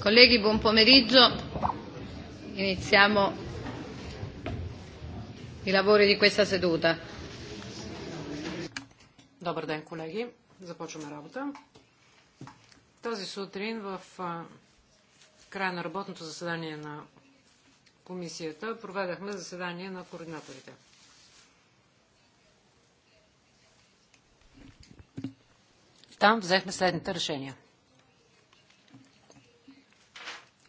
Colleghi, buon pomeriggio. Iniziamo i lavori di questa seduta. Добър ден, колеги. Започваме работа. Тази сутрин в края на работното заседание на комисията проведахме заседание на координаторите. Там взехме следните решения –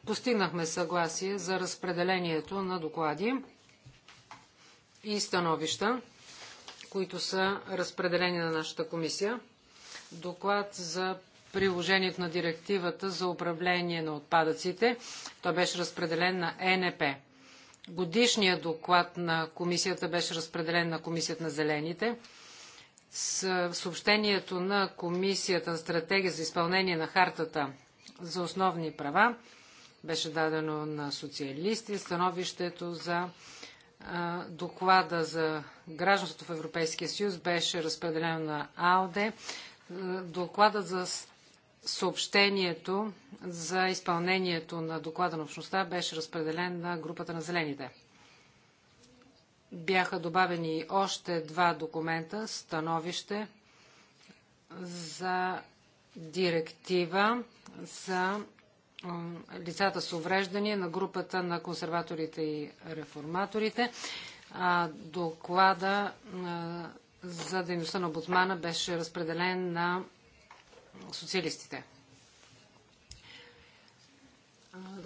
Постигнахме съгласие за разпределението на доклади и становища, които са разпределени на нашата комисия. Доклад за приложението на директивата за управление на отпадъците. Той беше разпределен на ЕНП. Годишният доклад на комисията беше разпределен на комисията на зелените. С съобщението на комисията на стратегия за изпълнение на хартата за основни права беше дадено на социалисти, становището за а, доклада за гражданството в Европейския съюз беше разпределено на АОДЕ. Докладът за съобщението за изпълнението на доклада на общността беше разпределен на групата на зелените. Бяха добавени още два документа, становище за директива за лицата с увреждания на групата на консерваторите и реформаторите. Доклада за дейността на Бутмана беше разпределен на социалистите.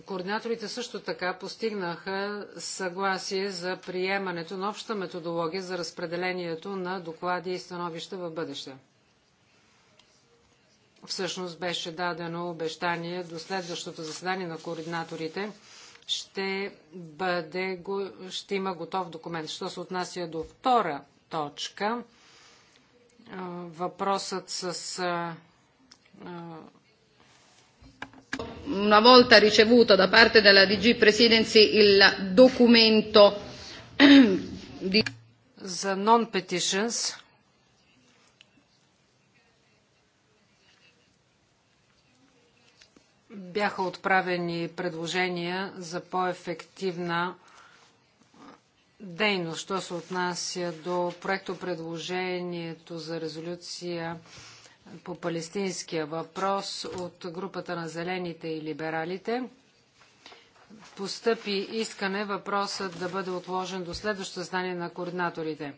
Координаторите също така постигнаха съгласие за приемането на обща методология за разпределението на доклади и становища в бъдеще всъщност беше дадено обещание до следващото заседание на координаторите ще, бъде, ще има готов документ. Що се отнася до втора точка, въпросът с Una volta ricevuto da parte della DG Presidency il documento di... за non-petitions бяха отправени предложения за по-ефективна дейност, що се отнася до проекто предложението за резолюция по палестинския въпрос от групата на зелените и либералите. Постъпи искане въпросът да бъде отложен до следващото знание на координаторите,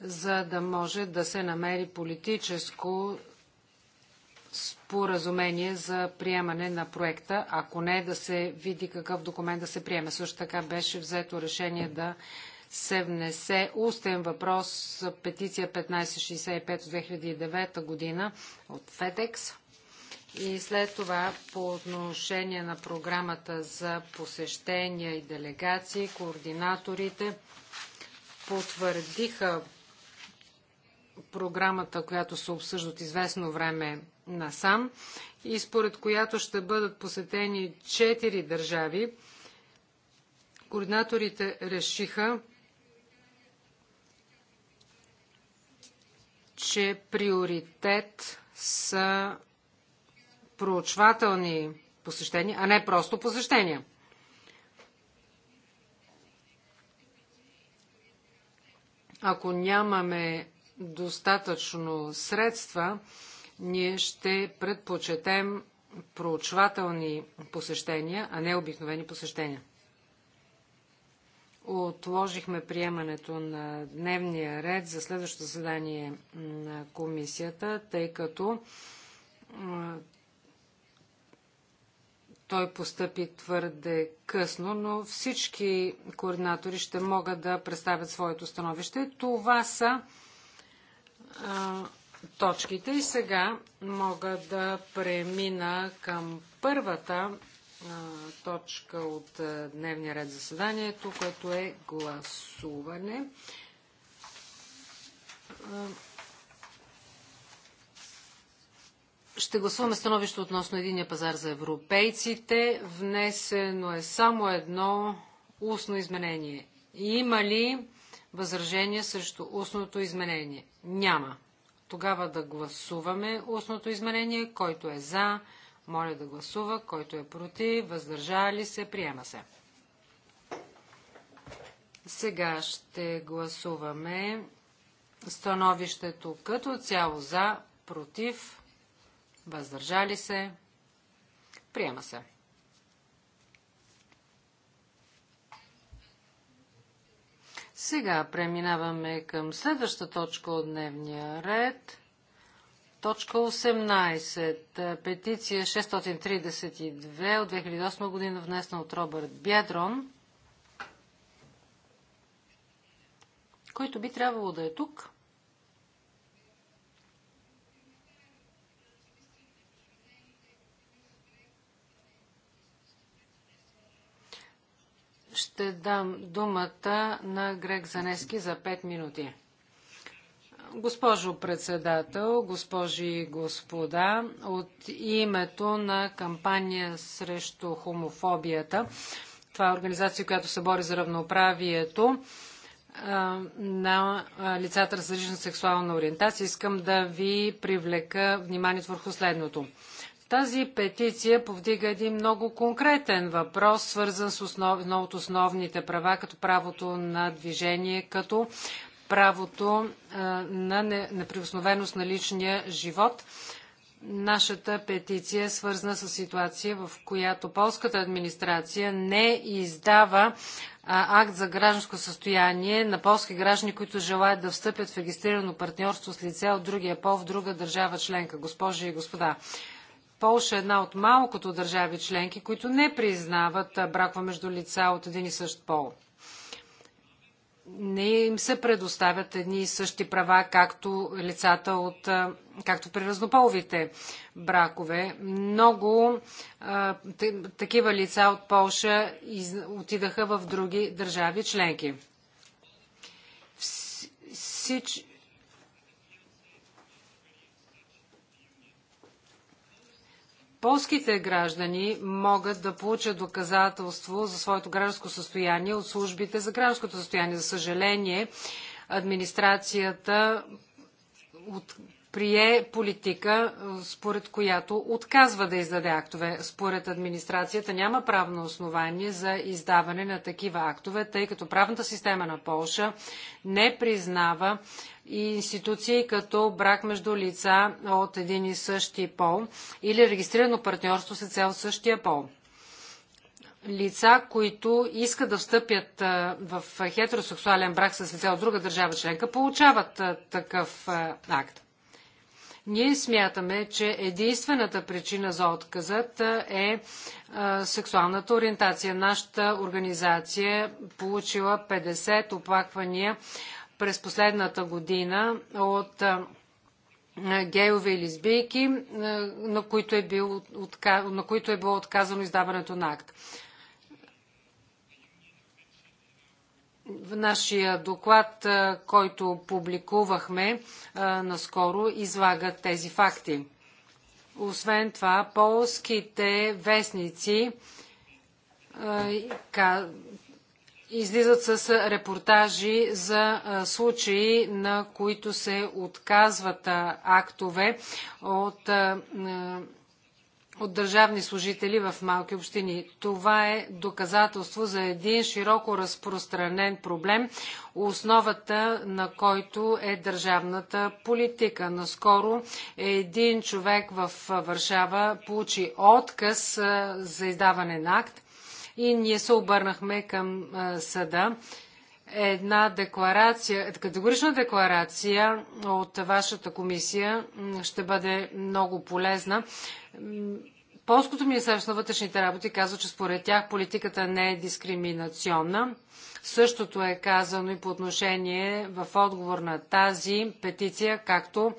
за да може да се намери политическо споразумение за приемане на проекта, ако не да се види какъв документ да се приеме. Също така беше взето решение да се внесе устен въпрос за петиция 1565 от 2009 година от FedEx. И след това по отношение на програмата за посещения и делегации, координаторите потвърдиха програмата, която се обсъжда от известно време насам и според която ще бъдат посетени 4 държави. Координаторите решиха, че приоритет са проучвателни посещения, а не просто посещения. Ако нямаме достатъчно средства, ние ще предпочетем проучвателни посещения, а не обикновени посещения. Отложихме приемането на дневния ред за следващото заседание на комисията, тъй като той постъпи твърде късно, но всички координатори ще могат да представят своето становище. Това са а, точките и сега мога да премина към първата точка от дневния ред заседанието, което е гласуване. Ще гласуваме становище относно единия пазар за европейците. Внесено е само едно устно изменение. Има ли възражение срещу устното изменение? Няма. Тогава да гласуваме устното изменение, който е за, моля да гласува, който е против, въздържали се, приема се. Сега ще гласуваме становището като цяло за, против, въздържали се, приема се. Сега преминаваме към следваща точка от дневния ред. Точка 18. Петиция 632 от 2008 година, внесена от Робърт Бядрон, който би трябвало да е тук. ще дам думата на Грег Занески за 5 минути. Госпожо председател, госпожи и господа, от името на кампания срещу хомофобията, това е организация, която се бори за равноправието на лицата с различна сексуална ориентация, искам да ви привлека вниманието върху следното. Тази петиция повдига един много конкретен въпрос, свързан с основ... едно от основните права, като правото на движение, като правото а, на неприкосновеност на личния живот. Нашата петиция е свързана с ситуация, в която полската администрация не издава акт за гражданско състояние на полски граждани, които желаят да встъпят в регистрирано партньорство с лице от другия пол в друга държава членка. Госпожи и господа, Полша е една от малкото държави членки, които не признават бракова между лица от един и същ пол. Не им се предоставят едни и същи права, както лицата от, както при разнополовите бракове. Много а, такива лица от Полша из, отидаха в други държави членки. Всич, Полските граждани могат да получат доказателство за своето гражданско състояние от службите за гражданското състояние. За съжаление, администрацията от, прие политика, е, според която отказва да издаде актове. Според администрацията няма правно основание за издаване на такива актове, тъй като правната система на Полша не признава институции като брак между лица от един и същи пол или регистрирано партньорство с цел същия пол лица, които искат да встъпят е, в хетеросексуален брак с лица от друга държава членка, получават е, такъв акт. Ние смятаме, че единствената причина за отказът е сексуалната ориентация. Нашата организация получила 50 оплаквания през последната година от гейове и лесбийки, на които е било, на които е било отказано издаването на акт. в нашия доклад, който публикувахме наскоро, излагат тези факти. Освен това, полските вестници излизат с репортажи за случаи, на които се отказват актове от от държавни служители в малки общини. Това е доказателство за един широко разпространен проблем, основата на който е държавната политика. Наскоро един човек в Варшава получи отказ за издаване на акт и ние се обърнахме към съда една декларация, категорична декларация от вашата комисия ще бъде много полезна. Полското Министерство на вътрешните работи казва, че според тях политиката не е дискриминационна. Същото е казано и по отношение в отговор на тази петиция, както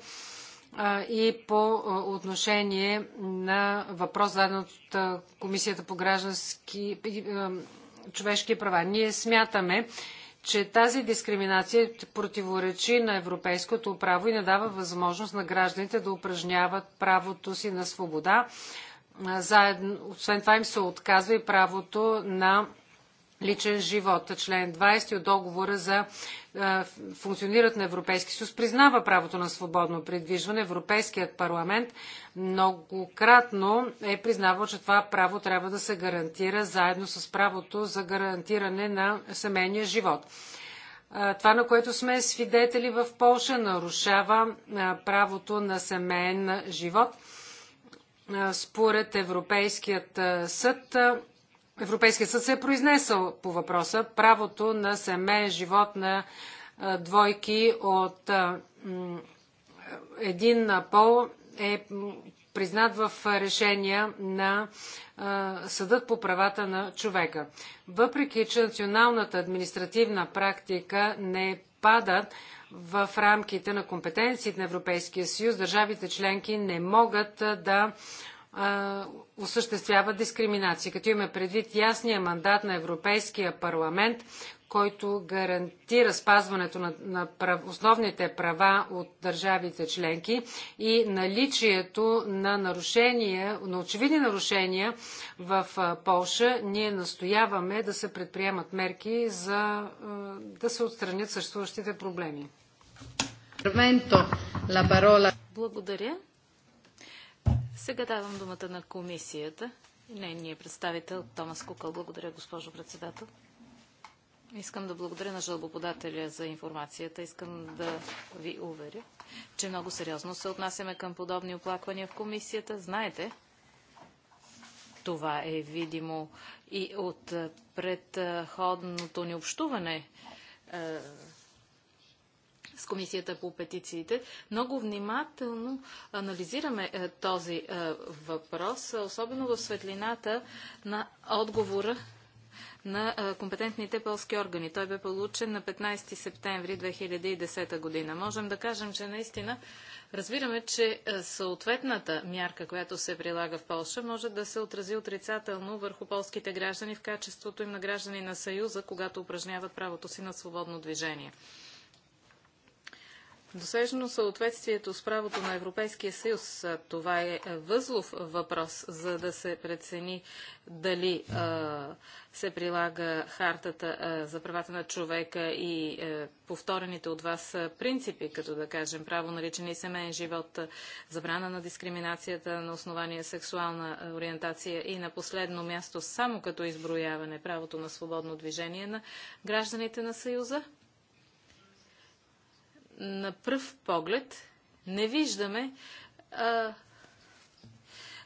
и по отношение на въпрос заедно от Комисията по граждански човешки права. Ние смятаме, че тази дискриминация противоречи на европейското право и не дава възможност на гражданите да упражняват правото си на свобода. Заедно, освен това им се отказва и правото на личен живот. Член 20 от договора за е, функционират на Европейски съюз признава правото на свободно придвижване. Европейският парламент многократно е признавал, че това право трябва да се гарантира заедно с правото за гарантиране на семейния живот. Е, това, на което сме свидетели в Польша, нарушава е, правото на семейен живот. Според Европейският съд Европейския съд се е произнесъл по въпроса. Правото на семейен живот на двойки от един пол е признат в решения на Съдът по правата на човека. Въпреки, че националната административна практика не пада в рамките на компетенциите на Европейския съюз, държавите членки не могат да осъществява дискриминация. Като имаме предвид ясния мандат на Европейския парламент, който гарантира спазването на, на прав, основните права от държавите членки и наличието на нарушения, на очевидни нарушения в Полша, ние настояваме да се предприемат мерки за да се отстранят съществуващите проблеми. Благодаря. Сега давам думата на комисията и нейния представител Томас Кукъл. Благодаря, госпожо председател. Искам да благодаря на жалбоподателя за информацията. Искам да ви уверя, че много сериозно се отнасяме към подобни оплаквания в комисията. Знаете, това е видимо и от предходното ни общуване е, с Комисията по петициите. Много внимателно анализираме е, този е, въпрос, е, особено в светлината на отговора на компетентните полски органи. Той бе получен на 15 септември 2010 година. Можем да кажем, че наистина Разбираме, че съответната мярка, която се прилага в Польша, може да се отрази отрицателно върху полските граждани в качеството им на граждани на Съюза, когато упражняват правото си на свободно движение. Досежно съответствието с правото на Европейския съюз. Това е възлов въпрос, за да се прецени дали а, се прилага хартата а, за правата на човека и а, повторените от вас принципи, като да кажем право на личен и семейен живот, забрана на дискриминацията на основание сексуална ориентация и на последно място само като изброяване правото на свободно движение на гражданите на Съюза на пръв поглед не виждаме а,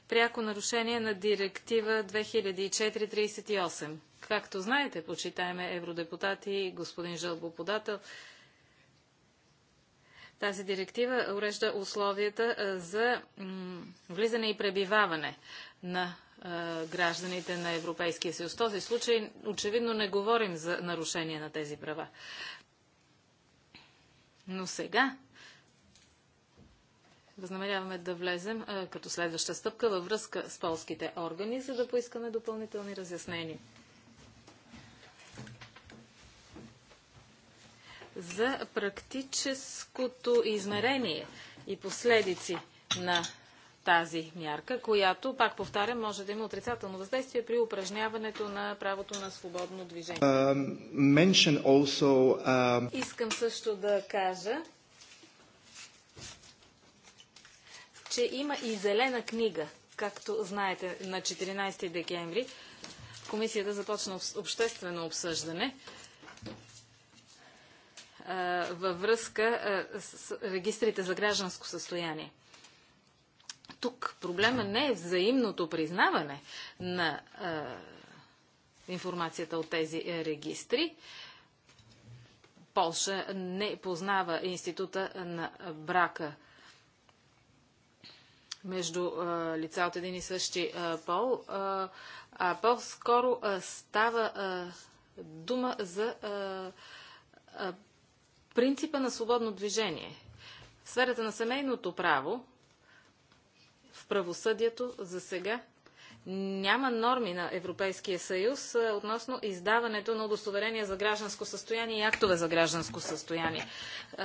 пряко нарушение на директива 2004-38. Както знаете, почитаеме евродепутати, и господин жълбоподател, тази директива урежда условията за влизане и пребиваване на гражданите на Европейския съюз. В този случай очевидно не говорим за нарушение на тези права. Но сега възнамеряваме да влезем а, като следваща стъпка във връзка с полските органи, за да поискаме допълнителни разяснения. За практическото измерение и последици на тази мярка, която, пак повтарям, може да има отрицателно въздействие при упражняването на правото на свободно движение. Uh, also, uh... Искам също да кажа, че има и зелена книга, както знаете, на 14 декември. Комисията започна обществено обсъждане във връзка с регистрите за гражданско състояние. Тук проблема не е взаимното признаване на а, информацията от тези е, регистри. Полша не познава института на брака между а, лица от един и същи а, пол, а, а по-скоро става а, дума за а, а, принципа на свободно движение. В сферата на семейното право правосъдието за сега няма норми на Европейския съюз относно издаването на удостоверения за гражданско състояние и актове за гражданско състояние.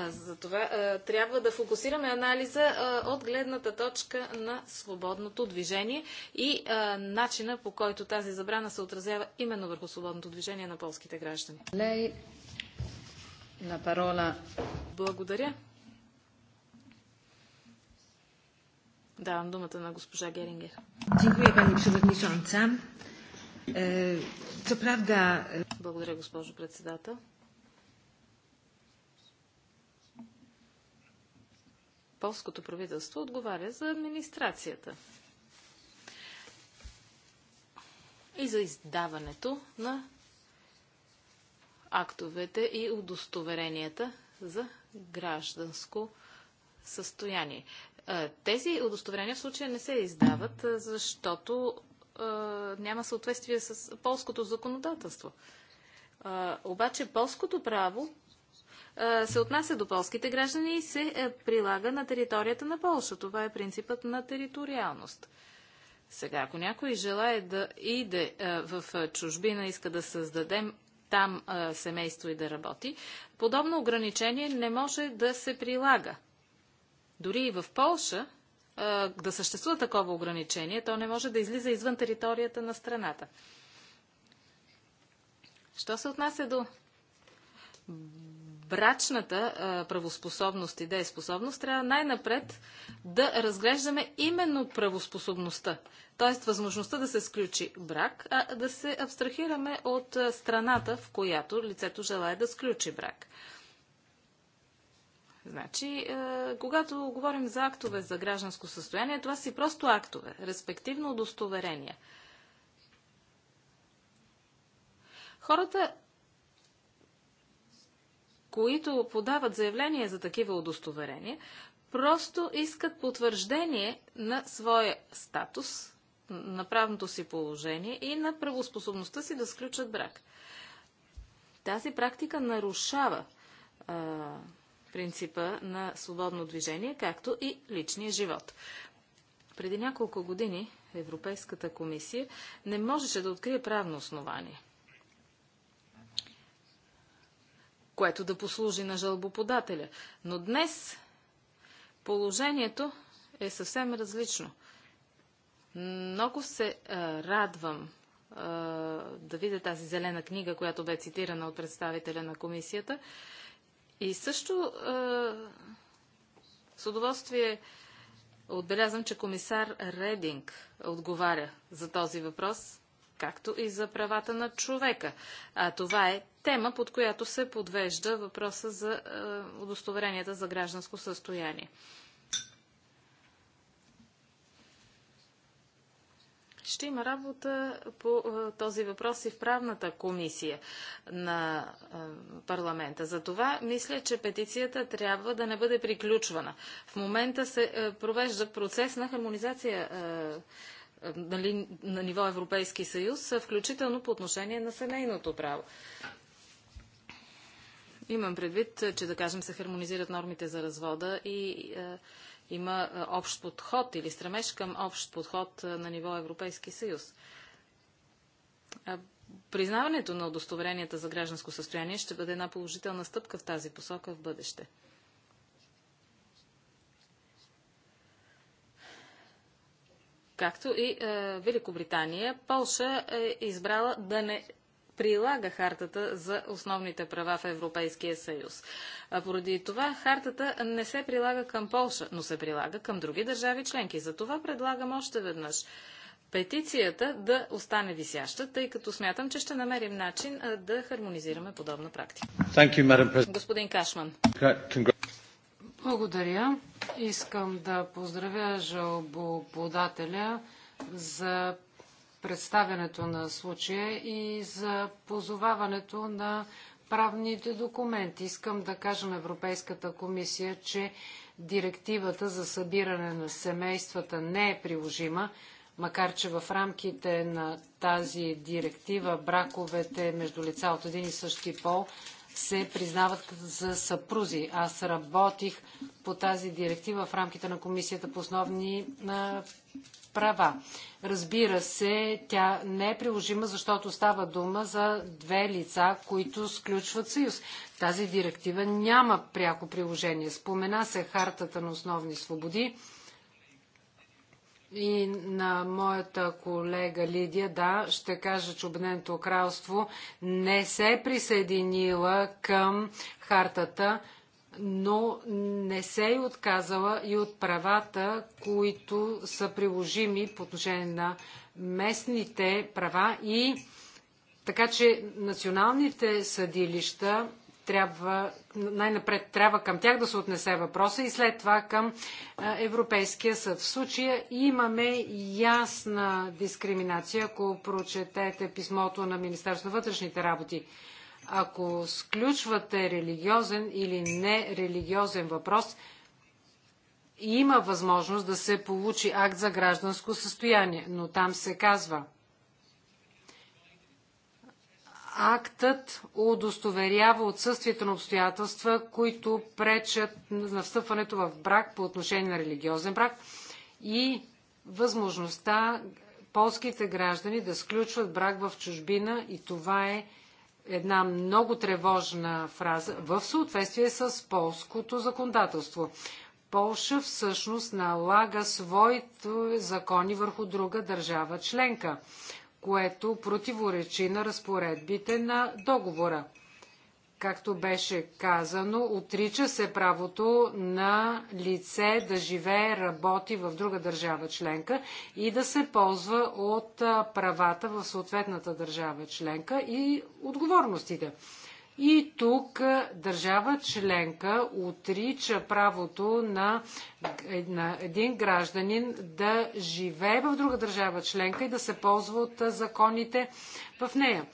затова трябва да фокусираме анализа от гледната точка на свободното движение и начина по който тази забрана се отразява именно върху свободното движение на полските граждани. Благодаря. Давам думата на госпожа Герингер. Dziękuję, pani przewodnicząca. Е, co prawda... Е, Благодаря, госпожо председател. Полското правителство отговаря за администрацията и за издаването на актовете и удостоверенията за гражданско състояние. Е, тези удостоверения в случая не се издават, е, защото е, няма съответствие с полското законодателство. Обаче полското право се отнася до полските граждани и се прилага на територията на Полша. Това е принципът на териториалност. Сега, ако някой желая да иде в чужбина, иска да създадем там семейство и да работи, подобно ограничение не може да се прилага. Дори и в Полша да съществува такова ограничение, то не може да излиза извън територията на страната. Що се отнася до брачната правоспособност и дееспособност, трябва най-напред да разглеждаме именно правоспособността, т.е. възможността да се сключи брак, а да се абстрахираме от страната, в която лицето желая да сключи брак. Значи, е, когато говорим за актове за гражданско състояние, това си просто актове, респективно удостоверения. Хората, които подават заявление за такива удостоверения, просто искат потвърждение на своя статус, на правното си положение и на правоспособността си да сключат брак. Тази практика нарушава а, принципа на свободно движение, както и личния живот. Преди няколко години Европейската комисия не можеше да открие правно основание, което да послужи на жалбоподателя. Но днес положението е съвсем различно. Много се а, радвам а, да видя тази зелена книга, която бе цитирана от представителя на комисията. А, и също е, с удоволствие отбелязвам, че комисар Рединг отговаря за този въпрос, както и за правата на човека. А това е тема, под която се подвежда въпроса за е, удостоверенията за гражданско състояние. Ще има работа по е, този въпрос и в правната комисия на е, парламента. За това, мисля, че петицията трябва да не бъде приключвана. В момента се е, провежда процес на хармонизация нали, на ниво Европейски съюз, включително по отношение на семейното право. Имам предвид, че да кажем се хармонизират нормите за развода и е, има е, общ подход или стремеж към общ подход е, на ниво Европейски съюз. Признаването на удостоверенията за гражданско състояние ще бъде една положителна стъпка в тази посока в бъдеще. Както и е, Великобритания, Полша е избрала да не прилага хартата за основните права в Европейския съюз. А поради това хартата не се прилага към Полша, но се прилага към други държави членки. За това предлагам още веднъж петицията да остане висяща, тъй като смятам, че ще намерим начин да хармонизираме подобна практика. You, Господин Кашман. Благодаря. Искам да поздравя жалбоподателя за представянето на случая и за позоваването на правните документи. Искам да кажа на Европейската комисия, че директивата за събиране на семействата не е приложима, макар че в рамките на тази директива браковете между лица от един и същи пол се признават за съпрузи. Аз работих по тази директива в рамките на Комисията по основни права. Разбира се, тя не е приложима, защото става дума за две лица, които сключват съюз. Тази директива няма пряко приложение. Спомена се хартата на основни свободи и на моята колега Лидия, да, ще кажа, че Обединеното кралство не се е присъединила към хартата, но не се е отказала и от правата, които са приложими по отношение на местните права и така че националните съдилища трябва най-напред трябва към тях да се отнесе въпроса и след това към е, Европейския съд. В случая имаме ясна дискриминация, ако прочетете писмото на Министерството на вътрешните работи. Ако сключвате религиозен или нерелигиозен въпрос, има възможност да се получи акт за гражданско състояние, но там се казва – актът удостоверява отсъствието на обстоятелства, които пречат на встъпването в брак по отношение на религиозен брак и възможността полските граждани да сключват брак в чужбина и това е една много тревожна фраза в съответствие с полското законодателство. Полша всъщност налага своите закони върху друга държава членка което противоречи на разпоредбите на договора. Както беше казано, отрича се правото на лице да живее, работи в друга държава членка и да се ползва от правата в съответната държава членка и отговорностите. И тук държава членка отрича правото на, на един гражданин да живее в друга държава членка и да се ползва от законите в нея.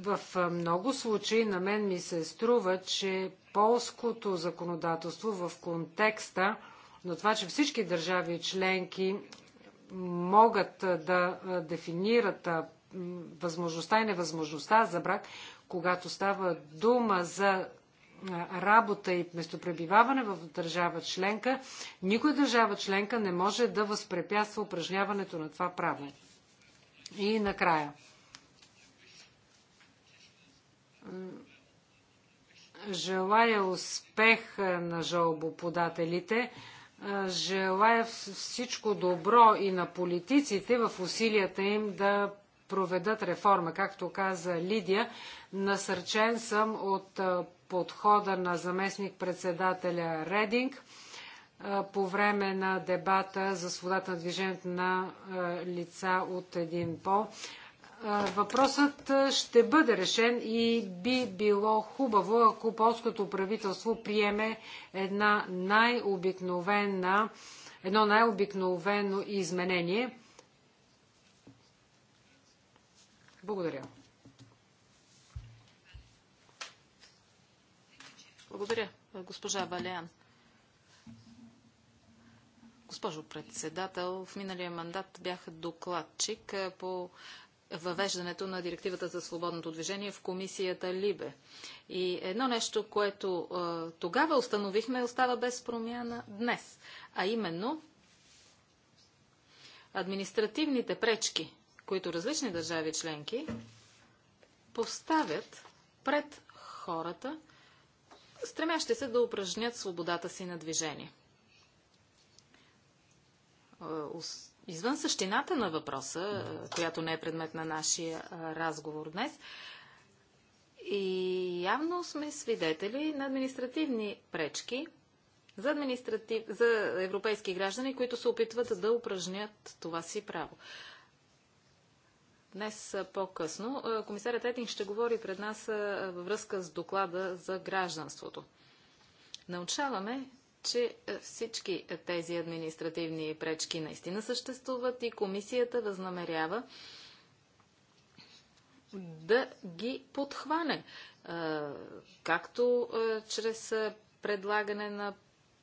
В много случаи на мен ми се струва, че полското законодателство в контекста на това, че всички държави членки могат да дефинират възможността и невъзможността за брак, когато става дума за работа и местопребиваване в държава членка, никой държава членка не може да възпрепятства упражняването на това право. И накрая. Желая успех на жалбоподателите. Желая всичко добро и на политиците в усилията им да проведат реформа. Както каза Лидия, насърчен съм от подхода на заместник-председателя Рединг по време на дебата за свободата на движението на лица от един пол. Въпросът ще бъде решен и би било хубаво, ако полското правителство приеме една най-обикновена, едно най-обикновено изменение – Благодаря. Благодаря, госпожа Валян. Госпожо председател, в миналия мандат бях докладчик по въвеждането на директивата за свободното движение в комисията Либе. И едно нещо, което тогава установихме, остава без промяна днес. А именно административните пречки които различни държави членки поставят пред хората, стремящи се да упражнят свободата си на движение. Е, извън същината на въпроса, която не е предмет на нашия разговор днес, и явно сме свидетели на административни пречки за, административ... за европейски граждани, които се опитват да упражнят това си право. Днес по-късно комисарят Етин ще говори пред нас във връзка с доклада за гражданството. Научаваме, че всички тези административни пречки наистина съществуват и комисията възнамерява да ги подхване, както чрез предлагане на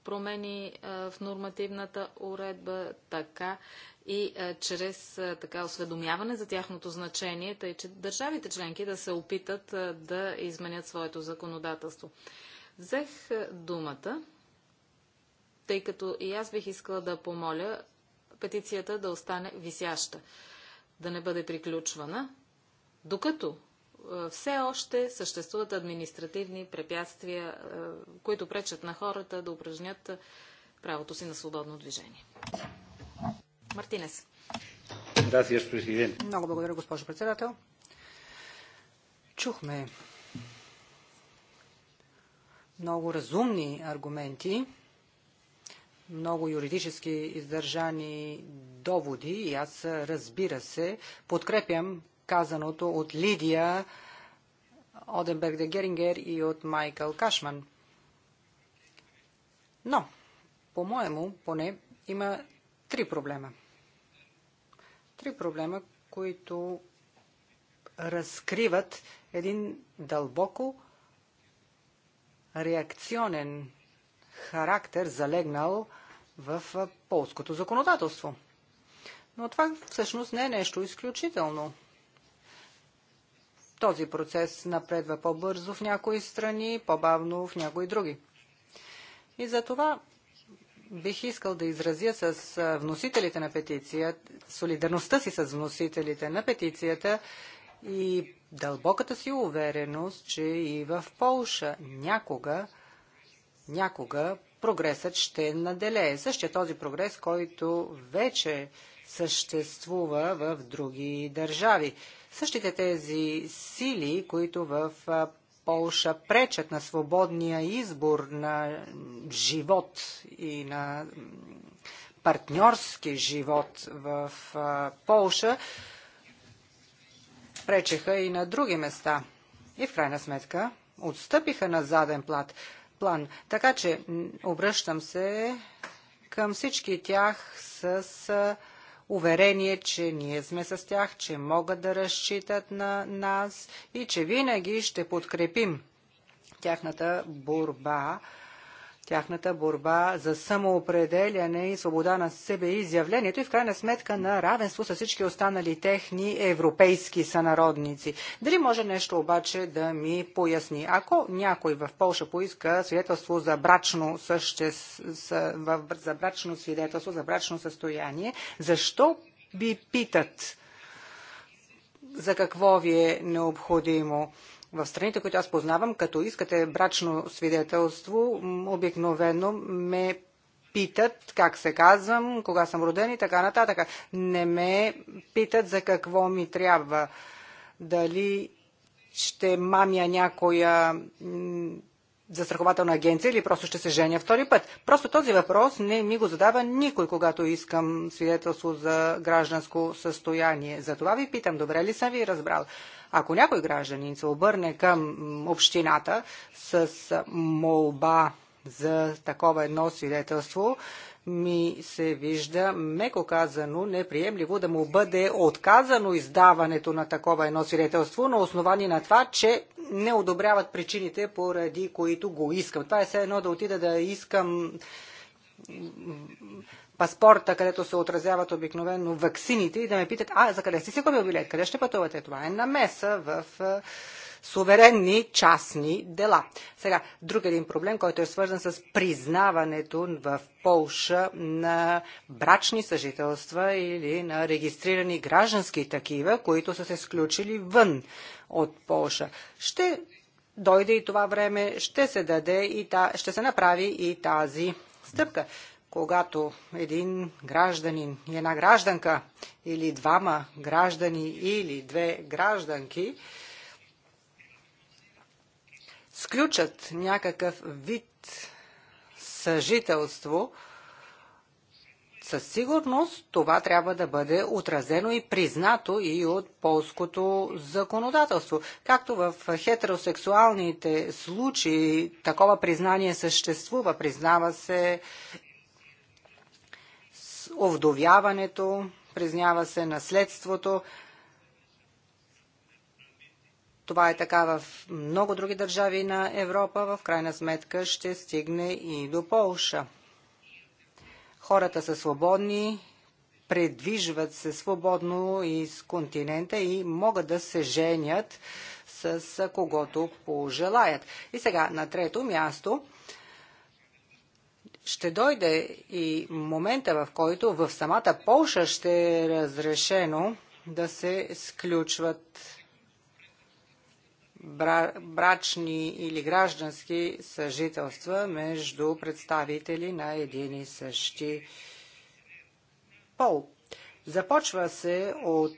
промени е, в нормативната уредба, така и е, чрез е, така осведомяване за тяхното значение, тъй че държавите членки да се опитат да изменят своето законодателство. Взех думата, тъй като и аз бих искала да помоля петицията да остане висяща, да не бъде приключвана, докато е, все още съществуват административни препятствия, е, които пречат на хората да упражнят правото си на свободно движение. Мартинес. Много благодаря, госпожо председател. Чухме много разумни аргументи, много юридически издържани доводи и аз, разбира се, подкрепям казаното от Лидия Оденберг де Герингер и от Майкъл Кашман. Но, по-моему, поне има три проблема. Три проблема, които разкриват един дълбоко реакционен характер, залегнал в полското законодателство. Но това всъщност не е нещо изключително. Този процес напредва по-бързо в някои страни, по-бавно в някои други. И за това бих искал да изразя с вносителите на петицията, солидарността си с вносителите на петицията и дълбоката си увереност, че и в Полша някога, някога прогресът ще наделее. Същия този прогрес, който вече съществува в други държави. Същите тези сили, които в Полша пречат на свободния избор на живот и на партньорски живот в Полша, пречеха и на други места. И в крайна сметка отстъпиха на заден плат, план. Така че обръщам се към всички тях с уверение, че ние сме с тях, че могат да разчитат на нас и че винаги ще подкрепим тяхната борба тяхната борба за самоопределяне и свобода на себе и изявлението и в крайна сметка на равенство с всички останали техни европейски сънародници. Дали може нещо обаче да ми поясни? Ако някой в Польша поиска свидетелство за брачно, съще... за брачно свидетелство, за брачно състояние, защо ви питат за какво ви е необходимо? В страните, които аз познавам, като искате брачно свидетелство, обикновено ме питат как се казвам, кога съм роден и така нататък. Не ме питат за какво ми трябва. Дали ще мамя някоя застрахователна агенция или просто ще се женя втори път. Просто този въпрос не ми го задава никой, когато искам свидетелство за гражданско състояние. Затова ви питам, добре ли съм ви разбрал? Ако някой гражданин се обърне към общината с молба за такова едно свидетелство, ми се вижда, меко казано, неприемливо да му бъде отказано издаването на такова едно свидетелство на основание на това, че не одобряват причините, поради които го искам. Това е все едно да отида да искам паспорта, където се отразяват обикновено ваксините и да ме питат, а, за къде сте си купил билет, къде ще пътувате? Това е намеса в суверенни частни дела. Сега, друг един проблем, който е свързан с признаването в Полша на брачни съжителства или на регистрирани граждански такива, които са се сключили вън от Полша. Ще дойде и това време, ще се даде и та, ще се направи и тази стъпка когато един гражданин и една гражданка или двама граждани или две гражданки сключат някакъв вид съжителство, със сигурност това трябва да бъде отразено и признато и от полското законодателство. Както в хетеросексуалните случаи такова признание съществува, признава се овдовяването, признява се наследството. Това е така в много други държави на Европа. В крайна сметка ще стигне и до Полша. Хората са свободни, предвижват се свободно из континента и могат да се женят с когото пожелаят. И сега на трето място – ще дойде и момента, в който в самата Полша ще е разрешено да се сключват брачни или граждански съжителства между представители на един и същи пол. Започва се от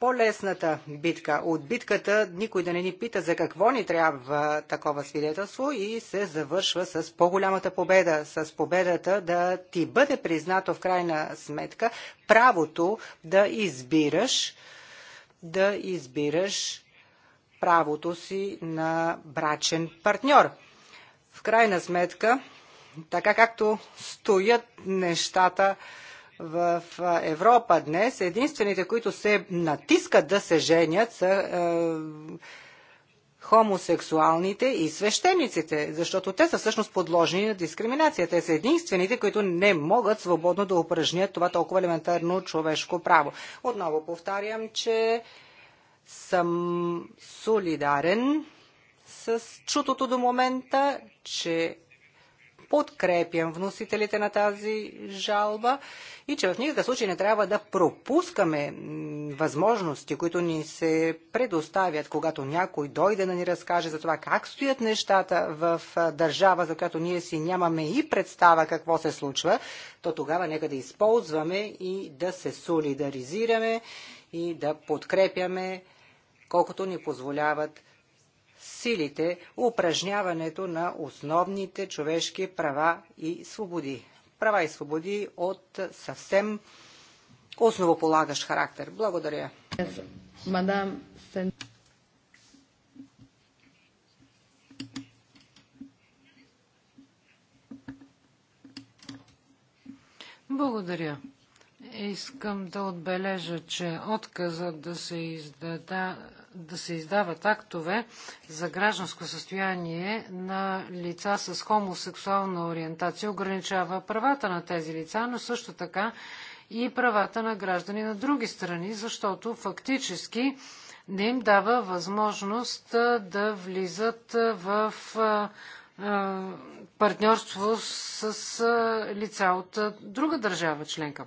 по-лесната битка. От битката никой да не ни пита за какво ни трябва такова свидетелство и се завършва с по-голямата победа, с победата да ти бъде признато в крайна сметка правото да избираш, да избираш правото си на брачен партньор. В крайна сметка, така както стоят нещата, в Европа днес единствените, които се натискат да се женят, са е, хомосексуалните и свещениците, защото те са всъщност подложени на дискриминация. Те са единствените, които не могат свободно да упражнят това толкова елементарно човешко право. Отново повтарям, че съм солидарен с чутото до момента, че подкрепям вносителите на тази жалба и че в никакъв случай не трябва да пропускаме възможности, които ни се предоставят, когато някой дойде да ни разкаже за това как стоят нещата в държава, за която ние си нямаме и представа какво се случва, то тогава нека да използваме и да се солидаризираме и да подкрепяме колкото ни позволяват силите упражняването на основните човешки права и свободи. Права и свободи от съвсем основополагащ характер. Благодаря. Мадам Сен... Благодаря. Искам да отбележа, че отказът да се издаде да се издават актове за гражданско състояние на лица с хомосексуална ориентация ограничава правата на тези лица, но също така и правата на граждани на други страни, защото фактически не им дава възможност да влизат в партньорство с лица от друга държава членка.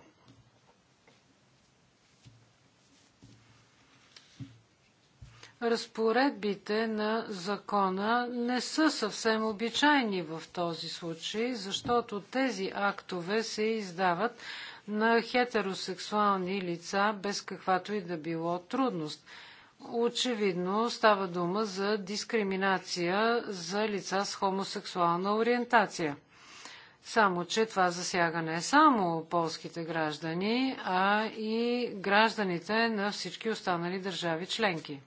Разпоредбите на закона не са съвсем обичайни в този случай, защото тези актове се издават на хетеросексуални лица без каквато и да било трудност. Очевидно става дума за дискриминация за лица с хомосексуална ориентация. Само, че това засяга не само полските граждани, а и гражданите на всички останали държави членки.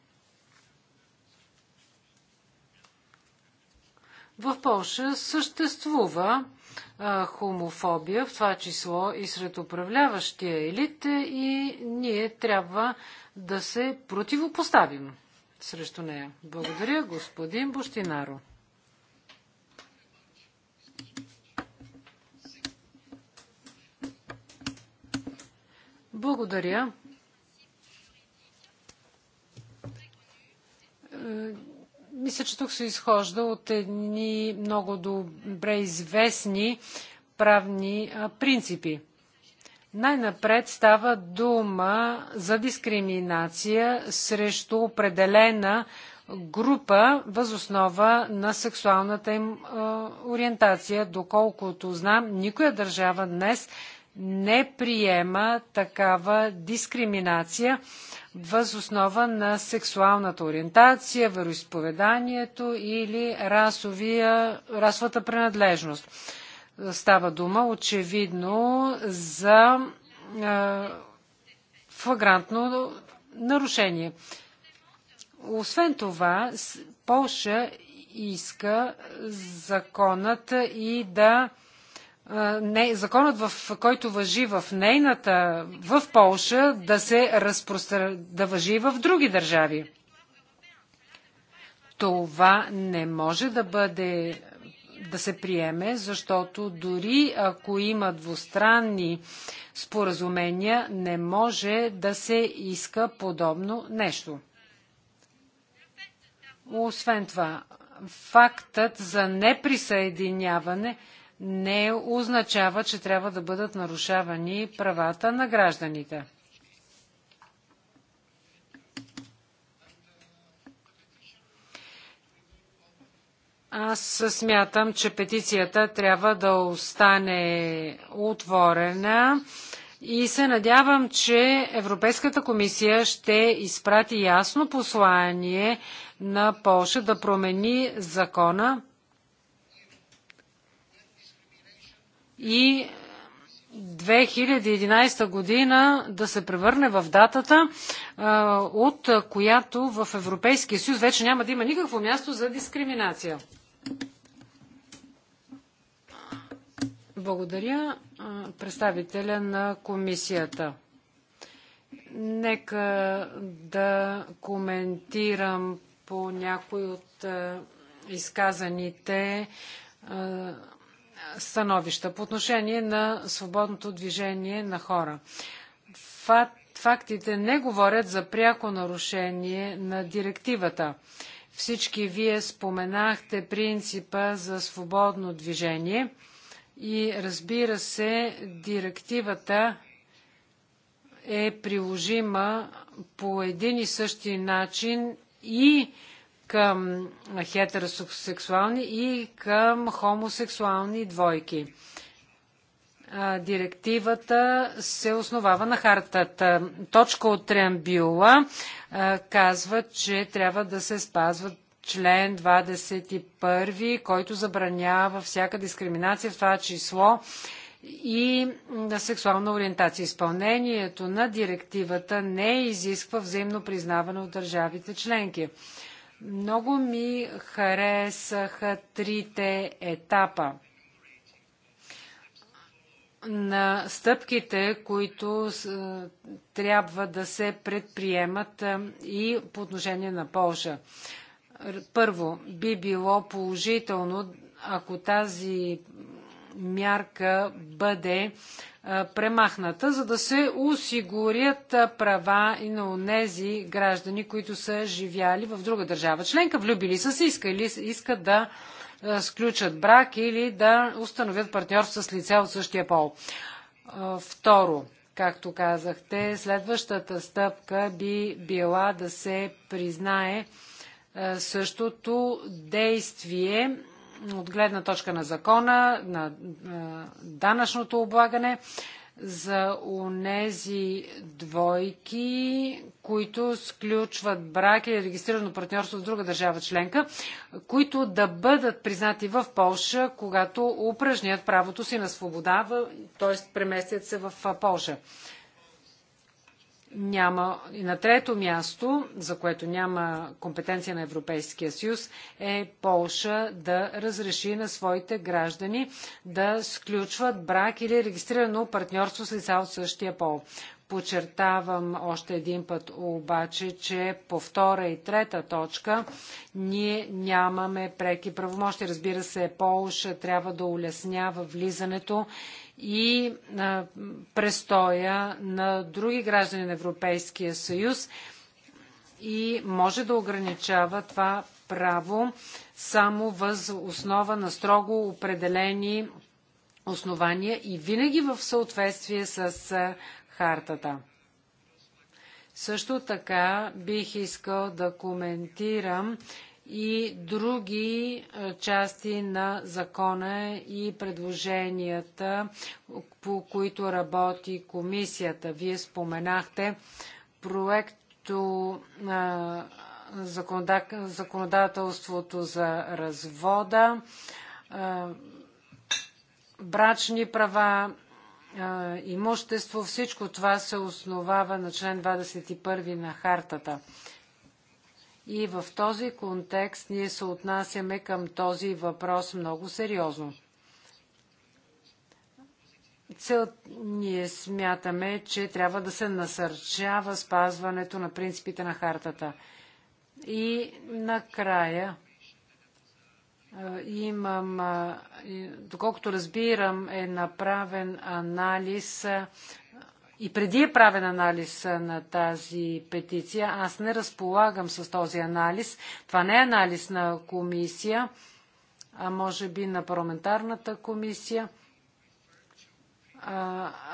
В Польша съществува а, хомофобия, в това число и сред управляващия елит, е, и ние трябва да се противопоставим срещу нея. Благодаря, господин Бощинаро. Благодаря. Е, мисля, че тук се изхожда от едни много добре известни правни принципи. Най-напред става дума за дискриминация срещу определена група възоснова на сексуалната им ориентация. Доколкото знам, никоя държава днес не приема такава дискриминация въз основа на сексуалната ориентация, вероисповеданието или расовия, расовата принадлежност. Става дума очевидно за а, флагрантно нарушение. Освен това, Полша иска законът и да не, законът, в който въжи в нейната, в Полша, да се разпростран... да въжи и в други държави. Това не може да бъде да се приеме, защото дори ако има двустранни споразумения, не може да се иска подобно нещо. Освен това, фактът за неприсъединяване – не означава, че трябва да бъдат нарушавани правата на гражданите. Аз смятам, че петицията трябва да остане отворена и се надявам, че Европейската комисия ще изпрати ясно послание на Полша да промени закона и 2011 година да се превърне в датата, от която в Европейския съюз вече няма да има никакво място за дискриминация. Благодаря представителя на комисията. Нека да коментирам по някои от изказаните становища по отношение на свободното движение на хора. Фактите не говорят за пряко нарушение на директивата. Всички вие споменахте принципа за свободно движение и разбира се, директивата е приложима по един и същи начин и към хетеросексуални и към хомосексуални двойки. Директивата се основава на хартата. Точка от Триамбюла казва, че трябва да се спазват член 21, който забранява всяка дискриминация, в това число и на сексуална ориентация. Изпълнението на директивата не изисква взаимно признаване от държавите членки. Много ми харесаха трите етапа на стъпките, които е, трябва да се предприемат е, и по отношение на Полша. Първо, би било положително, ако тази мярка бъде премахната, за да се осигурят права и на онези граждани, които са живяли в друга държава членка, влюбили са се, искали, искат да сключат брак или да установят партньорство с лице от същия пол. Второ, както казахте, следващата стъпка би била да се признае същото действие от гледна точка на закона, на данъчното облагане, за унези двойки, които сключват брак или регистрирано партньорство в друга държава членка, които да бъдат признати в Полша, когато упражнят правото си на свобода, т.е. преместят се в Полша няма, и на трето място, за което няма компетенция на Европейския съюз, е Полша да разреши на своите граждани да сключват брак или регистрирано партньорство с лица от същия пол. Подчертавам още един път обаче, че по втора и трета точка ние нямаме преки правомощи. Разбира се, Полша трябва да улеснява влизането и престоя на други граждани на Европейския съюз и може да ограничава това право само въз основа на строго определени основания и винаги в съответствие с хартата. Също така бих искал да коментирам и други части на закона и предложенията, по които работи комисията. Вие споменахте проекто законодателството за развода, брачни права, имущество, всичко това се основава на член 21 на хартата. И в този контекст ние се отнасяме към този въпрос много сериозно. Цел ние смятаме, че трябва да се насърчава спазването на принципите на хартата. И накрая имам, доколкото разбирам, е направен анализ и преди е правен анализ на тази петиция, аз не разполагам с този анализ. Това не е анализ на комисия, а може би на парламентарната комисия.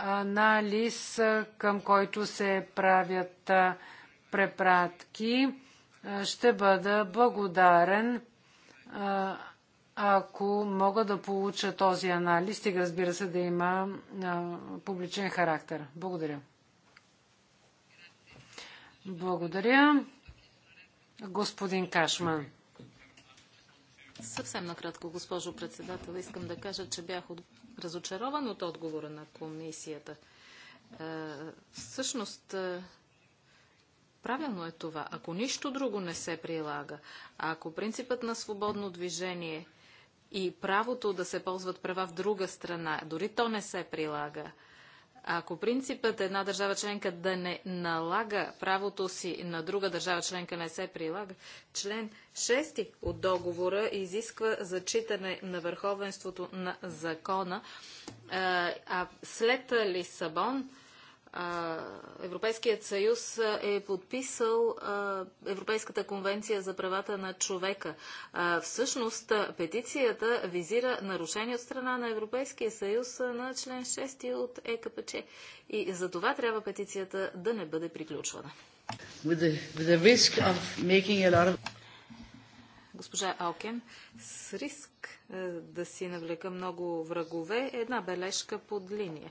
анализ, към който се правят препратки. Ще бъда благодарен ако мога да получа този анализ, стига разбира се да има а, публичен характер. Благодаря. Благодаря. Господин Кашман. Съвсем накратко, госпожо председател, искам да кажа, че бях разочарован от отговора на комисията. Всъщност, правилно е това. Ако нищо друго не се прилага, ако принципът на свободно движение – и правото да се ползват права в друга страна, дори то не се прилага. Ако принципът една държава членка да не налага правото си на друга държава членка не се прилага, член 6 от договора изисква зачитане на върховенството на закона, а след Лисабон Европейският съюз е подписал Европейската конвенция за правата на човека. Всъщност, петицията визира нарушение от страна на Европейския съюз на член 6 от ЕКПЧ. И за това трябва петицията да не бъде приключвана. госпожа Алкен, с риск да си навлека много врагове, една бележка под линия.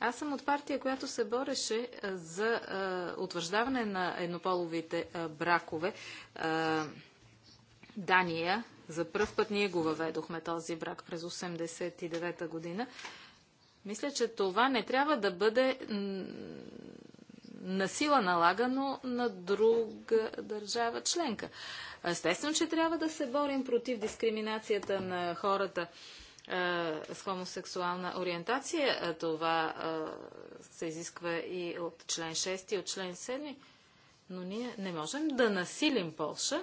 Аз съм от партия, която се бореше за а, утвърждаване на еднополовите а, бракове. А, Дания, за първ път ние го въведохме този брак през 1989 година. Мисля, че това не трябва да бъде насила налагано на друга държава членка. Естествено, че трябва да се борим против дискриминацията на хората с хомосексуална ориентация. Това се изисква и от член 6 и от член 7. Но ние не можем да насилим Полша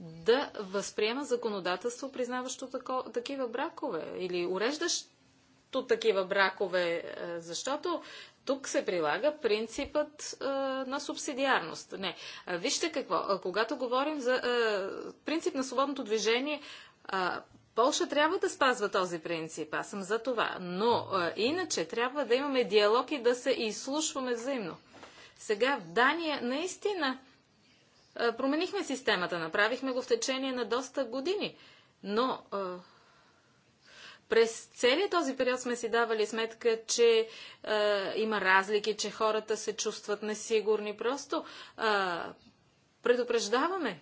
да възприема законодателство, признаващо тако, такива бракове или уреждащо такива бракове, защото тук се прилага принципът е, на субсидиарност. Не. Вижте какво. Когато говорим за е, принцип на свободното движение, а, Полша трябва да спазва този принцип, аз съм за това. Но а, иначе трябва да имаме диалог и да се изслушваме взаимно. Сега в Дания наистина а, променихме системата, направихме го в течение на доста години. Но а, през целия този период сме си давали сметка, че а, има разлики, че хората се чувстват несигурни. Просто а, предупреждаваме.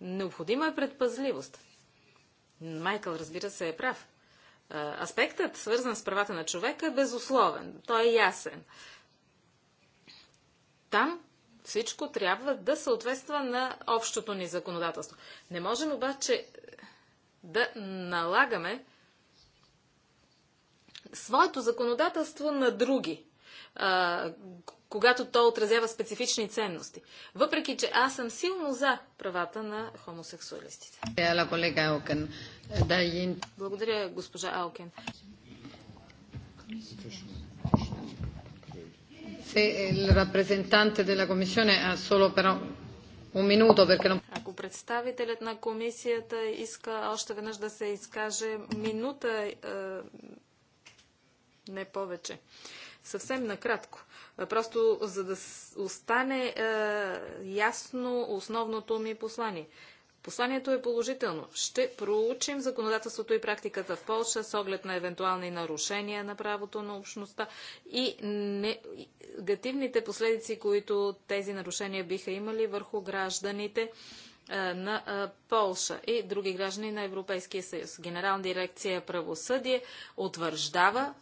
Необходима е предпазливост. Майкъл, разбира се, е прав. Аспектът, свързан с правата на човека, е безусловен. Той е ясен. Там всичко трябва да съответства на общото ни законодателство. Не можем обаче да налагаме своето законодателство на други а, когато то отразява специфични ценности. Въпреки, че аз съм силно за правата на хомосексуалистите. Благодаря, госпожа Алкен. Е, Ако представителят на комисията иска още веднъж да се изкаже минута, е, не повече. Съвсем накратко. Е, просто за да остане е, ясно основното ми послание. Посланието е положително. Ще проучим законодателството и практиката в Польша с оглед на евентуални нарушения на правото на общността и негативните последици, които тези нарушения биха имали върху гражданите е, на е, Полша и други граждани на Европейския съюз. Генерална дирекция правосъдие утвърждава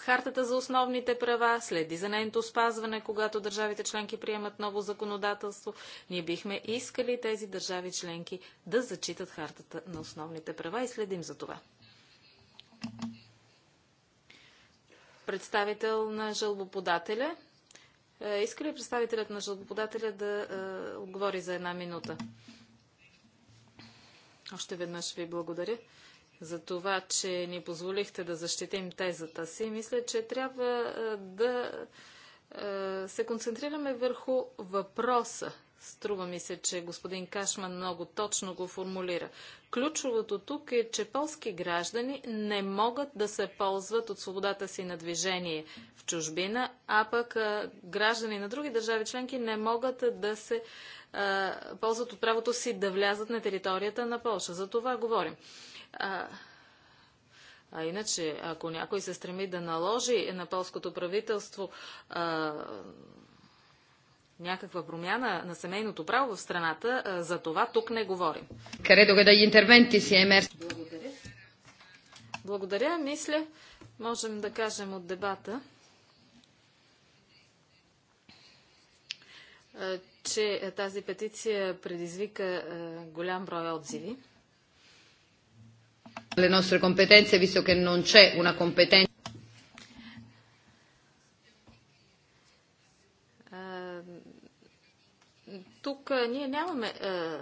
Хартата за основните права, следи за нейното спазване, когато държавите членки приемат ново законодателство. Ние бихме искали тези държави членки да зачитат Хартата на основните права и следим за това. Представител на жалбоподателя. Е, иска ли представителят на жалбоподателя да е, отговори за една минута? Още веднъж ви благодаря за това, че ни позволихте да защитим тезата си. Мисля, че трябва да се концентрираме върху въпроса. Струва ми се, че господин Кашман много точно го формулира. Ключовото тук е, че полски граждани не могат да се ползват от свободата си на движение в чужбина, а пък граждани на други държави членки не могат да се ползват от правото си да влязат на територията на Полша. За това говорим. А, а иначе, ако някой се стреми да наложи на полското правителство а, някаква промяна на семейното право в страната, а, за това тук не говорим. Кредо да интервенти си емер. Благодаря. Благодаря. Мисля, можем да кажем от дебата, че тази петиция предизвика голям брой отзиви le nostre competenze, visto che non c'è una competenza. Тук ehm, eh, ние нямаме е,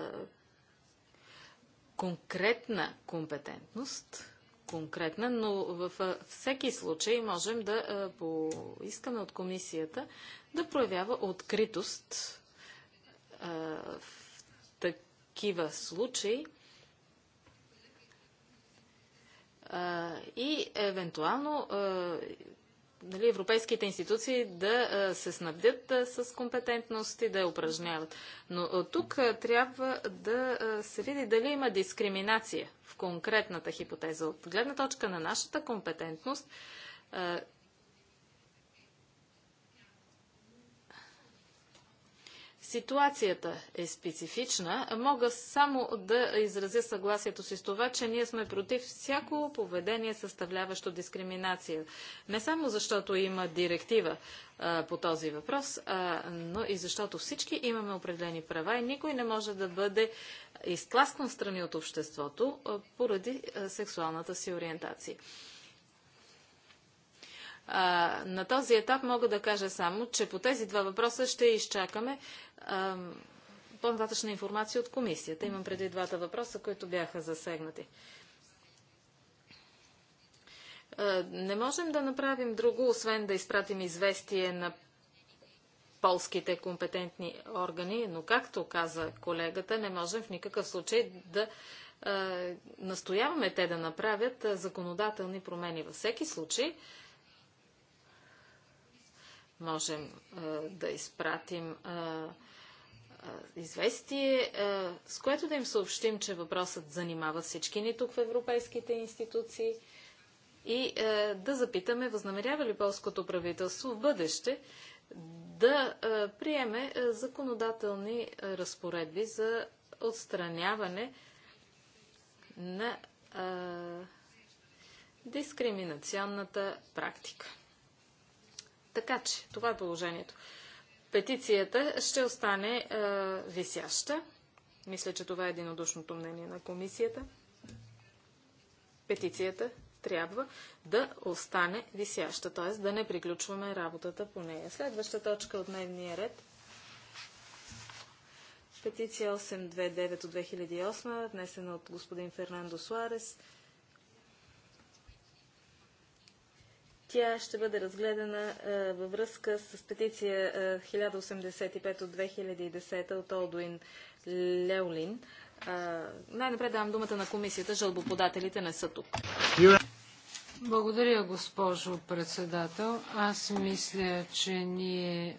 конкретна компетентност, конкретна, но във е, всеки случай можем да е, поискаме от комисията да проявява откритост е, в такива случаи и евентуално нали, европейските институции да се снабдят с компетентност и да я упражняват. Но тук трябва да се види дали има дискриминация в конкретната хипотеза. От гледна точка на нашата компетентност, Ситуацията е специфична. Мога само да изразя съгласието си с това, че ние сме против всяко поведение, съставляващо дискриминация. Не само защото има директива а, по този въпрос, а, но и защото всички имаме определени права и никой не може да бъде изтласкан страни от обществото а, поради сексуалната си ориентация. А, на този етап мога да кажа само, че по тези два въпроса ще изчакаме по-нататъчна информация от комисията. Имам преди двата въпроса, които бяха засегнати. Не можем да направим друго, освен да изпратим известие на полските компетентни органи, но както каза колегата, не можем в никакъв случай да настояваме те да направят законодателни промени. Във всеки случай можем да изпратим известие, с което да им съобщим, че въпросът занимава всички ни тук в европейските институции и да запитаме, възнамерява ли полското правителство в бъдеще да приеме законодателни разпоредби за отстраняване на дискриминационната практика. Така че, това е положението петицията ще остане е, висяща. Мисля, че това е единодушното мнение на комисията. Петицията трябва да остане висяща, т.е. да не приключваме работата по нея. Следваща точка от дневния ред. Петиция 829 от 2008, внесена от господин Фернандо Суарес. Тя ще бъде разгледана а, е, във връзка с петиция е, а, 1085 от 2010 от Олдуин Леолин. Е, най-напред давам думата на комисията. жълбоподателите не са тук. Благодаря, госпожо председател. Аз мисля, че ние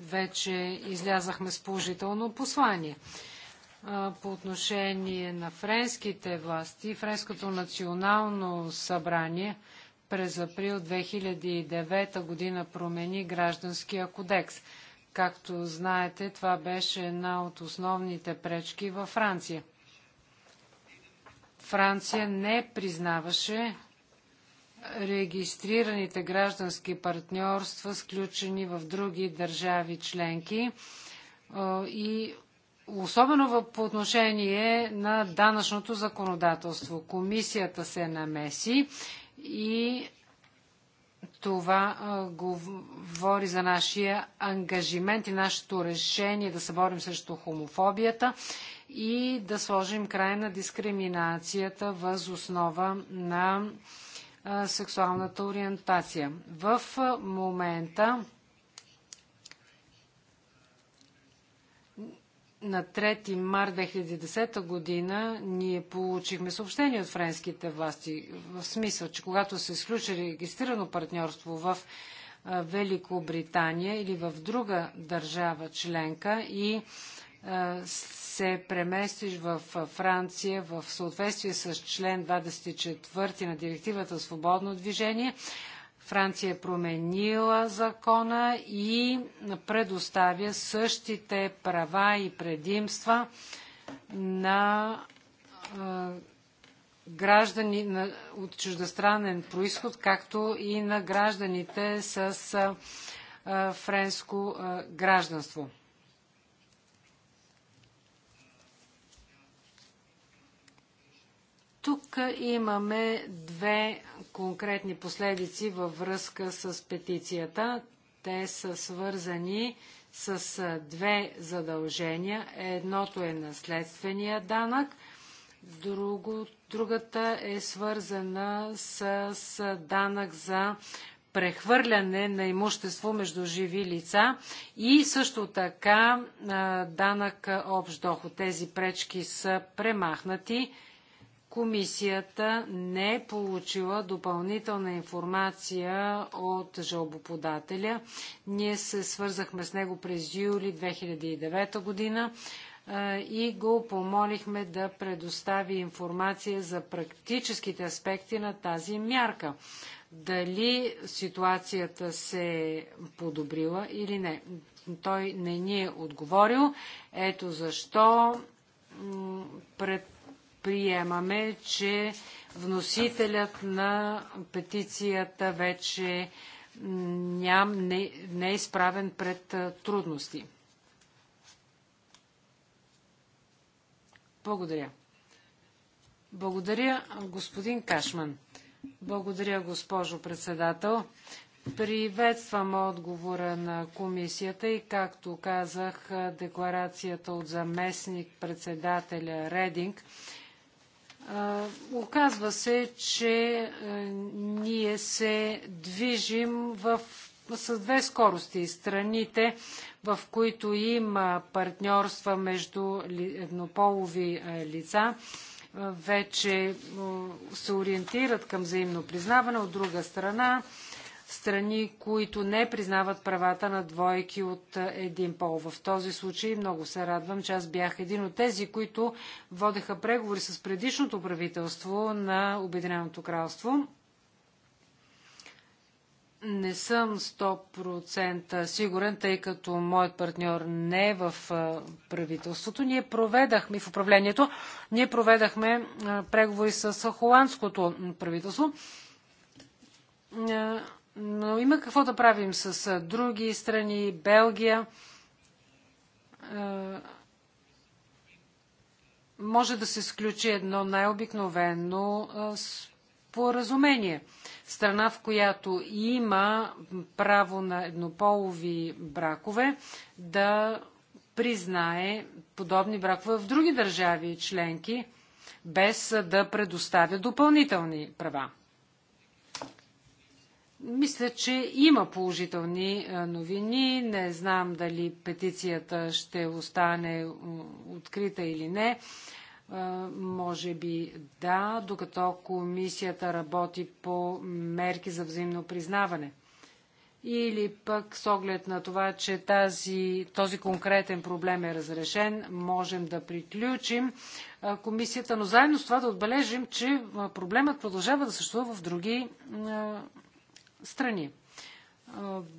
вече излязахме с положително послание. По отношение на френските власти, Френското национално събрание – през април 2009 година промени гражданския кодекс. Както знаете, това беше една от основните пречки във Франция. Франция не признаваше регистрираните граждански партньорства, сключени в други държави членки е, и особено по отношение на данъчното законодателство. Комисията се намеси и това а, говори за нашия ангажимент и нашето решение да се борим срещу хомофобията и да сложим край на дискриминацията въз основа на а, сексуалната ориентация. В момента на 3 март 2010 година ние получихме съобщение от френските власти, в смисъл, че когато се изключи регистрирано партньорство в Великобритания или в друга държава членка и се преместиш в Франция в съответствие с член 24 на директивата Свободно движение, Франция е променила закона и предоставя същите права и предимства на граждани от чуждестранен происход, както и на гражданите с френско гражданство. Тук имаме две конкретни последици във връзка с петицията. Те са свързани с две задължения. Едното е наследствения данък, друго, другата е свързана с, с данък за прехвърляне на имущество между живи лица и също така данък общ доход. Тези пречки са премахнати. Комисията не е получила допълнителна информация от жалбоподателя. Ние се свързахме с него през юли 2009 година и го помолихме да предостави информация за практическите аспекти на тази мярка. Дали ситуацията се е подобрила или не. Той не ни е отговорил. Ето защо пред приемаме, че вносителят на петицията вече ням, не, не е изправен пред трудности. Благодаря. Благодаря, господин Кашман. Благодаря, госпожо председател. Приветствам отговора на комисията и, както казах, декларацията от заместник председателя Рединг Оказва се, че е, ние се движим в, с две скорости. Страните, в които има партньорства между еднополови е, лица, е, вече се ориентират към взаимно признаване. От друга страна, страни, които не признават правата на двойки от един пол. В този случай много се радвам, че аз бях един от тези, които водеха преговори с предишното правителство на Обединеното кралство. Не съм 100% сигурен, тъй като моят партньор не е в правителството. Ние проведахме в управлението, ние проведахме преговори с холандското правителство но има какво да правим с други страни, Белгия. Може да се сключи едно най-обикновено споразумение. Страна, в която има право на еднополови бракове, да признае подобни бракове в други държави членки, без да предоставя допълнителни права. Мисля, че има положителни новини. Не знам дали петицията ще остане открита или не. Може би да, докато комисията работи по мерки за взаимно признаване. Или пък с оглед на това, че тази, този конкретен проблем е разрешен, можем да приключим комисията, но заедно с това да отбележим, че проблемът продължава да съществува в други страни.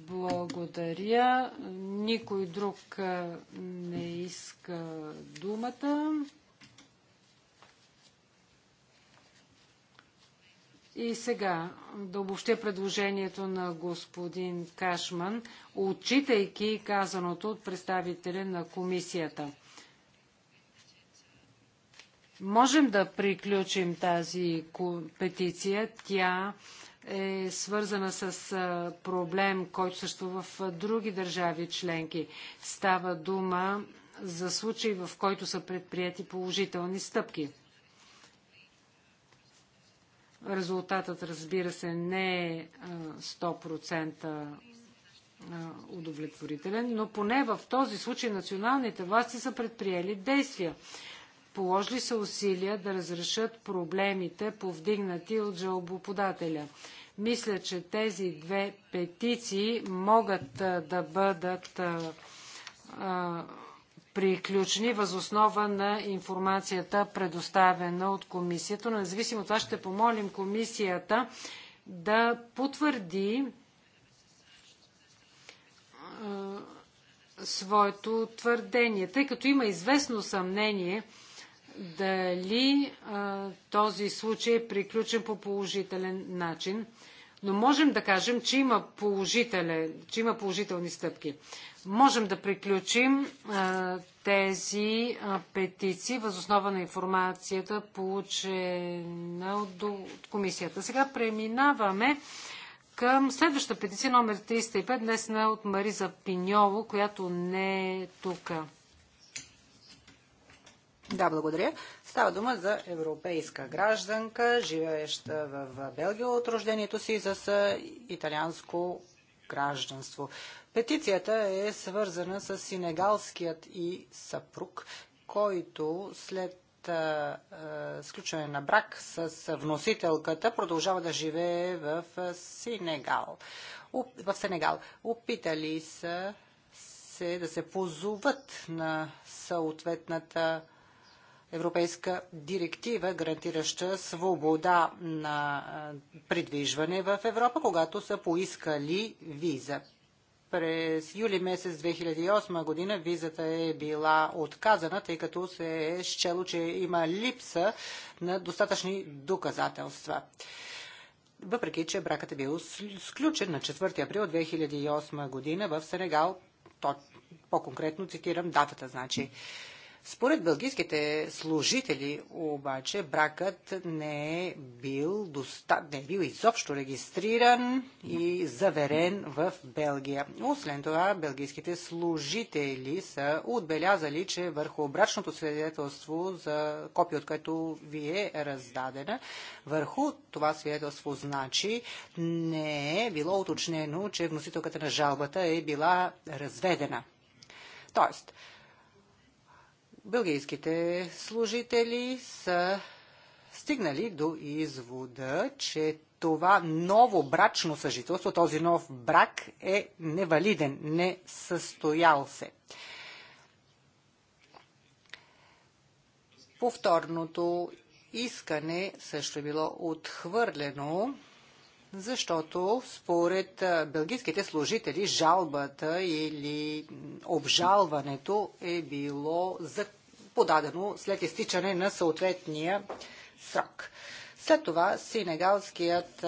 Благодаря. Никой друг не иска думата. И сега да обобщя предложението на господин Кашман, отчитайки казаното от представителя на комисията. Можем да приключим тази петиция. Тя е свързана с проблем, който съществува в други държави членки. Става дума за случаи, в който са предприяти положителни стъпки. Резултатът, разбира се, не е 100% удовлетворителен, но поне в този случай националните власти са предприели действия. Положили са усилия да разрешат проблемите, повдигнати от жалбоподателя. Мисля, че тези две петиции могат да бъдат приключни приключени възоснова на информацията, предоставена от комисията. Но независимо от това, ще помолим комисията да потвърди своето твърдение, тъй като има известно съмнение, дали а, този случай е приключен по положителен начин. Но можем да кажем, че има, че има положителни стъпки. Можем да приключим а, тези а, петиции възоснова на информацията, получена от, от комисията. Сега преминаваме към следващата петиция, номер 305, днесна от Мариза Пиньоло, която не е тук. Да, благодаря. Става дума за европейска гражданка, живееща в Белгия от рождението си с италианско гражданство. Петицията е свързана с синегалският и съпруг, който след сключване на брак с вносителката продължава да живее в Сенегал. В Сенегал. Опитали са се да се позоват на съответната европейска директива, гарантираща свобода на придвижване в Европа, когато са поискали виза. През юли месец 2008 година визата е била отказана, тъй като се е счело, че има липса на достатъчни доказателства въпреки че бракът е бил сключен на 4 април 2008 година в Сенегал. То, по-конкретно цитирам датата, значи. Според бългийските служители обаче бракът не е бил, доста... не е бил изобщо регистриран и заверен в Белгия. Освен това, бългийските служители са отбелязали, че върху брачното свидетелство, за копия от което ви е раздадена, върху това свидетелство значи не е било уточнено, че вносителката на жалбата е била разведена. Тоест, Бългийските служители са стигнали до извода, че това ново брачно съжителство, този нов брак е невалиден, не състоял се. Повторното искане също е било отхвърлено защото според белгийските служители жалбата или обжалването е било подадено след изтичане на съответния срок. След това синегалският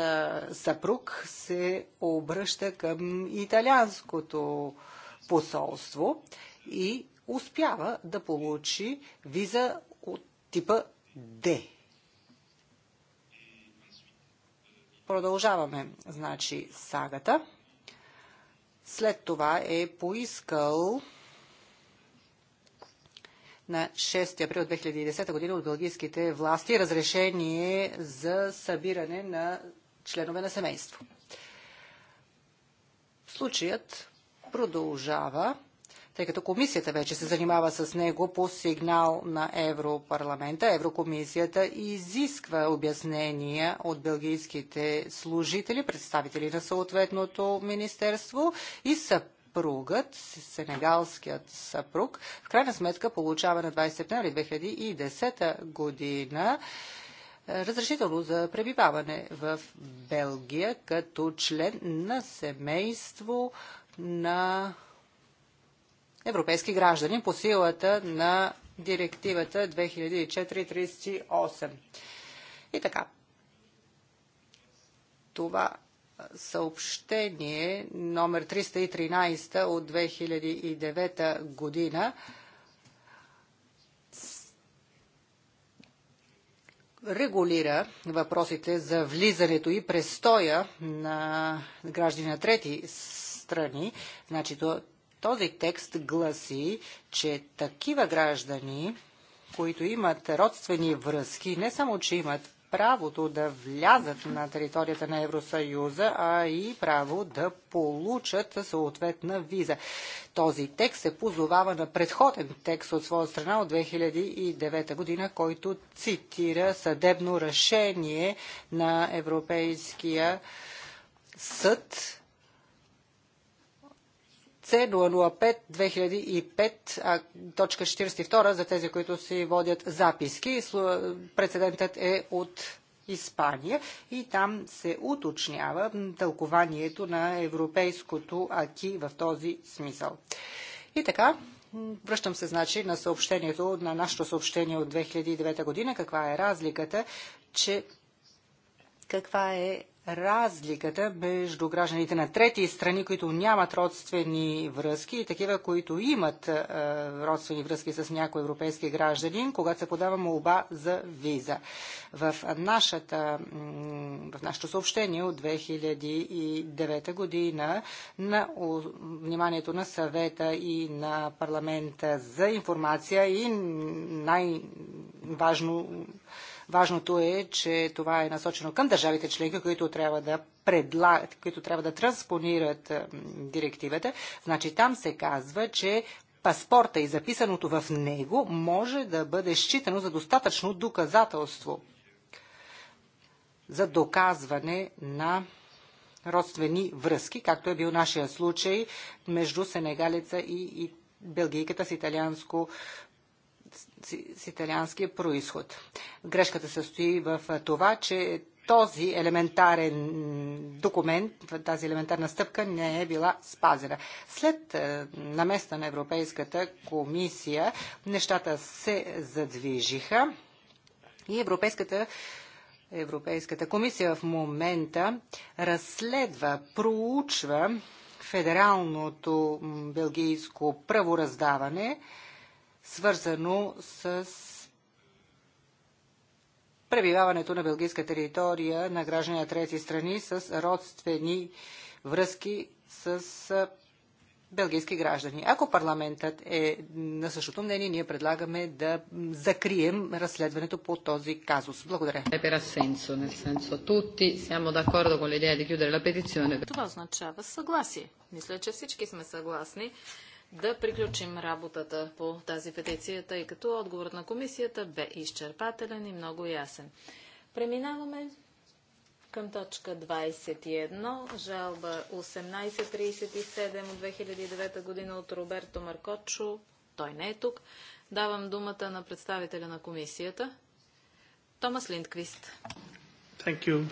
съпруг се обръща към италианското посолство и успява да получи виза от типа Д. Продължаваме, значи, сагата. След това е поискал на 6 април 2010 година от бългийските власти разрешение за събиране на членове на семейство. Случаят продължава тъй като комисията вече се занимава с него по сигнал на Европарламента. Еврокомисията изисква обяснения от белгийските служители, представители на съответното министерство и съпругът, сенегалският съпруг, в крайна сметка получава на 20 септември 2010 година е, разрешително за пребиваване в Белгия като член на семейство на европейски граждани по силата на директивата 2004-38. И така. Това съобщение номер 313 от 2009 година регулира въпросите за влизането и престоя на граждани на трети страни. Значи този текст гласи, че такива граждани, които имат родствени връзки, не само, че имат правото да влязат на територията на Евросъюза, а и право да получат съответна виза. Този текст се позовава на предходен текст от своя страна от 2009 година, който цитира съдебно решение на Европейския съд c 2005 точка 42 за тези, които си водят записки. Прецедентът е от Испания и там се уточнява тълкованието на европейското АКИ в този смисъл. И така, Връщам се, значи, на съобщението, на нашето съобщение от 2009 година. Каква е разликата, че каква е разликата между гражданите на трети страни, които нямат родствени връзки и такива, които имат родствени връзки с някои европейски граждани, когато се подава молба за виза. В, нашата, в нашето съобщение от 2009 година на вниманието на съвета и на парламента за информация и най-важно Важното е, че това е насочено към държавите членки, които трябва да предлагат, които трябва да транспонират директивата. Значи там се казва, че паспорта и записаното в него може да бъде считано за достатъчно доказателство за доказване на родствени връзки, както е бил нашия случай между сенегалеца и, и белгийката с италианско с италианския происход. Грешката състои в това, че този елементарен документ, тази елементарна стъпка не е била спазена. След наместа на Европейската комисия нещата се задвижиха и Европейската Европейската комисия в момента разследва, проучва федералното белгийско правораздаване, свързано с пребиваването на белгийска територия на граждани на трети страни с родствени връзки с белгийски граждани. Ако парламентът е на същото мнение, ние предлагаме да закрием разследването по този казус. Благодаря. Това означава съгласие. Мисля, че всички сме съгласни да приключим работата по тази петиция, тъй като отговорът на комисията бе изчерпателен и много ясен. Преминаваме към точка 21, жалба 1837 от 2009 година от Роберто Маркочо. Той не е тук. Давам думата на представителя на комисията, Томас Линдквист. Thank you.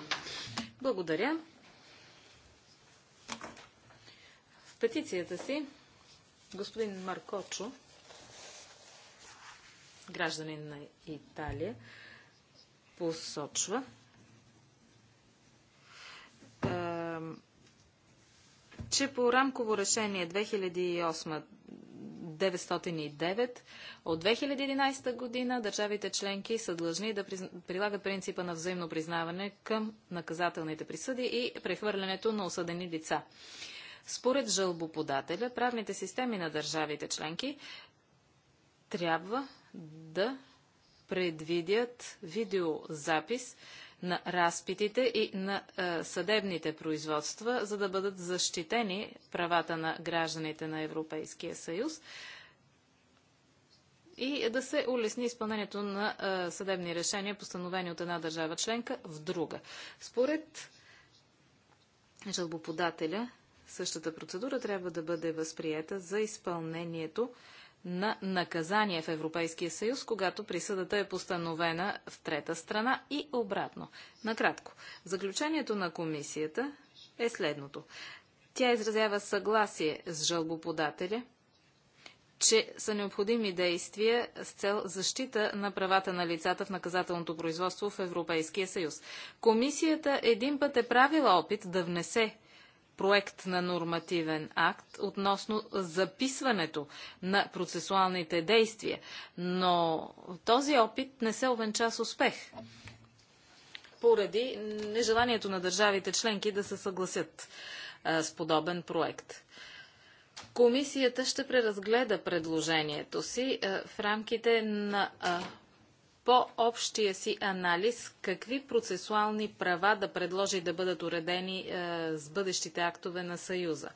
Благодаря. В петицията си Господин Маркочо, гражданин на Италия, посочва, че по рамково решение 2008 909 от 2011 година държавите членки са длъжни да прилагат принципа на взаимно признаване към наказателните присъди и прехвърлянето на осъдени лица. Според жалбоподателя, правните системи на държавите членки трябва да предвидят видеозапис на разпитите и на е, съдебните производства, за да бъдат защитени правата на гражданите на Европейския съюз и да се улесни изпълнението на е, съдебни решения, постановени от една държава членка в друга. Според жалбоподателя, Същата процедура трябва да бъде възприета за изпълнението на наказание в Европейския съюз, когато присъдата е постановена в трета страна и обратно. Накратко, заключението на комисията е следното. Тя изразява съгласие с жалбоподателя, че са необходими действия с цел защита на правата на лицата в наказателното производство в Европейския съюз. Комисията един път е правила опит да внесе проект на нормативен акт относно записването на процесуалните действия, но този опит не се овенча с успех поради нежеланието на държавите членки да се съгласят с подобен проект. Комисията ще преразгледа предложението си в рамките на по общия си анализ какви процесуални права да предложи да бъдат уредени е, с бъдещите актове на Съюза.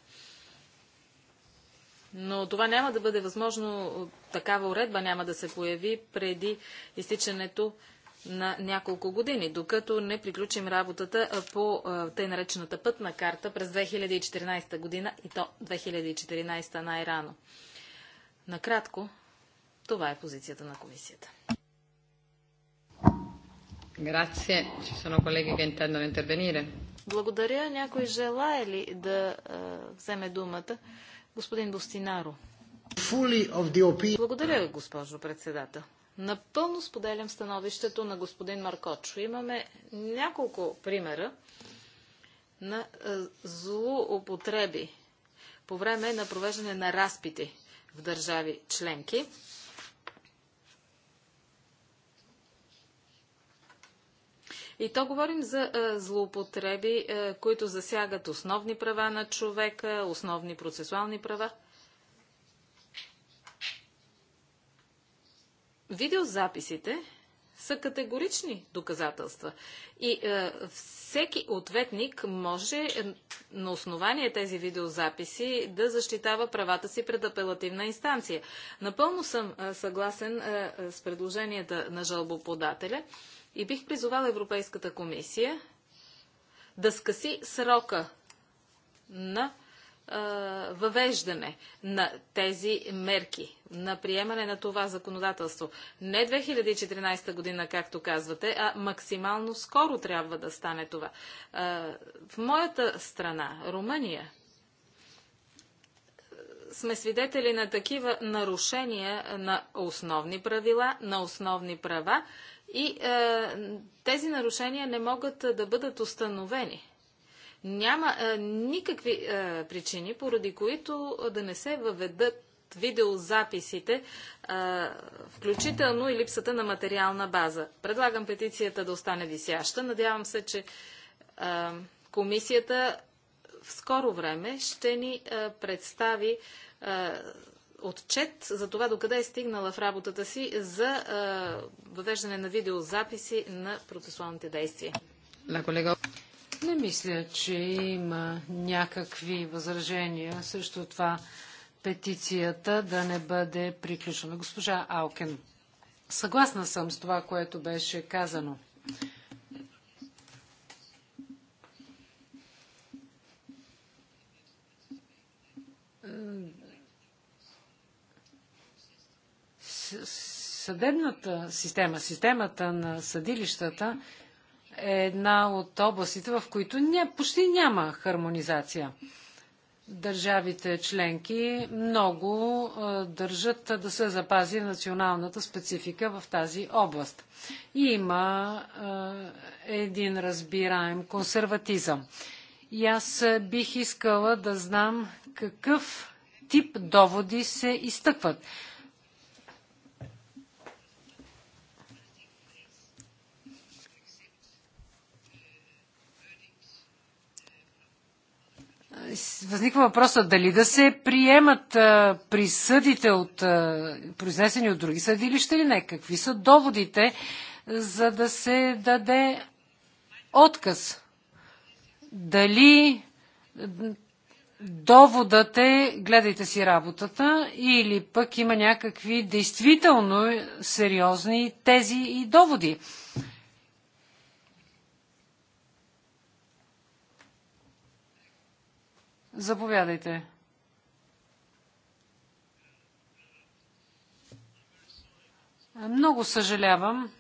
Но това няма да бъде възможно, е, такава уредба няма да се появи преди изтичането на няколко години, докато не приключим работата е, по тъй наречената пътна карта през 2014 година и то 2014 най-рано. Накратко, това е позицията на комисията. Грация. колеги, Благодаря. Някой желая ли да е, вземе думата? Господин Бостинаро. Благодаря, госпожо председател. Напълно споделям становището на господин Маркочо. Имаме няколко примера на е, злоупотреби по време на провеждане на разпити в държави членки И то говорим за а, е, злоупотреби, а, е, които засягат основни права на човека, основни процесуални права. Видеозаписите са категорични доказателства. И а, е, всеки ответник може на основание тези видеозаписи да защитава правата си пред апелативна инстанция. Напълно съм а, съгласен а, с предложенията на жалбоподателя. И бих призовала Европейската комисия да скъси срока на е, въвеждане на тези мерки, на приемане на това законодателство. Не 2014 година, както казвате, а максимално скоро трябва да стане това. Е, в моята страна, Румъния, сме свидетели на такива нарушения на основни правила, на основни права и е, тези нарушения не могат е, да бъдат установени. Няма е, никакви е, причини, поради които е, да не се въведат видеозаписите, е, включително и липсата на материална база. Предлагам петицията да остане висяща. Надявам се, че е, комисията в скоро време ще ни е, представи е, отчет за това докъде е стигнала в работата си за въвеждане на видеозаписи на процесуалните действия. Не мисля, че има някакви възражения срещу това петицията да не бъде приключена. Госпожа Алкен, съгласна съм с това, което беше казано. съдебната система, системата на съдилищата е една от областите, в които ня, почти няма хармонизация. Държавите членки много а, държат да се запази националната специфика в тази област. И има а, един разбираем консерватизъм. И аз бих искала да знам какъв тип доводи се изтъкват. възниква въпроса дали да се приемат а, присъдите от, а, произнесени от други съдилища или не. Какви са доводите, за да се даде отказ? Дали доводът е гледайте си работата или пък има някакви действително сериозни тези и доводи. Заповядайте. Много съжалявам,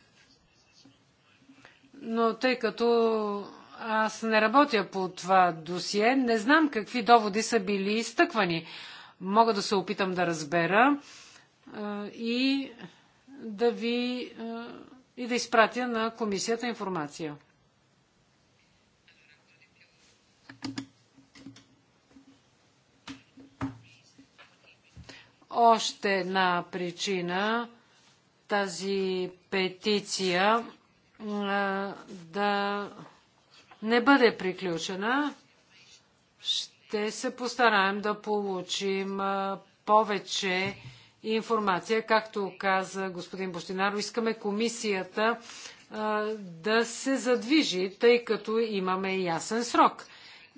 но тъй като аз не работя по това досие, не знам какви доводи са били изтъквани. Мога да се опитам да разбера и да ви и да изпратя на комисията информация. още една причина тази петиция да не бъде приключена. Ще се постараем да получим повече информация. Както каза господин Бостинаро, искаме комисията да се задвижи, тъй като имаме ясен срок.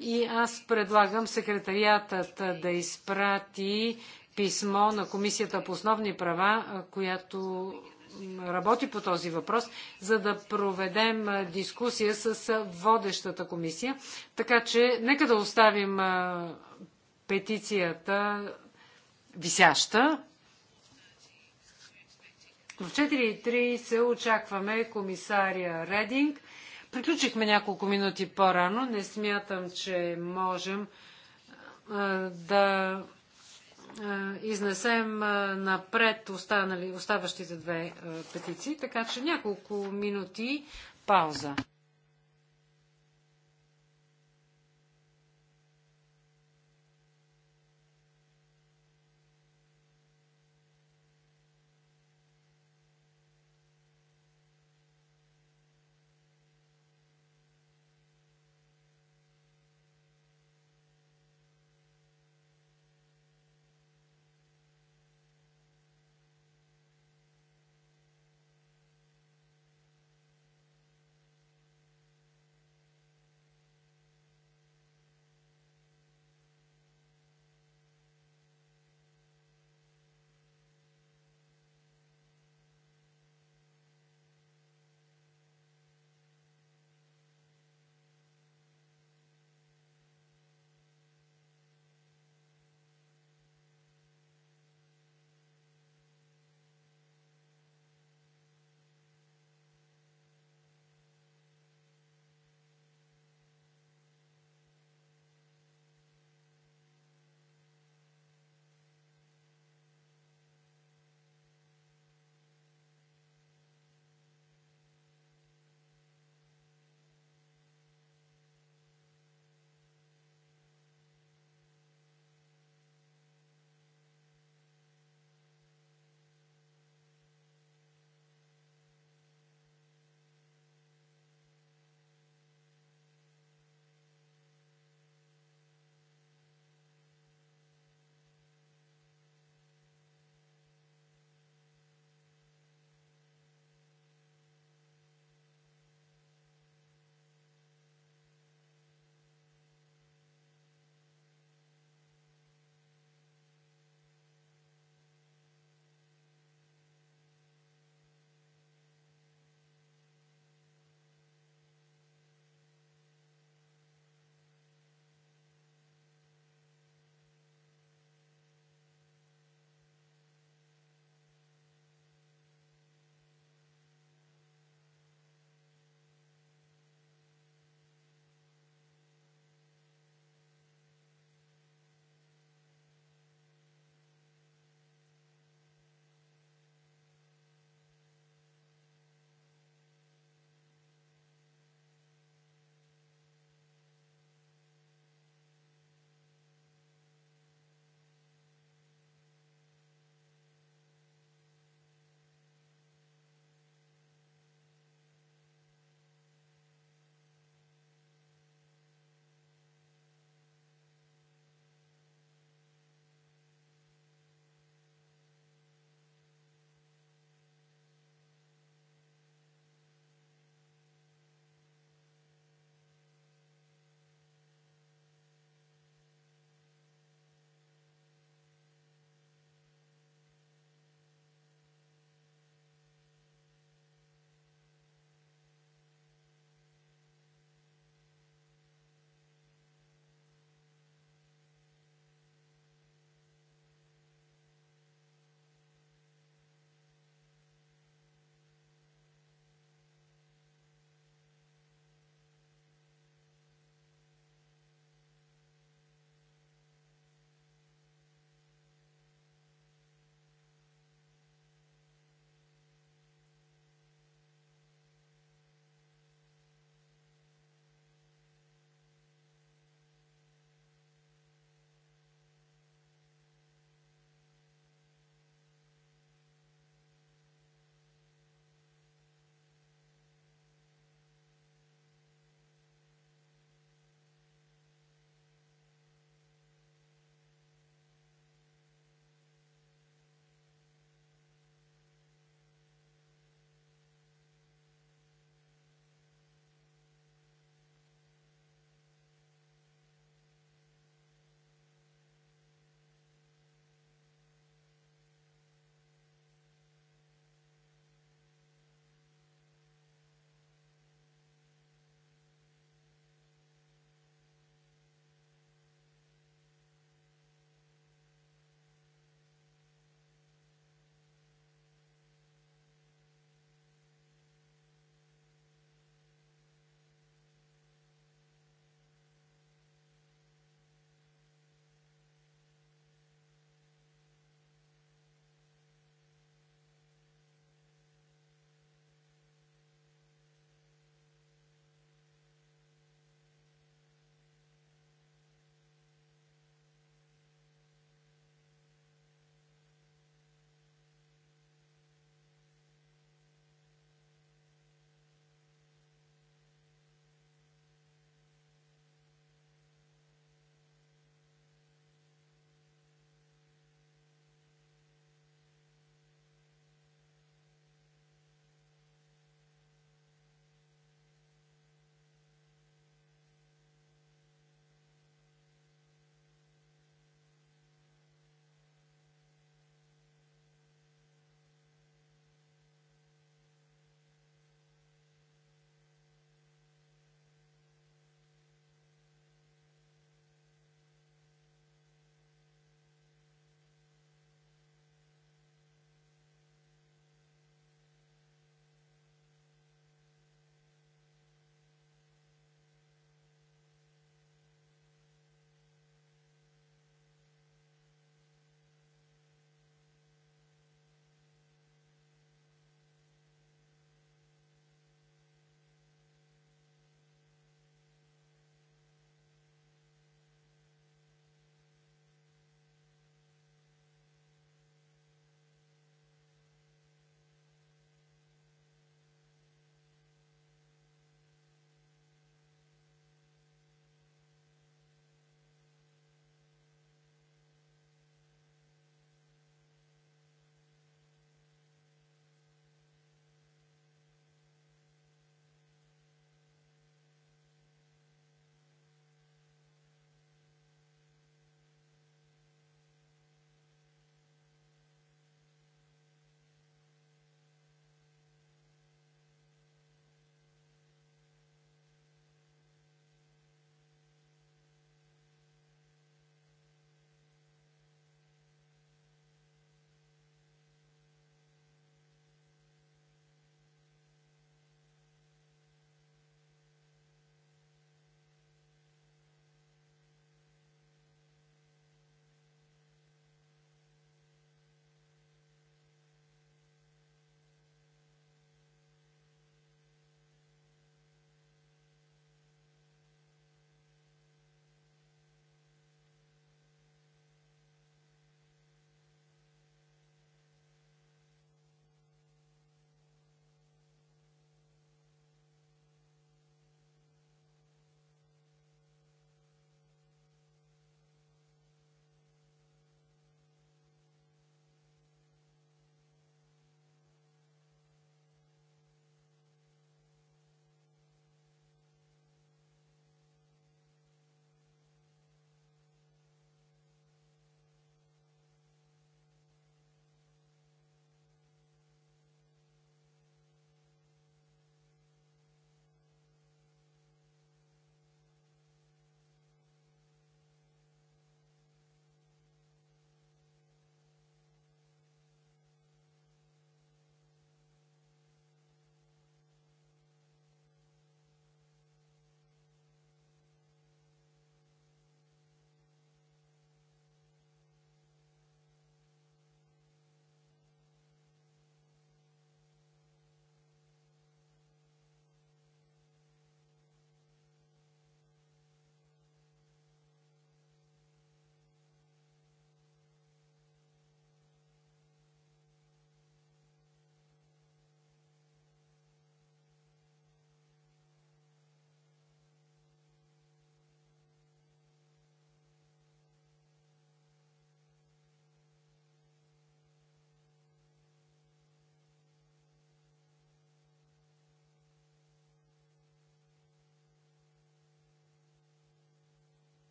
И аз предлагам секретариатът да изпрати писмо на Комисията по основни права, която работи по този въпрос, за да проведем дискусия с водещата комисия. Така че нека да оставим петицията висяща. В 4.30 очакваме комисария Рединг. Приключихме няколко минути по-рано. Не смятам, че можем да изнесем напред оставащите две петиции, така че няколко минути пауза.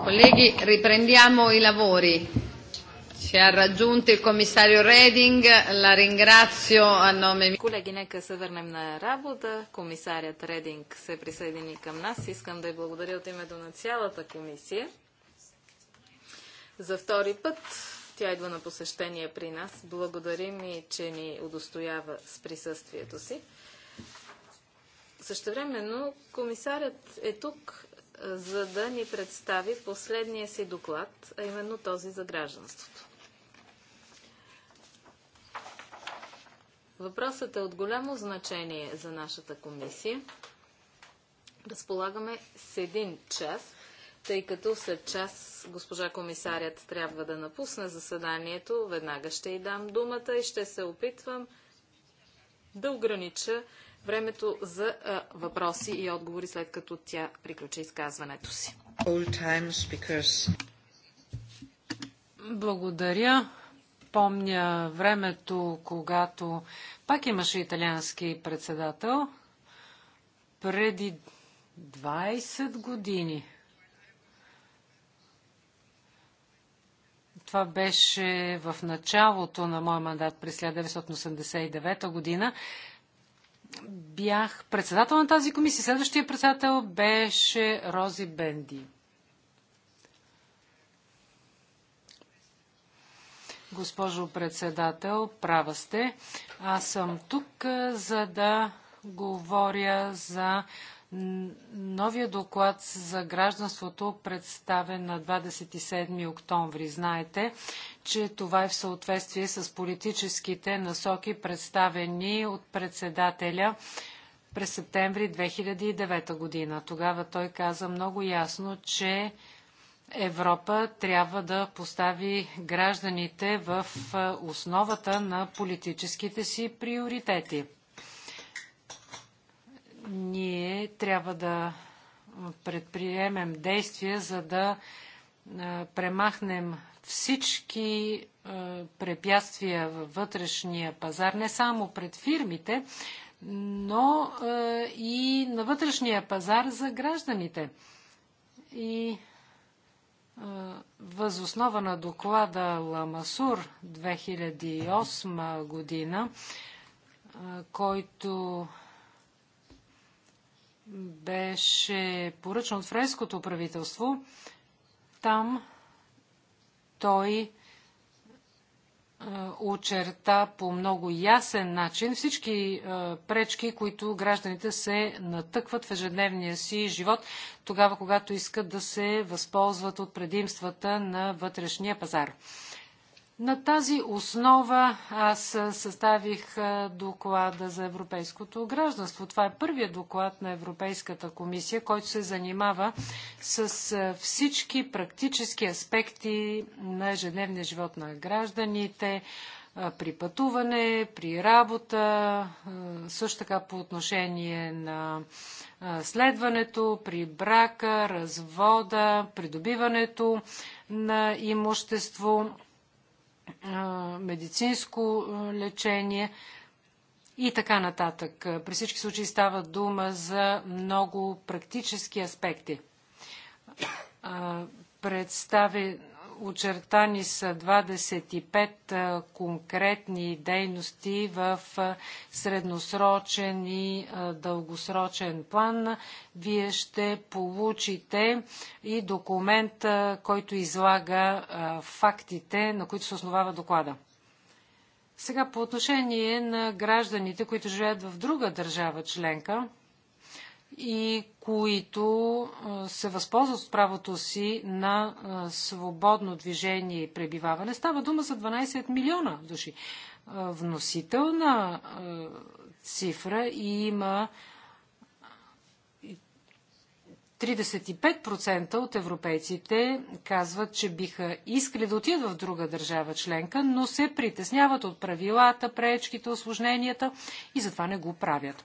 Colleghi, riprendiamo i lavori. Ci ha raggiunto il commissario Reding, la ringrazio a nome mio. Колеги, нека се върнем на работа. Комисарят Рединг се присъедини към нас. Искам да й благодаря от името на цялата комисия. За втори път тя идва на посещение при нас. Благодарим и, че ни удостоява с присъствието си. Същевременно комисарят е тук за да ни представи последния си доклад, а именно този за гражданството. Въпросът е от голямо значение за нашата комисия. Разполагаме с един час, тъй като след час госпожа комисарят трябва да напусне заседанието. Веднага ще й дам думата и ще се опитвам да огранича времето за а, въпроси и отговори, след като тя приключи изказването си. Благодаря. Помня времето, когато пак имаше италиански председател. Преди 20 години. Това беше в началото на моя мандат през 1989 година бях председател на тази комисия. Следващия председател беше Рози Бенди. Госпожо председател, права сте. Аз съм тук, за да говоря за Новия доклад за гражданството представен на 27 октомври. Знаете, че това е в съответствие с политическите насоки, представени от председателя през септември 2009 година. Тогава той каза много ясно, че Европа трябва да постави гражданите в основата на политическите си приоритети. Ние трябва да предприемем действия, за да премахнем всички препятствия във вътрешния пазар, не само пред фирмите, но и на вътрешния пазар за гражданите. И възоснова на доклада Ламасур 2008 година, който беше поръчан от френското правителство. Там той е, очерта по много ясен начин всички е, пречки, които гражданите се натъкват в ежедневния си живот, тогава когато искат да се възползват от предимствата на вътрешния пазар. На тази основа аз съставих доклада за европейското гражданство. Това е първият доклад на Европейската комисия, който се занимава с всички практически аспекти на ежедневния живот на гражданите, при пътуване, при работа, също така по отношение на следването, при брака, развода, придобиването на имущество медицинско лечение и така нататък. При всички случаи става дума за много практически аспекти. Представи, Очертани са 25 конкретни дейности в средносрочен и дългосрочен план. Вие ще получите и документ, който излага фактите, на които се основава доклада. Сега по отношение на гражданите, които живеят в друга държава членка – и които се възползват от правото си на свободно движение и пребиваване. Става дума за 12 милиона души. Вносителна цифра и има 35% от европейците казват, че биха искали да отидат в друга държава членка, но се притесняват от правилата, пречките, осложненията и затова не го правят.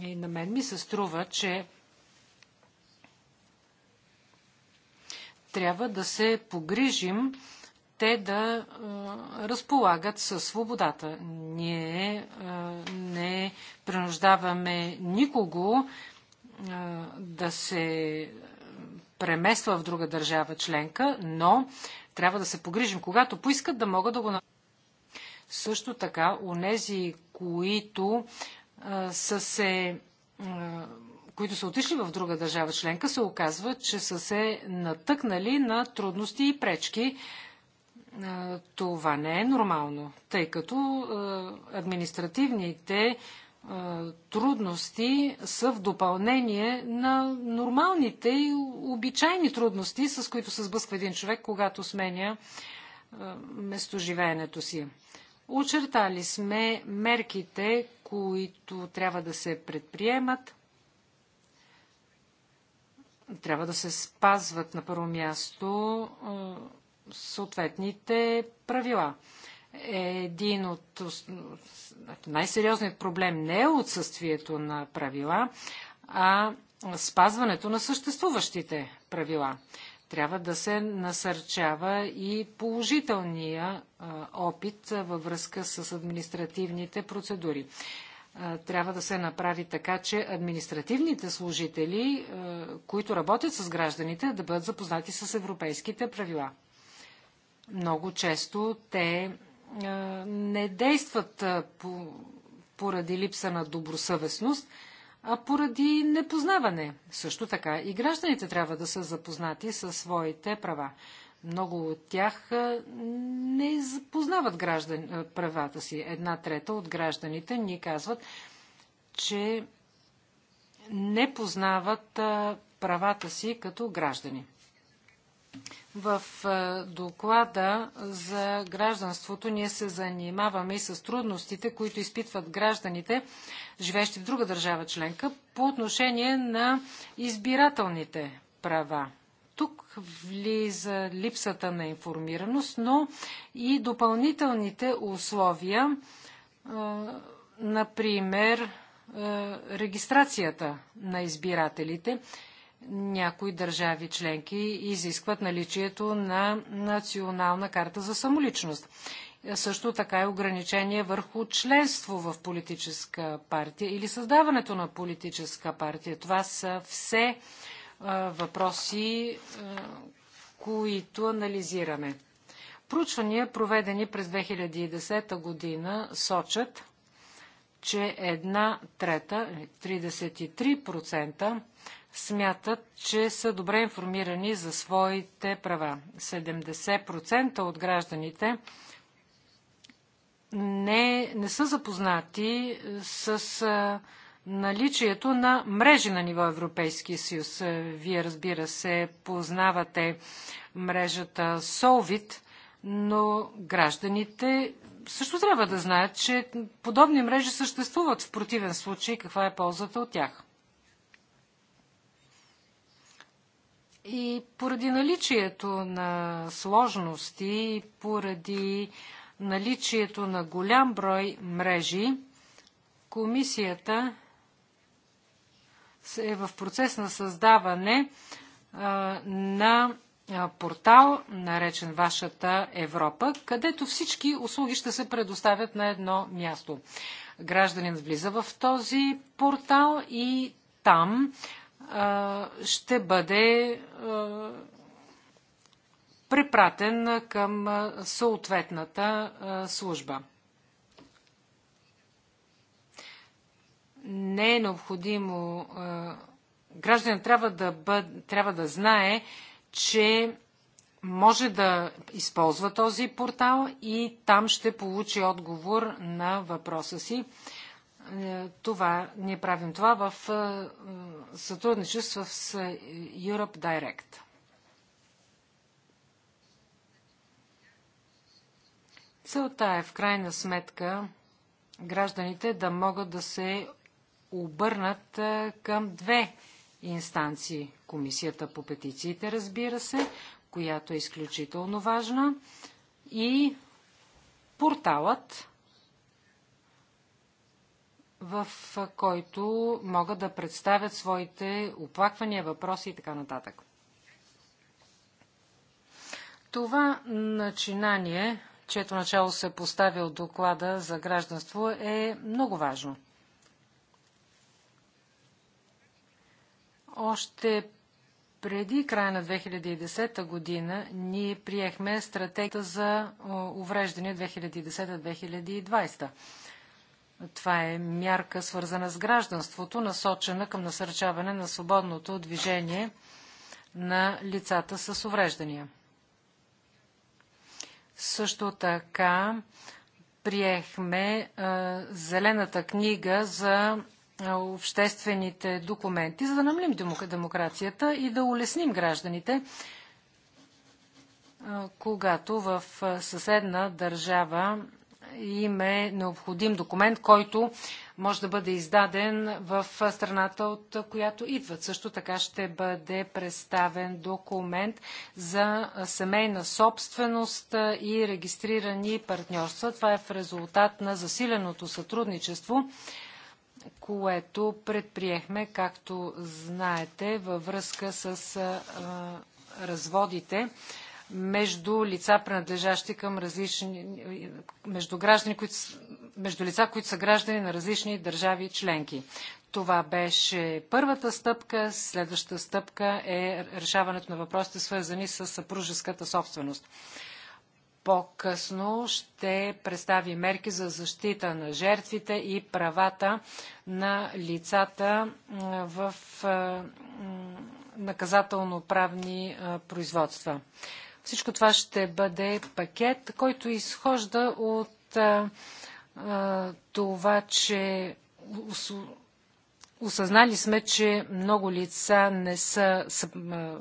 И на мен ми се струва, че трябва да се погрижим те да а, разполагат със свободата. Ние а, не принуждаваме никого а, да се премества в друга държава членка, но трябва да се погрижим, когато поискат да могат да го Също така, нези, които са се които са отишли в друга държава членка, се оказва, че са се натъкнали на трудности и пречки. Това не е нормално, тъй като административните трудности са в допълнение на нормалните и обичайни трудности, с които се сблъсква един човек, когато сменя местоживеенето си. Очертали сме мерките, които трябва да се предприемат. Трябва да се спазват на първо място съответните правила. Един от най-сериозният проблем не е отсъствието на правила, а спазването на съществуващите правила. Трябва да се насърчава и положителния опит във връзка с административните процедури. Трябва да се направи така, че административните служители, които работят с гражданите, да бъдат запознати с европейските правила. Много често те не действат поради липса на добросъвестност – а поради непознаване. Също така и гражданите трябва да са запознати със своите права. Много от тях не запознават граждан... правата си. Една трета от гражданите ни казват, че не познават правата си като граждани. В е, доклада за гражданството ние се занимаваме и с трудностите, които изпитват гражданите, живеещи в друга държава членка, по отношение на избирателните права. Тук влиза липсата на информираност, но и допълнителните условия, е, например, е, регистрацията на избирателите – някои държави членки изискват наличието на национална карта за самоличност. Също така е ограничение върху членство в политическа партия или създаването на политическа партия. Това са все въпроси, които анализираме. Проучвания, проведени през 2010 година, сочат, че една трета, 33%, смятат, че са добре информирани за своите права. 70% от гражданите не, не са запознати с наличието на мрежи на ниво Европейския съюз. Вие, разбира се, познавате мрежата Solvit, но гражданите също трябва да знаят, че подобни мрежи съществуват. В противен случай, каква е ползата от тях? И поради наличието на сложности, поради наличието на голям брой мрежи, комисията е в процес на създаване на портал, наречен Вашата Европа, където всички услуги ще се предоставят на едно място. Гражданин влиза в този портал и там ще бъде препратен към съответната служба. Не е необходимо. Гражданин трябва да, бъд, трябва да знае, че може да използва този портал и там ще получи отговор на въпроса си. Е, това, ние правим това в е, сътрудничество с Europe Direct. Целта е в крайна сметка гражданите да могат да се обърнат е, към две инстанции. Комисията по петициите, разбира се, която е изключително важна, и порталът, в който могат да представят своите оплаквания, въпроси и така нататък. Това начинание, чието начало се поставя от доклада за гражданство, е много важно. Още преди края на 2010 година ние приехме стратегията за увреждане 2010-2020. Това е мярка, свързана с гражданството, насочена към насърчаване на свободното движение на лицата с увреждания. Също така приехме а, зелената книга за обществените документи, за да намлим демокрацията и да улесним гражданите, когато в съседна държава им е необходим документ, който може да бъде издаден в страната, от която идват. Също така ще бъде представен документ за семейна собственост и регистрирани партньорства. Това е в резултат на засиленото сътрудничество което предприехме, както знаете, във връзка с разводите между лица, принадлежащи към различни, между, граждани, които, между лица, които са граждани на различни държави членки. Това беше първата стъпка. Следващата стъпка е решаването на въпросите, свързани с съпружеската собственост. По-късно ще представи мерки за защита на жертвите и правата на лицата в наказателно-правни производства. Всичко това ще бъде пакет, който изхожда от а, а, това, че осъзнали сме, че много лица не са, са,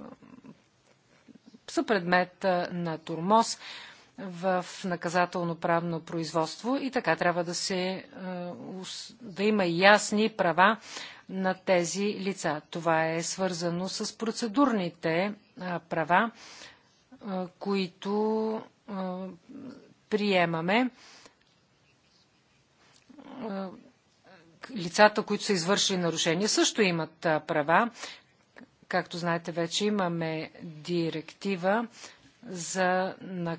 са предмет на турмоз в наказателно-правно производство и така трябва да, се, да има ясни права на тези лица. Това е свързано с процедурните права които приемаме. Лицата, които са извършили нарушения, също имат права. Както знаете, вече имаме директива за, на,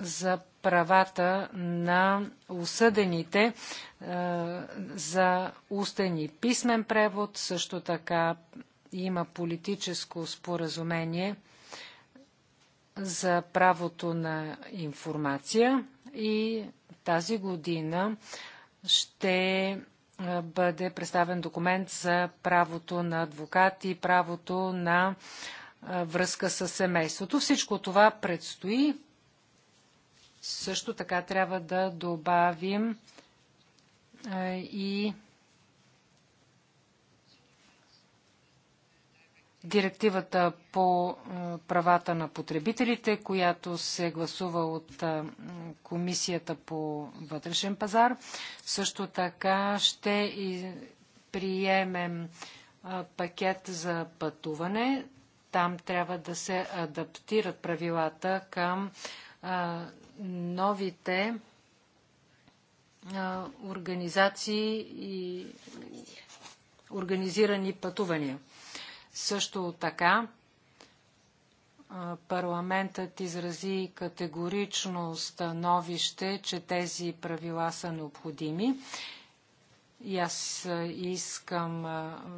за правата на осъдените е, за устен и писмен превод. Също така има политическо споразумение – за правото на информация и тази година ще бъде представен документ за правото на адвокат и правото на връзка с семейството. Всичко това предстои. Също така трябва да добавим и директивата по правата на потребителите, която се гласува от Комисията по вътрешен пазар. Също така ще приемем пакет за пътуване. Там трябва да се адаптират правилата към новите организации и организирани пътувания. Също така парламентът изрази категорично становище, че тези правила са необходими. И аз искам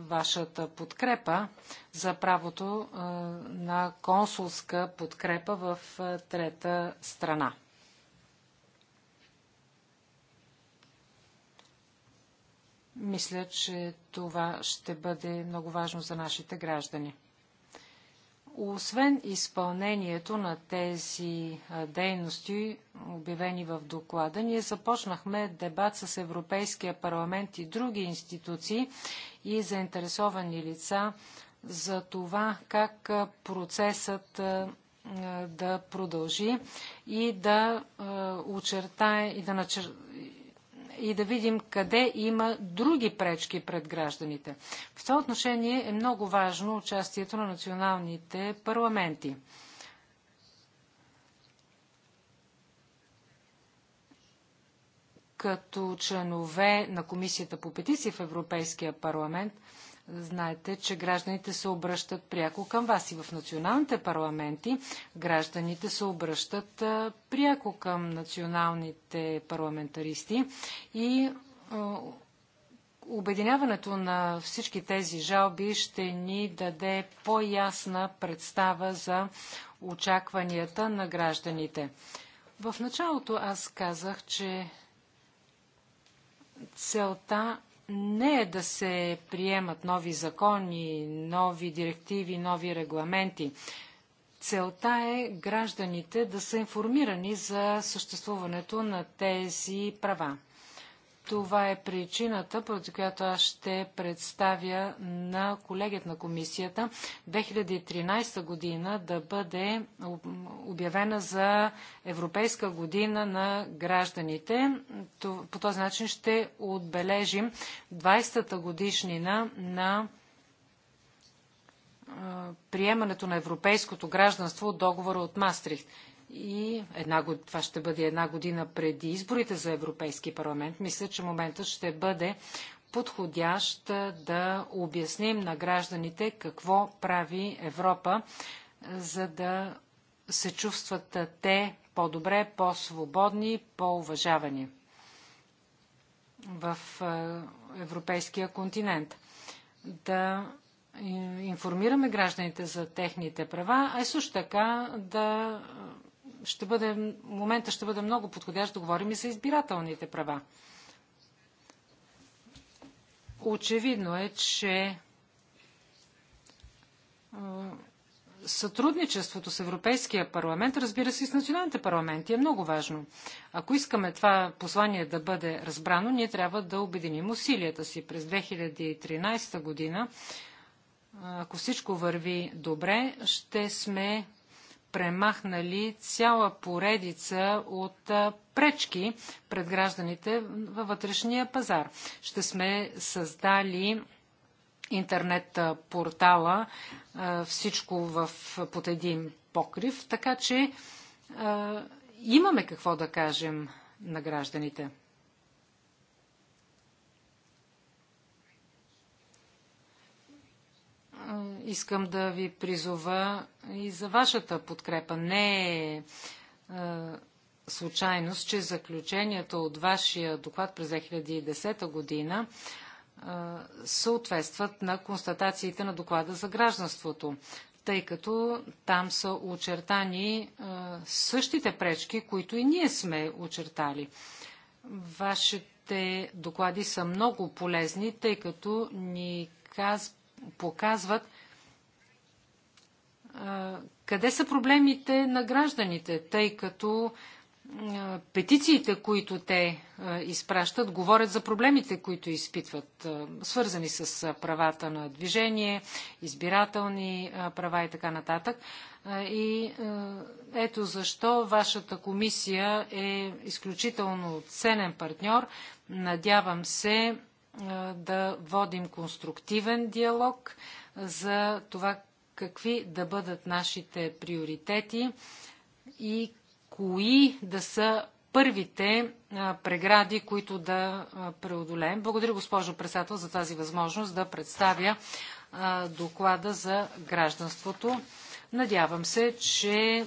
вашата подкрепа за правото на консулска подкрепа в трета страна. Мисля, че това ще бъде много важно за нашите граждани. Освен изпълнението на тези дейности, обявени в доклада, ние започнахме дебат с Европейския парламент и други институции и заинтересовани лица за това как процесът да продължи и да очертае и да, начер и да видим къде има други пречки пред гражданите. В това отношение е много важно участието на националните парламенти. Като членове на Комисията по петиции в Европейския парламент, Знаете, че гражданите се обръщат пряко към вас и в националните парламенти гражданите се обръщат пряко към националните парламентаристи и обединяването на всички тези жалби ще ни даде по-ясна представа за очакванията на гражданите. В началото аз казах, че целта не е да се приемат нови закони, нови директиви, нови регламенти. Целта е гражданите да са информирани за съществуването на тези права. Това е причината, поради която аз ще представя на колегият на комисията 2013 година да бъде обявена за Европейска година на гражданите. По този начин ще отбележим 20-та годишнина на приемането на европейското гражданство от договора от Мастрихт и една, това ще бъде една година преди изборите за Европейски парламент, мисля, че моментът ще бъде подходящ да обясним на гражданите какво прави Европа, за да се чувстват те по-добре, по-свободни, по-уважавани в европейския континент. Да информираме гражданите за техните права, а също така да ще бъде, момента ще бъде много подходящ да говорим и за избирателните права. Очевидно е, че сътрудничеството с Европейския парламент, разбира се и с националните парламенти, е много важно. Ако искаме това послание да бъде разбрано, ние трябва да обединим усилията си. През 2013 година, ако всичко върви добре, ще сме премахнали цяла поредица от пречки пред гражданите във вътрешния пазар. Ще сме създали интернет портала всичко в, под един покрив, така че имаме какво да кажем на гражданите. Е, искам да ви призова и за вашата подкрепа. Не е, е случайност, че заключението от вашия доклад през 2010 година е, съответстват на констатациите на доклада за гражданството, тъй като там са очертани същите пречки, които и ние сме очертали. Вашите доклади са много полезни, тъй като ни казват показват къде са проблемите на гражданите, тъй като петициите, които те изпращат, говорят за проблемите, които изпитват, свързани с правата на движение, избирателни права и така нататък. И ето защо вашата комисия е изключително ценен партньор. Надявам се да водим конструктивен диалог за това какви да бъдат нашите приоритети и кои да са първите прегради, които да преодолеем. Благодаря, госпожо председател, за тази възможност да представя доклада за гражданството. Надявам се, че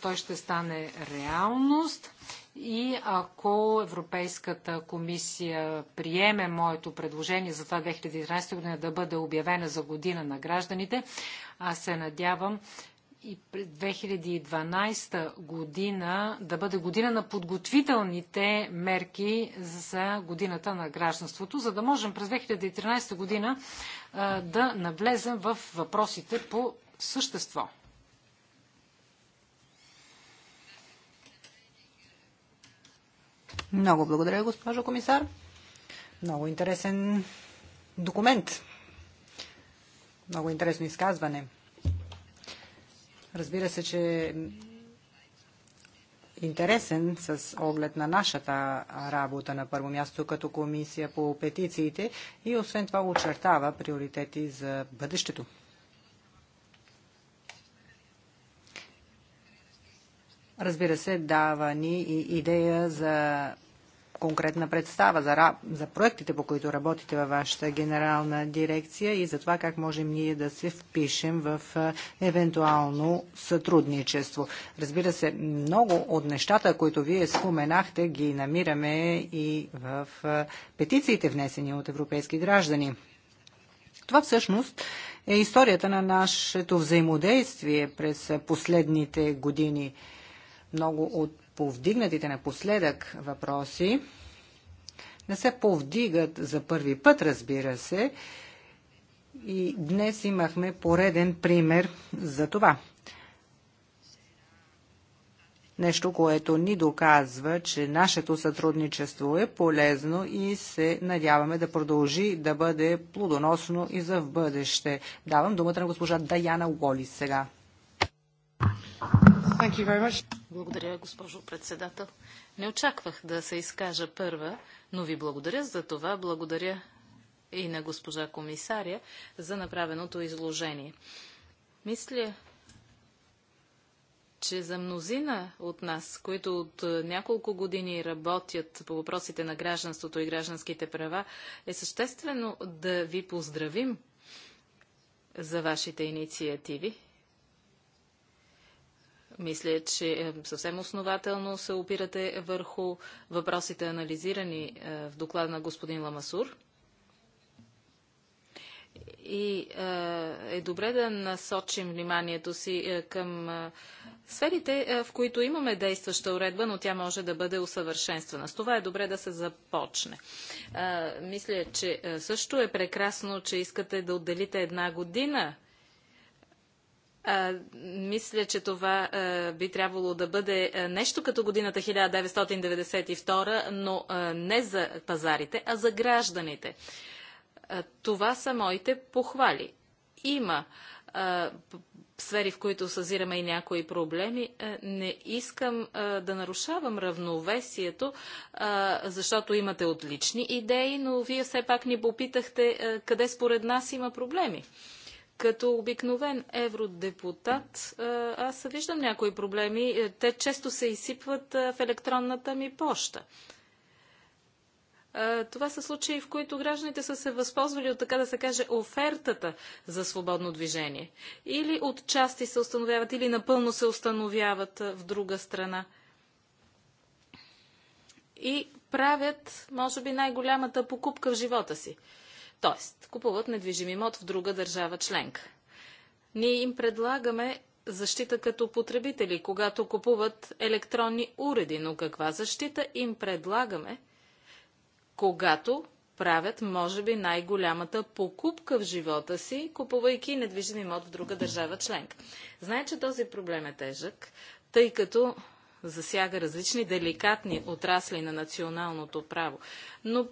той ще стане реалност и ако Европейската комисия приеме моето предложение за това 2013 година да бъде обявена за година на гражданите, аз се надявам и 2012 година да бъде година на подготвителните мерки за годината на гражданството, за да можем през 2013 година да навлезем в въпросите по същество. Много благодаря, госпожо комисар. Много интересен документ. Много интересно изказване. Разбира се, че интересен с оглед на нашата работа на първо място като комисия по петициите и освен това очертава приоритети за бъдещето. Разбира се, дава ни и идея за конкретна представа за, за проектите, по които работите във вашата генерална дирекция и за това как можем ние да се впишем в евентуално сътрудничество. Разбира се, много от нещата, които вие споменахте, ги намираме и в петициите, внесени от европейски граждани. Това всъщност е историята на нашето взаимодействие през последните години. Много от повдигнатите напоследък въпроси не се повдигат за първи път, разбира се, и днес имахме пореден пример за това. Нещо, което ни доказва, че нашето сътрудничество е полезно и се надяваме да продължи да бъде плодоносно и за в бъдеще. Давам думата на госпожа Даяна Уолис сега. Thank you very much. Благодаря, госпожо председател. Не очаквах да се изкажа първа, но ви благодаря за това. Благодаря и на госпожа комисаря за направеното изложение. Мисля, че за мнозина от нас, които от е, няколко години работят по въпросите на гражданството и гражданските права, е съществено да ви поздравим за вашите инициативи мисля, че е, съвсем основателно се опирате върху въпросите, анализирани е, в доклада на господин Ламасур. И е, е добре да насочим вниманието си към сферите, в които имаме действаща уредба, но тя може да бъде усъвършенствана. С това е добре да се започне. Мисля, че също е прекрасно, че искате да отделите една година а, мисля, че това а, би трябвало да бъде нещо като годината 1992, но а, не за пазарите, а за гражданите. А, това са моите похвали. Има а, сфери, в които съзираме и някои проблеми. Не искам а, да нарушавам равновесието, а, защото имате отлични идеи, но вие все пак ни попитахте а, къде според нас има проблеми. Като обикновен евродепутат, аз виждам някои проблеми. Е, те често се изсипват в електронната ми поща. Това са случаи, в които гражданите са се възползвали от, така да се каже, офертата за свободно движение. Или от части се установяват, или напълно се установяват в друга страна. И правят, може би, най-голямата покупка в живота си. Тоест, купуват недвижим имот в друга държава членка. Ние им предлагаме защита като потребители, когато купуват електронни уреди, но каква защита им предлагаме, когато правят, може би, най-голямата покупка в живота си, купувайки недвижим имот в друга държава членка. Знае, че този проблем е тежък, тъй като засяга различни деликатни отрасли на националното право. Но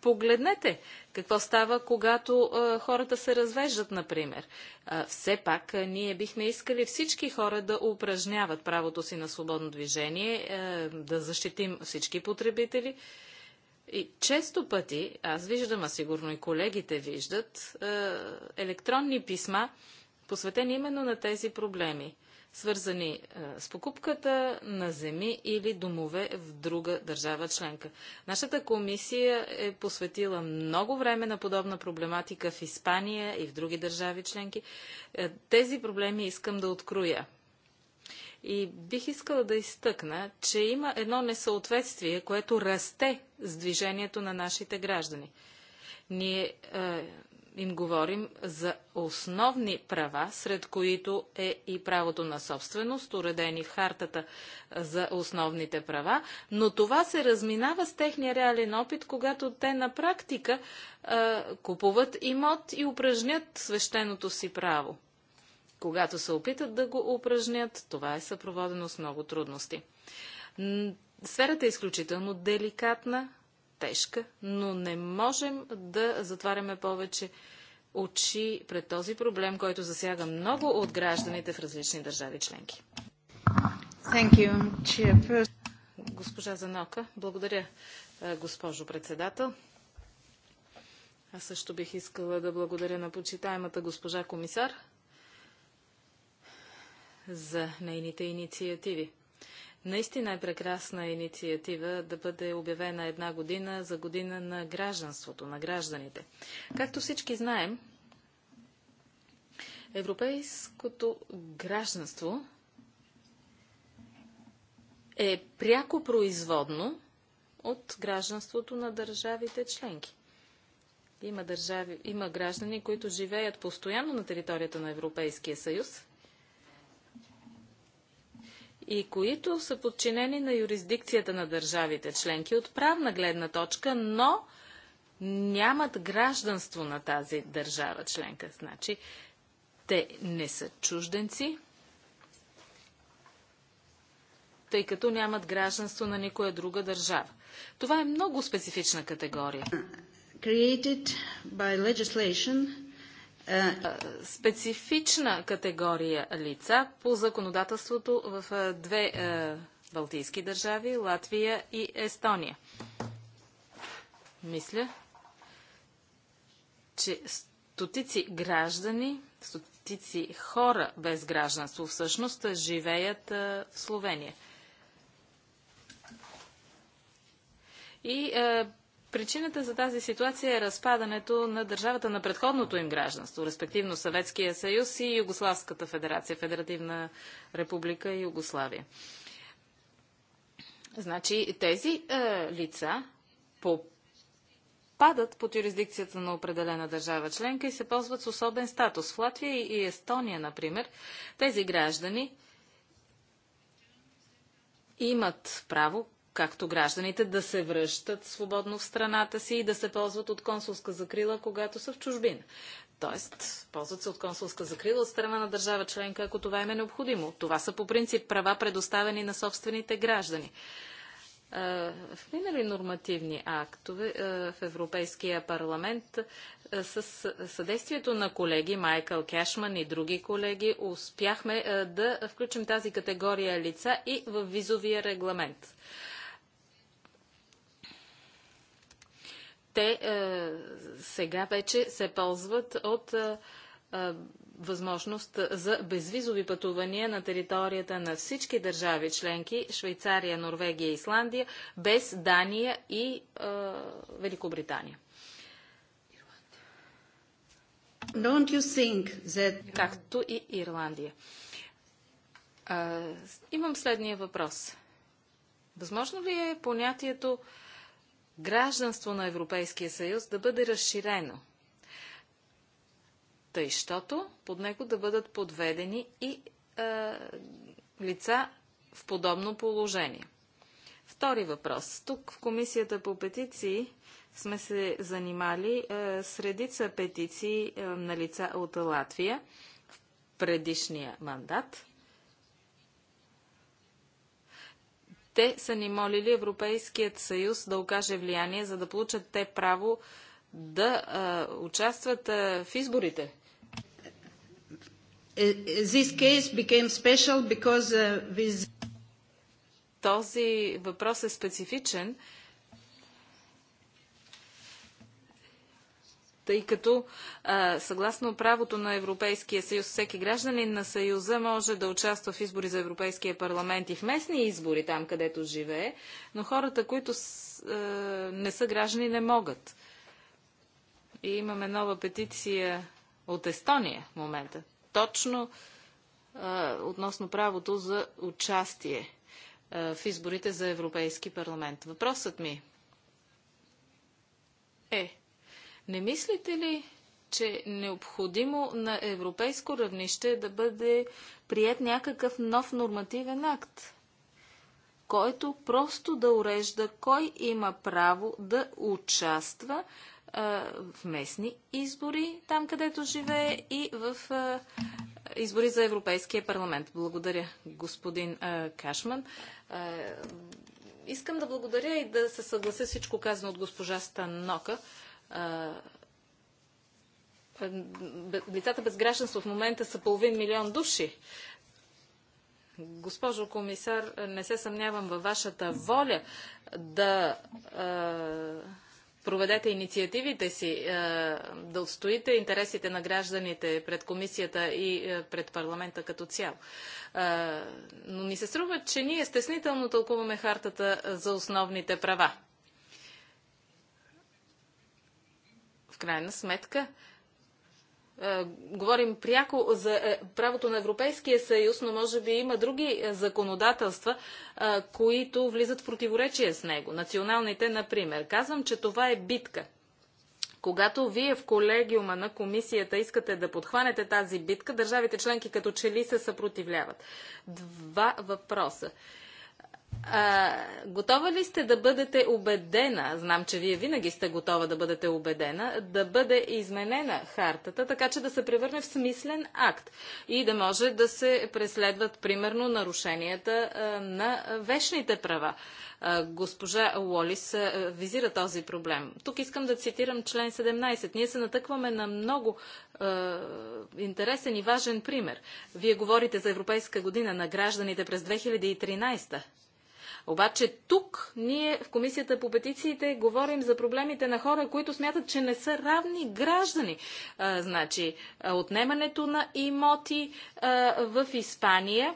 Погледнете какво става, когато а, хората се развеждат, например. А, все пак а, ние бихме искали всички хора да упражняват правото си на свободно движение, а, да защитим всички потребители. И често пъти, аз виждам, а сигурно и колегите виждат, а, електронни писма, посветени именно на тези проблеми свързани е, с покупката на земи или домове в друга държава членка. Нашата комисия е посветила много време на подобна проблематика в Испания и в други държави членки. Е, тези проблеми искам да откроя. И бих искала да изтъкна, че има едно несъответствие, което расте с движението на нашите граждани. Ние е, им говорим за основни права, сред които е и правото на собственост, уредени в хартата за основните права, но това се разминава с техния реален опит, когато те на практика а, купуват имот и упражнят свещеното си право. Когато се опитат да го упражнят, това е съпроводено с много трудности. Сферата е изключително деликатна, тежка, но не можем да затваряме повече очи пред този проблем, който засяга много от гражданите в различни държави членки. Госпожа Занока, благодаря, е, госпожо председател. Аз също бих искала да благодаря на почитаемата госпожа комисар за нейните инициативи. Наистина е прекрасна инициатива да бъде обявена една година за година на гражданството, на гражданите. Както всички знаем, европейското гражданство е пряко производно от гражданството на държавите членки. Има, държави, има граждани, които живеят постоянно на територията на Европейския съюз и които са подчинени на юрисдикцията на държавите членки от правна гледна точка, но нямат гражданство на тази държава членка. Значи, те не са чужденци, тъй като нямат гражданство на никоя друга държава. Това е много специфична категория. Created by legislation е, е, специфична категория лица по законодателството в е, две балтийски държави Латвия и Естония. Мисля, че стотици граждани, стотици хора без гражданство всъщност живеят в Словения. И е, Причината за тази ситуация е разпадането на държавата на предходното им гражданство, респективно Съветския съюз и Югославската федерация, Федеративна република Югославия. Значи тези е, лица попадат под юрисдикцията на определена държава членка и се ползват с особен статус. В Латвия и Естония, например, тези граждани имат право както гражданите, да се връщат свободно в страната си и да се ползват от консулска закрила, когато са в чужбина. Тоест, ползват се от консулска закрила от страна на държава членка, ако това им е необходимо. Това са по принцип права, предоставени на собствените граждани. В минали нормативни актове в Европейския парламент с съдействието на колеги Майкъл Кешман и други колеги успяхме да включим тази категория лица и в визовия регламент. те е, сега вече се ползват от е, е, възможност за безвизови пътувания на територията на всички държави членки Швейцария, Норвегия, Исландия, без Дания и а, Великобритания. Don't you think that... Както и Ирландия. А, имам следния въпрос. Възможно ли е понятието е, гражданство на Европейския съюз да бъде разширено, тъй, щото под него да бъдат подведени и е, лица в подобно положение. Втори въпрос. Тук в Комисията по петиции сме се занимали е, с редица петиции е, на лица от Латвия в предишния мандат. Те са ни молили Европейският съюз да окаже влияние, за да получат те право да а, участват а, в изборите. Е, е, this case became special because, uh, with... Този въпрос е специфичен, uh, тъй като а, съгласно правото на Европейския съюз, всеки гражданин на съюза може да участва в избори за Европейския парламент и в местни избори там, където живее, но хората, които с, а, не са граждани, не могат. И имаме нова петиция от Естония в момента. Точно а, относно правото за участие а, в изборите за Европейски парламент. Въпросът ми е не мислите ли, че необходимо на европейско равнище да бъде прият някакъв нов нормативен акт, който просто да урежда кой има право да участва а, в местни избори, там където живее и в а, избори за Европейския парламент. Благодаря, господин а, Кашман. Искам да благодаря и да се съглася всичко казано от госпожа Станока лицата без гражданство в момента са половин милион души. Госпожо комисар, не се съмнявам във вашата воля да а, проведете инициативите си, а, да отстоите интересите на гражданите пред комисията и а, пред парламента като цяло. Но ми се струва, че ние стеснително тълкуваме хартата за основните права. крайна сметка е, говорим пряко за е, правото на Европейския съюз, но може би има други е, законодателства, които влизат в противоречие с него. Националните, например. Казвам, че това е битка. Когато вие в колегиума на комисията искате да подхванете тази битка, държавите членки като че ли се съпротивляват. Два въпроса. А, готова ли сте да бъдете убедена, знам, че вие винаги сте готова да бъдете убедена, да бъде изменена хартата, така че да се превърне в смислен акт и да може да се преследват, примерно, нарушенията а, на вечните права? А, госпожа Уолис а, визира този проблем. Тук искам да цитирам член 17. Ние се натъкваме на много а, интересен и важен пример. Вие говорите за Европейска година на гражданите през 2013. Обаче тук ние в Комисията по петициите говорим за проблемите на хора, които смятат, че не са равни граждани. А, значи, отнемането на имоти а, в Испания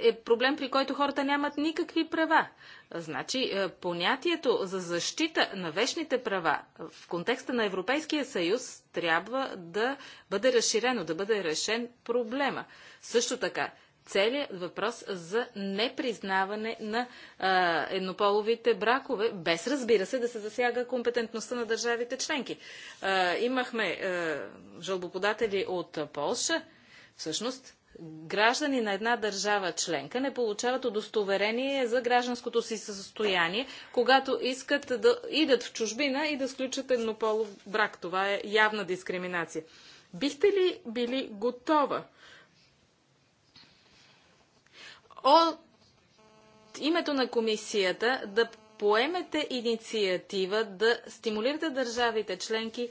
е проблем, при който хората нямат никакви права. Значи, понятието за защита на вечните права в контекста на Европейския съюз трябва да бъде разширено, да бъде решен проблема. Също така, целият въпрос за непризнаване на а, еднополовите бракове, без разбира се да се засяга компетентността на държавите членки. А, имахме а, жалбоподатели от Полша, всъщност граждани на една държава членка не получават удостоверение за гражданското си състояние, когато искат да идат в чужбина и да сключат еднополов брак. Това е явна дискриминация. Бихте ли били готова от името на комисията да поемете инициатива да стимулирате държавите членки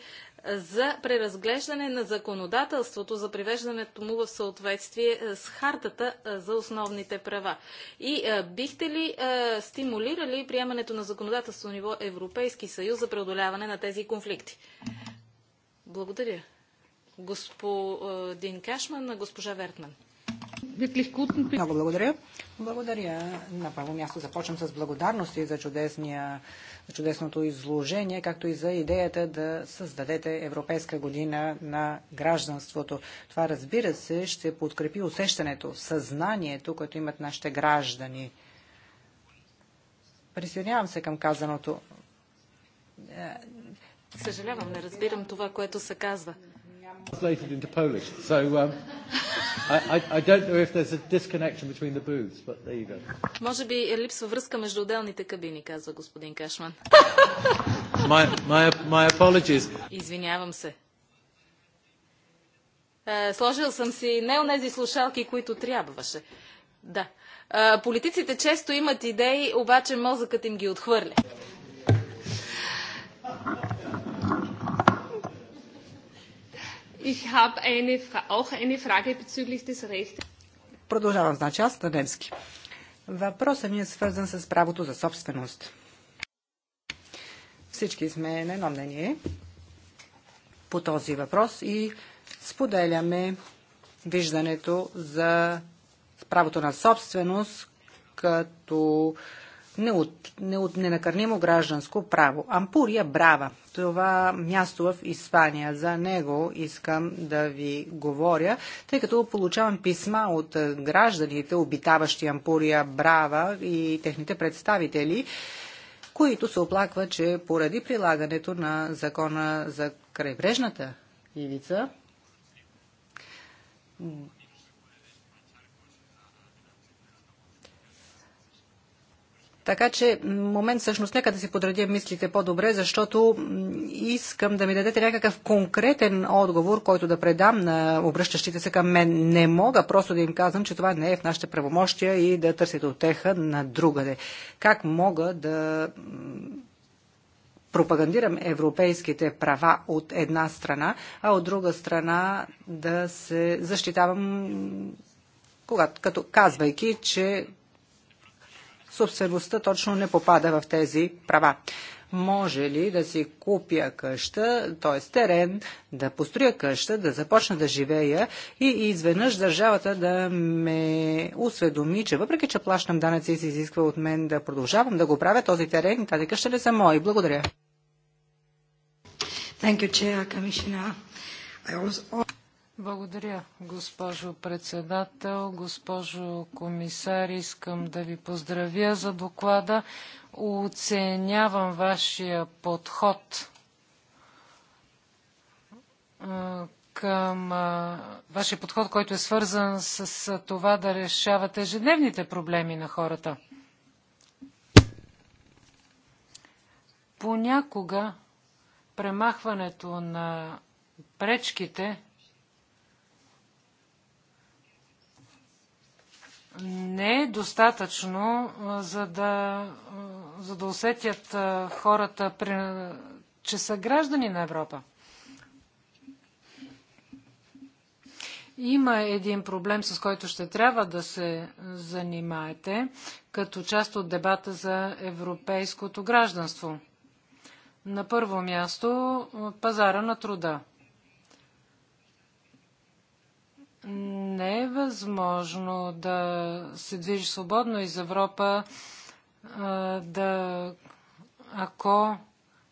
за преразглеждане на законодателството за привеждането му в съответствие с хартата за основните права. И бихте ли стимулирали приемането на законодателство на ниво Европейски съюз за преодоляване на тези конфликти? Благодаря. Господин Кашман, госпожа Вертман. Много благодаря. Благодаря. На първо място започвам с благодарности за, чудесния, за чудесното изложение, както и за идеята да създадете Европейска година на гражданството. Това, разбира се, ще подкрепи усещането, съзнанието, което имат нашите граждани. Присъединявам се към казаното. Е, съжалявам, не разбирам това, което се казва. Translated into Polish. So um, I, I I don't know if there's a disconnection between the booths, but there you go. Може би е липсва връзка между отделните кабини, казва господин Кашман. my, my, my apologies. Извинявам се. Е, сложил съм си не онези слушалки, които трябваше. Да. Е, политиците често имат идеи, обаче мозъкът им ги отхвърля. Ich habe eine, auch eine Frage bezüglich des Rechts. Продължавам, значи аз на немски. Въпросът ми е свързан с правото за собственост. Всички сме на едно мнение по този въпрос и споделяме виждането за правото на собственост като ненакърнимо гражданско право. Ампурия Брава. Това място в Испания. За него искам да ви говоря, тъй като получавам писма от гражданите, обитаващи Ампурия Брава и техните представители, които се оплакват, че поради прилагането на закона за крайбрежната ивица, Така че момент всъщност нека да си подредя мислите по-добре, защото искам да ми дадете някакъв конкретен отговор, който да предам на обръщащите се към мен. Не мога просто да им казвам, че това не е в нашите правомощия и да търсите отеха на другаде. Как мога да пропагандирам европейските права от една страна, а от друга страна да се защитавам когато, като казвайки, че собствеността точно не попада в тези права. Може ли да си купя къща, т.е. терен, да построя къща, да започна да живея и изведнъж държавата да ме осведоми, че въпреки, че плащам данъци и се изисква от мен да продължавам да го правя, този терен и тази къща не са мои. Благодаря. Thank you, Chair, Commissioner. I also благодаря, госпожо председател, госпожо комисар. Искам да ви поздравя за доклада. Оценявам вашия подход към вашия подход, който е свързан с това да решавате ежедневните проблеми на хората. Понякога премахването на пречките – не е достатъчно, за да, за да усетят хората, че са граждани на Европа. Има един проблем, с който ще трябва да се занимаете, като част от дебата за европейското гражданство. На първо място пазара на труда. не е възможно да се движи свободно из Европа, да, ако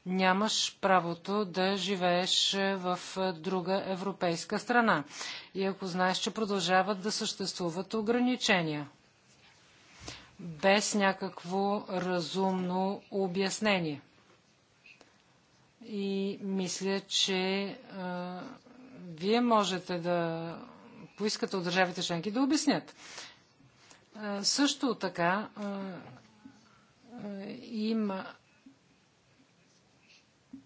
нямаш правото да живееш в друга европейска страна. И ако знаеш, че продължават да съществуват ограничения без някакво разумно обяснение. И мисля, че а, вие можете да поискате от държавите членки да обяснят. Е, също така е, е, има.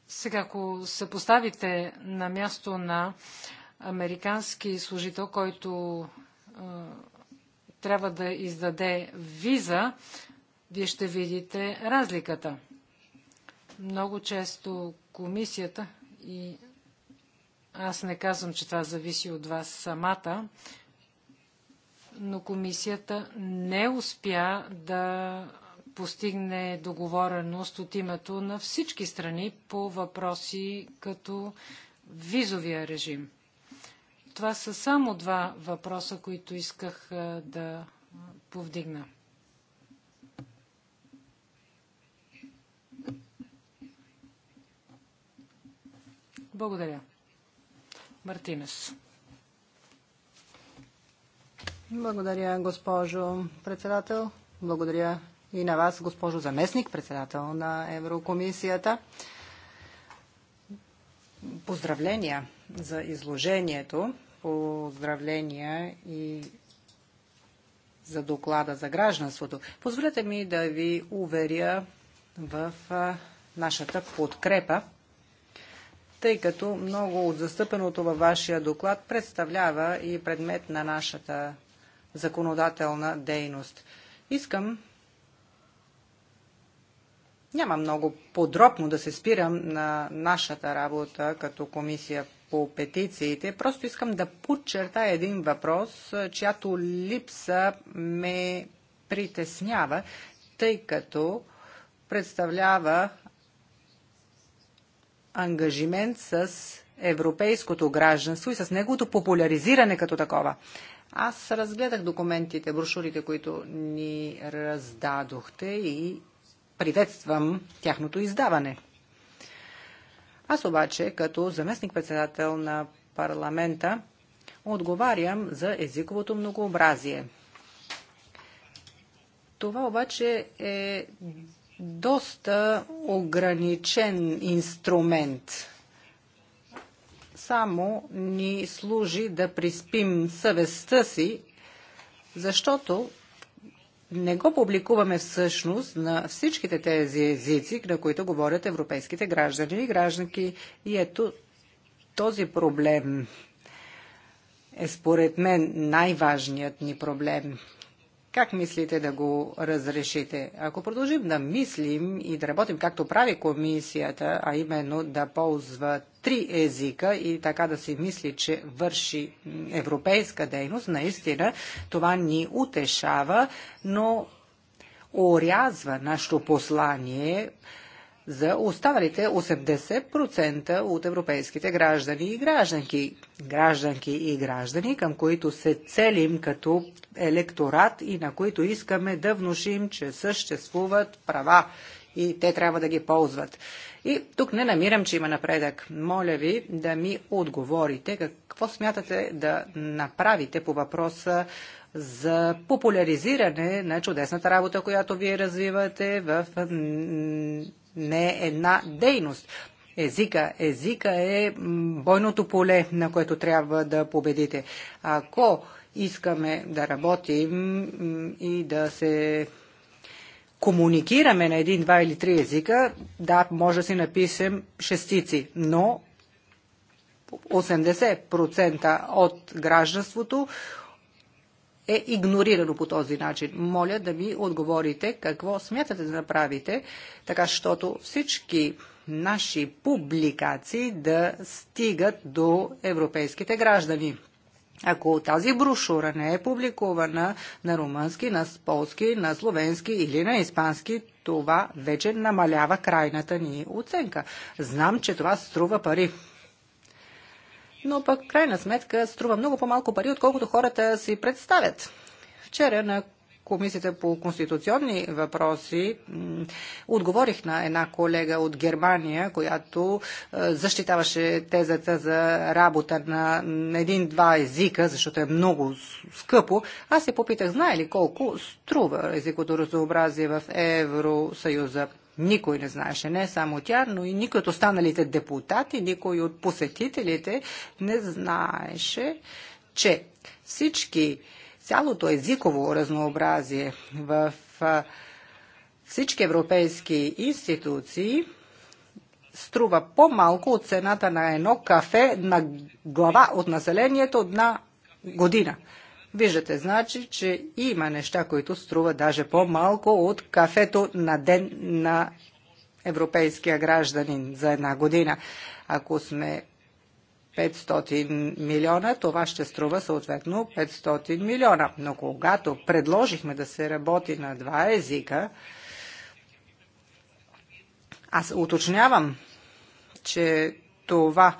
Сега, ако се поставите на място на американски служител, който трябва да издаде виза, вие ще видите разликата. Много често комисията и аз не казвам, че това зависи от вас самата, но комисията не успя да постигне договореност от името на всички страни по въпроси като визовия режим. Това са само два въпроса, които исках да повдигна. Благодаря. Мартинес. Благодаря, госпожо председател. Благодаря и на вас, госпожо заместник председател на Еврокомисията. Поздравления за изложението. Поздравления и за доклада за гражданството. Позволете ми да ви уверя в нашата подкрепа тъй като много от застъпеното във вашия доклад представлява и предмет на нашата законодателна дейност. Искам няма много подробно да се спирам на нашата работа като комисия по петициите. Просто искам да подчертая един въпрос, чиято липса ме притеснява, тъй като представлява ангажимент с европейското гражданство и с неговото популяризиране като такова. Аз разгледах документите, брошурите, които ни раздадохте и приветствам тяхното издаване. Аз обаче, като заместник-председател на парламента, отговарям за езиковото многообразие. Това обаче е доста ограничен инструмент. Само ни служи да приспим съвестта си, защото не го публикуваме всъщност на всичките тези езици, на които говорят европейските граждани и гражданки. И ето този проблем е според мен най-важният ни проблем. Как мислите да го разрешите? Ако продължим да мислим и да работим както прави комисията, а именно да ползва три езика и така да си мисли, че върши европейска дейност, наистина това ни утешава, но орязва нашето послание, за останалите 80% от европейските граждани и гражданки, гражданки и граждани, към които се целим като електорат и на които искаме да внушим, че съществуват права и те трябва да ги ползват. И тук не намирам, че има напредък. Моля ви да ми отговорите какво смятате да направите по въпроса за популяризиране на чудесната работа, която вие развивате в не е една дейност. Езика. Езика е бойното поле, на което трябва да победите. Ако искаме да работим и да се комуникираме на един, два или три езика, да, може да си напишем шестици, но 80% от гражданството е игнорирано по този начин. Моля да ми отговорите какво смятате да направите, така щото всички наши публикации да стигат до европейските граждани. Ако тази брошура не е публикувана на румънски, на полски, на словенски или на испански, това вече намалява крайната ни оценка. Знам, че това струва пари но пък крайна сметка струва много по-малко пари, отколкото хората си представят. Вчера на Комисията по конституционни въпроси отговорих на една колега от Германия, която защитаваше тезата за работа на един-два езика, защото е много скъпо. Аз се попитах, знае ли колко струва езикото разнообразие в Евросъюза? Никой не знаеше, не само тя, но и никой от останалите депутати, никой от посетителите не знаеше, че всички, цялото езиково разнообразие в всички европейски институции струва по-малко от цената на едно кафе на глава от населението една година. Виждате, значи, че има неща, които струва даже по-малко от кафето на ден на европейския гражданин за една година. Ако сме 500 милиона, това ще струва съответно 500 милиона. Но когато предложихме да се работи на два езика, аз уточнявам, че това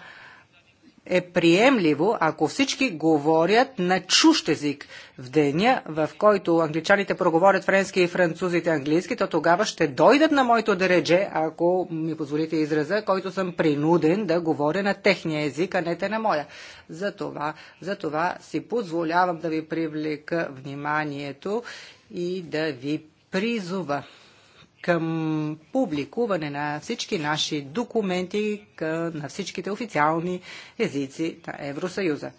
е приемливо, ако всички говорят на чущ език. В деня, в който англичаните проговорят френски и французите английски, то тогава ще дойдат на моето дередже, ако ми позволите израза, който съм принуден да говоря на техния език, а не те на моя. Затова, затова си позволявам да ви привлека вниманието и да ви призова към публикуване на всички наши документи на всичките официални езици на Евросъюза.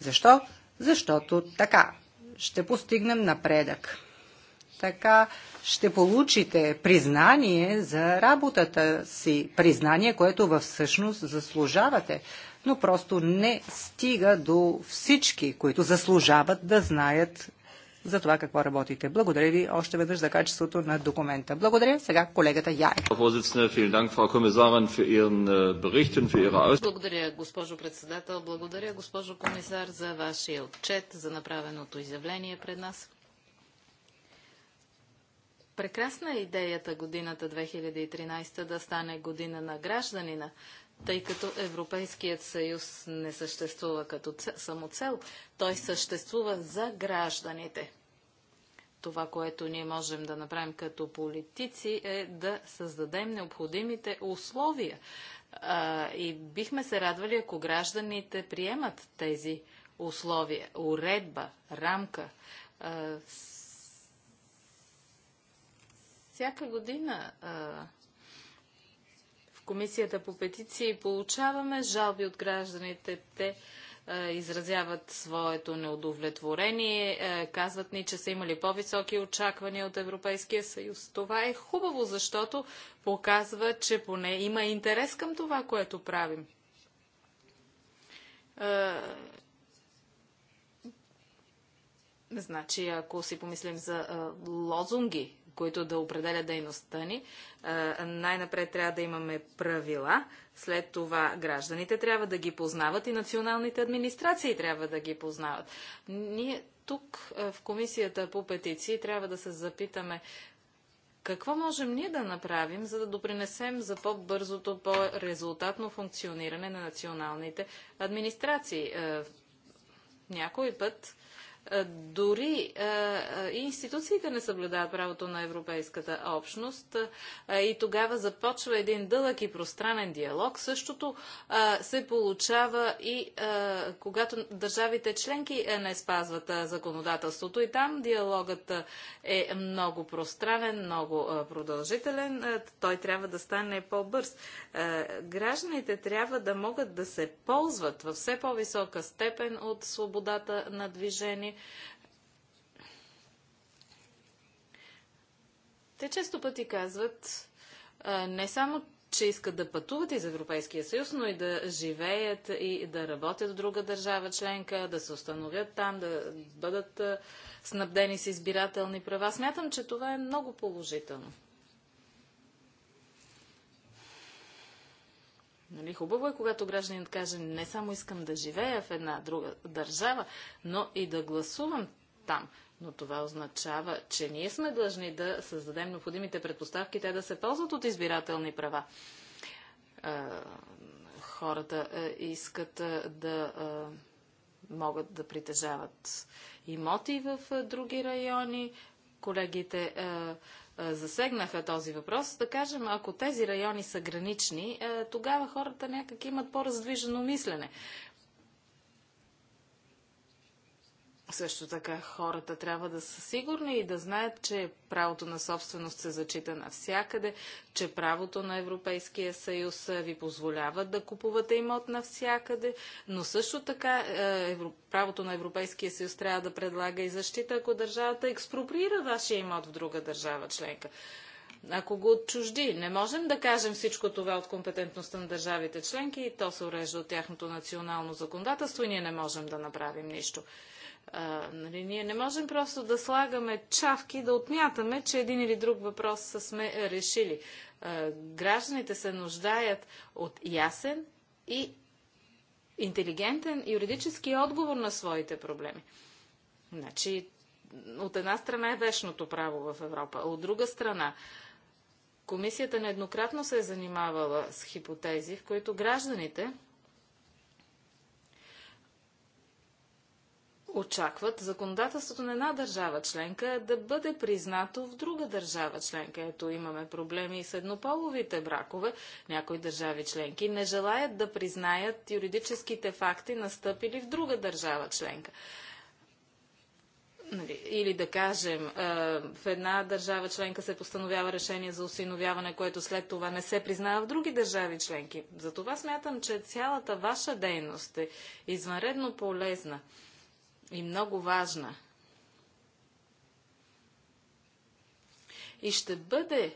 Защо? Защото така ще постигнем напредък. Така ще получите признание за работата си, признание, което във всъщност заслужавате, но просто не стига до всички, които заслужават да знаят за това какво работите. Благодаря ви още веднъж за качеството на документа. Благодаря сега колегата Яе. Äh, Благодаря, госпожо председател. Благодаря, госпожо комисар, за вашия отчет, за направеното изявление пред нас. Прекрасна е идеята годината 2013 да стане година на гражданина, тъй като Европейският съюз не съществува като самоцел, той съществува за гражданите това, което ние можем да направим като политици, е да създадем необходимите условия. и бихме се радвали, ако гражданите приемат тези условия, уредба, рамка. всяка година в Комисията по петиции получаваме жалби от гражданите. Те е, изразяват своето неудовлетворение, е, казват ни, че са имали по-високи очаквания от Европейския съюз. Това е хубаво, защото показва, че поне има интерес към това, което правим. Е, значи, ако си помислим за лозунги, които да определят дейността ни. Най-напред трябва да имаме правила, след това гражданите трябва да ги познават и националните администрации трябва да ги познават. Ние тук в Комисията по петиции трябва да се запитаме какво можем ние да направим, за да допринесем за по-бързото, по-резултатно функциониране на националните администрации? Някой път е, дори и е, е, институциите не съблюдават правото на Европейската общност и тогава започва един дълъг и пространен диалог. Същото се получава и когато държавите членки не спазват законодателството и там диалогът е много пространен, много продължителен. Той трябва да стане по-бърз. Гражданите трябва да могат да се ползват в все по-висока степен от свободата на движение те често пъти казват не само, че искат да пътуват из Европейския съюз, но и да живеят и да работят в друга държава членка, да се установят там, да бъдат снабдени с избирателни права. Смятам, че това е много положително. Нали, хубаво е, когато гражданинът каже, не само искам да живея в една друга държава, но и да гласувам там. Но това означава, че ние сме длъжни да създадем необходимите предпоставки те да се ползват от избирателни права. Хората искат да могат да притежават имоти в други райони, колегите е, е, засегнаха този въпрос, да кажем, ако тези райони са гранични, е, тогава хората някак имат по-раздвижено мислене. Също така хората трябва да са сигурни и да знаят, че правото на собственост се зачита навсякъде, че правото на Европейския съюз ви позволява да купувате имот навсякъде, но също така е, правото на Европейския съюз трябва да предлага и защита, ако държавата експроприира вашия имот в друга държава членка. Ако го отчужди, не можем да кажем всичко това от компетентността на държавите членки и то се урежда от тяхното национално законодателство и ние не можем да направим нищо. А, нали, ние не можем просто да слагаме чавки, да отмятаме, че един или друг въпрос сме е, решили. А, гражданите се нуждаят от ясен и интелигентен юридически отговор на своите проблеми. Значи, от една страна е вечното право в Европа, а от друга страна Комисията нееднократно се е занимавала с хипотези, в които гражданите очакват законодателството на една държава членка да бъде признато в друга държава членка. Ето имаме проблеми и с еднополовите бракове. Някои държави членки не желаят да признаят юридическите факти, настъпили в друга държава членка. Нали, или да кажем, е, в една държава членка се постановява решение за осиновяване, което след това не се признава в други държави членки. Затова смятам, че цялата ваша дейност е извънредно полезна и много важна. И ще бъде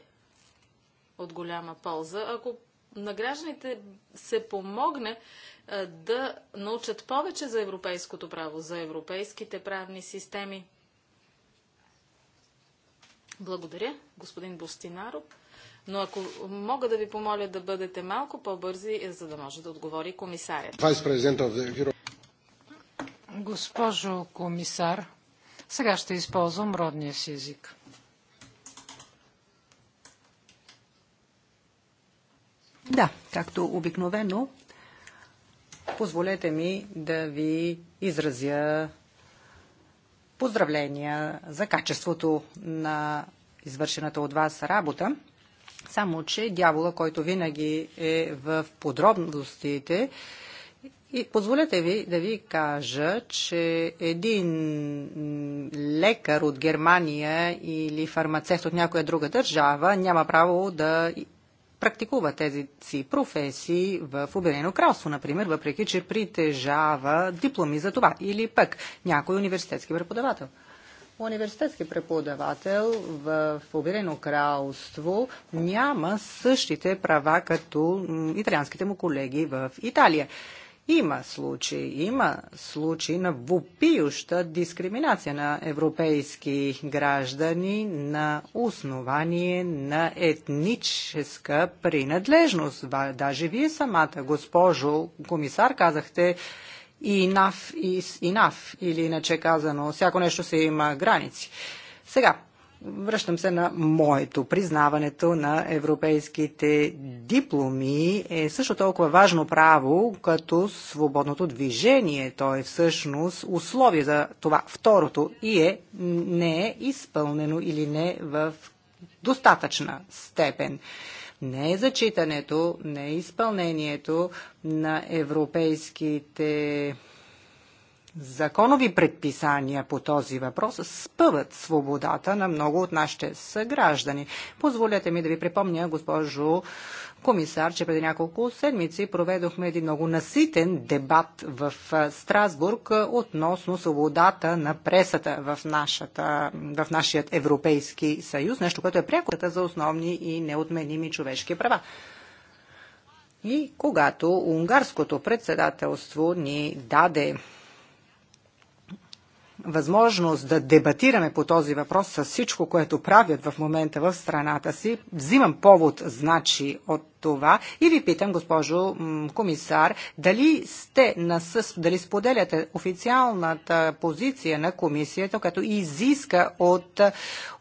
от голяма полза, ако на гражданите се помогне а, да научат повече за европейското право, за европейските правни системи. Благодаря, господин Бостинаров. Но ако мога да ви помоля да бъдете малко по-бързи, за да може да отговори комисарят. Госпожо комисар, сега ще използвам родния си език. Да, както обикновено, позволете ми да ви изразя поздравления за качеството на извършената от вас работа. Само, че дявола, който винаги е в подробностите, и позволете ви да ви кажа, че един лекар от Германия или фармацевт от някоя друга държава няма право да практикува тези си професии в Обединено кралство, например, въпреки че притежава дипломи за това или пък някой университетски преподавател. Университетски преподавател в Обединено кралство няма същите права като италианските му колеги в Италия. Има случаи, има случаи на вопиюща дискриминация на европейски граждани на основание на етническа принадлежност. Даже вие самата, госпожо комисар, казахте enough is enough или иначе казано, всяко нещо се има граници. Сега, Връщам се на моето. Признаването на европейските дипломи е също толкова важно право, като свободното движение. То е всъщност условие за това. Второто и е не е изпълнено или не в достатъчна степен. Не е зачитането, не е изпълнението на европейските законови предписания по този въпрос спъват свободата на много от нашите съграждани. Позволете ми да ви припомня, госпожо комисар, че преди няколко седмици проведохме един много наситен дебат в Страсбург относно свободата на пресата в, нашата, в нашият Европейски съюз, нещо, което е прякота за основни и неотменими човешки права. И когато унгарското председателство ни даде възможност да дебатираме по този въпрос с всичко, което правят в момента в страната си. Взимам повод, значи, от това и ви питам, госпожо комисар, дали сте на със, дали споделяте официалната позиция на комисията, която изиска от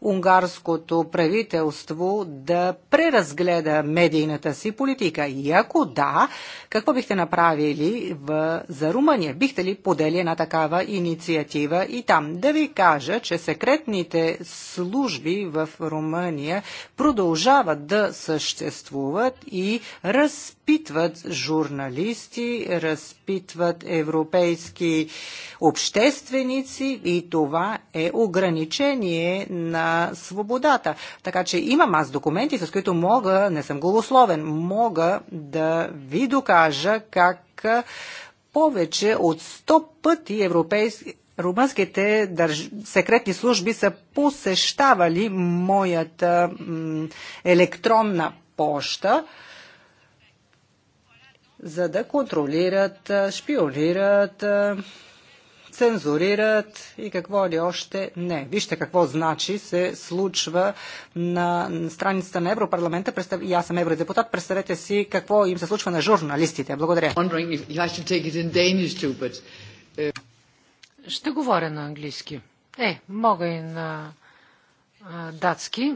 унгарското правителство да преразгледа медийната си политика? И ако да, какво бихте направили в, за Румъния? Бихте ли подели една такава инициатива и там? Да ви кажа, че секретните служби в Румъния продължават да съществуват и разпитват журналисти, разпитват европейски общественици и това е ограничение на свободата. Така че имам аз документи, с които мога, не съм голословен, мога да ви докажа как повече от 100 пъти европейски румънските държ... секретни служби са посещавали моята електронна поща, за да контролират, шпионират, цензурират и какво ли още не. Вижте какво значи се случва на страницата на Европарламента. Представ... И аз съм евродепутат. Представете си какво им се случва на журналистите. Благодаря. Uh, Ще говоря на английски. Е, мога и на датски,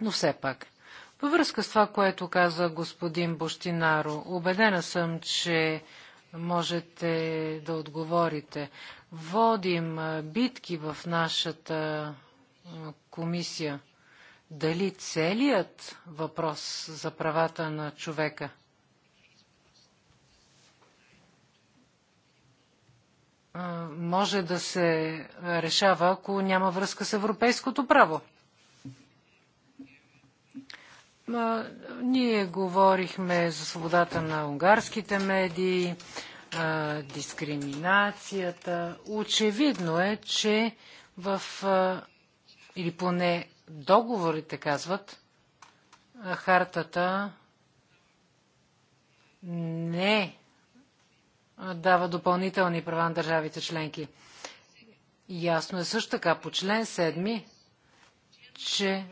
но все пак. Във връзка с това, което каза господин Бощинаро, убедена съм, че можете да отговорите. Водим битки в нашата комисия. Дали целият въпрос за правата на човека може да се решава, ако няма връзка с европейското право? Ма, ние говорихме за свободата на унгарските медии, а, дискриминацията. Очевидно е, че в, а, или поне договорите казват, а, хартата не дава допълнителни права на държавите членки. Ясно е също така по член 7, че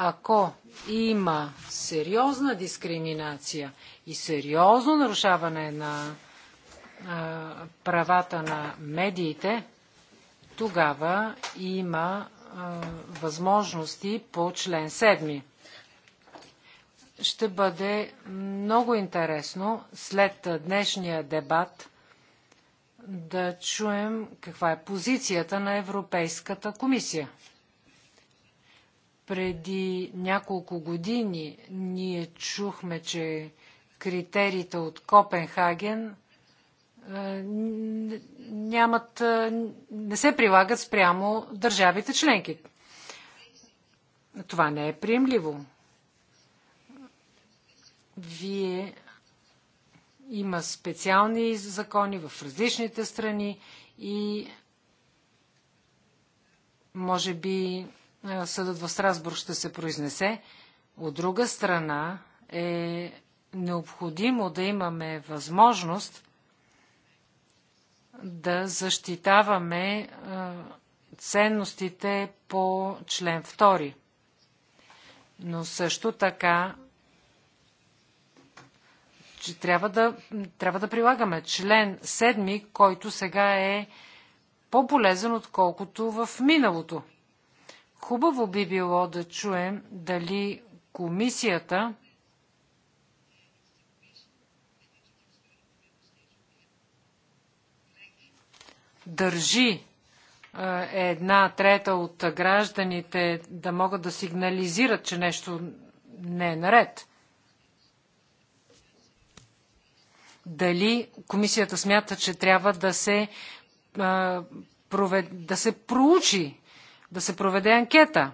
ако има сериозна дискриминация и сериозно нарушаване на а, правата на медиите, тогава има а, възможности по член 7 ще бъде много интересно след днешния дебат да чуем каква е позицията на Европейската комисия. Преди няколко години ние чухме, че критериите от Копенхаген е, нямат, е, не се прилагат спрямо държавите членки. Това не е приемливо. Вие има специални закони в различните страни и може би е, съдът в Страсбург ще се произнесе. От друга страна е необходимо да имаме възможност да защитаваме е, ценностите по член 2. Но също така че трябва да, трябва да прилагаме член 7, който сега е по-полезен, отколкото в миналото. Хубаво би било да чуем дали комисията държи една трета от гражданите да могат да сигнализират, че нещо не е наред. Дали комисията смята, че трябва да се, да се проучи да се проведе анкета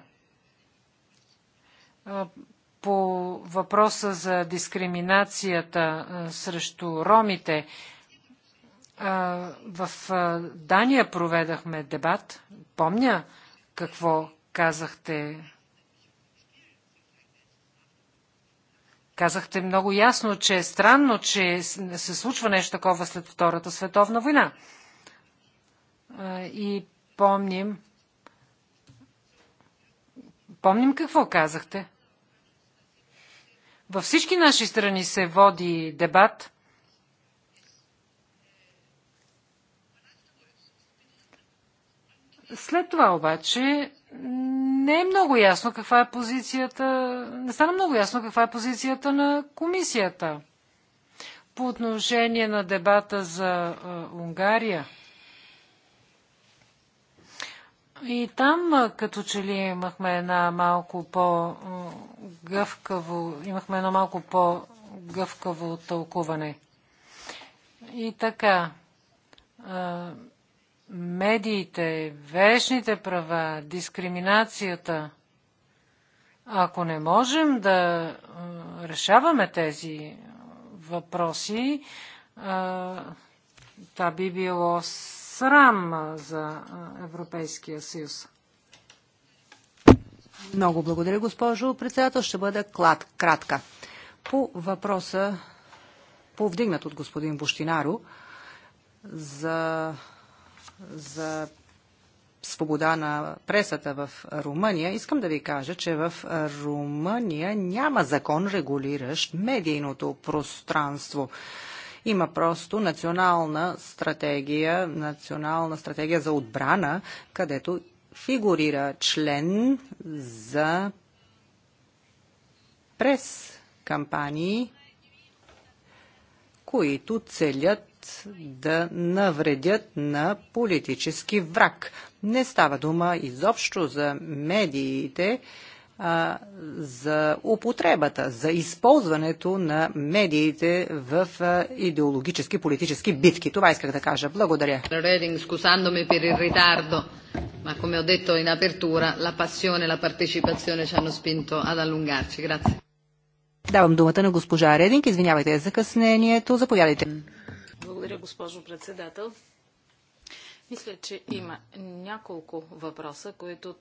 по въпроса за дискриминацията срещу ромите. В Дания проведахме дебат. Помня какво казахте. Казахте много ясно, че е странно, че се случва нещо такова след Втората световна война. И помним, Помним какво казахте. Във всички наши страни се води дебат. След това обаче не е много ясно каква е позицията, не стана много ясно каква е позицията на комисията по отношение на дебата за Унгария. И там като че ли имахме една малко по-гъвкаво, имахме едно малко по-гъвкаво тълкуване. И така, медиите, вечните права, дискриминацията, ако не можем да решаваме тези въпроси, това би било срам за Европейския съюз. Много благодаря, госпожо председател. Ще бъда клад, кратка. По въпроса, повдигнат от господин Бощинаро, за, за свобода на пресата в Румъния, искам да ви кажа, че в Румъния няма закон, регулиращ медийното пространство. Има просто национална стратегия, национална стратегия за отбрана, където фигурира член за прес кампании, които целят да навредят на политически враг. Не става дума изобщо за медиите, а, за употребата, за използването на медиите в а, идеологически, политически битки. Това исках да кажа. Благодаря. Рединг, il ritardo, ma come ho detto in apertura, la passione e la partecipazione ci hanno spinto ad allungarci. Grazie. Давам думата на госпожа Рединг. Извинявайте за закъснението. Заповядайте. Благодаря, госпожо председател. Мисля, че има няколко въпроса, които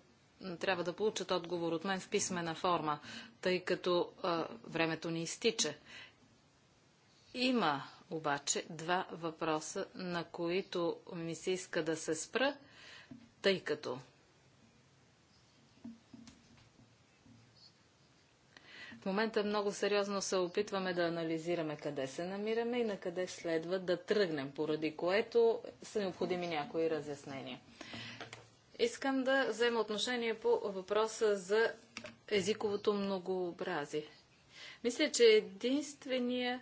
трябва да получат отговор от мен в писмена форма, тъй като а, времето ни изтича. Има обаче два въпроса, на които ми се иска да се спра, тъй като В момента много сериозно се опитваме да анализираме къде се намираме и на къде следва да тръгнем, поради което са необходими някои разяснения. Искам да взема отношение по въпроса за езиковото многообразие. Мисля, че единствения,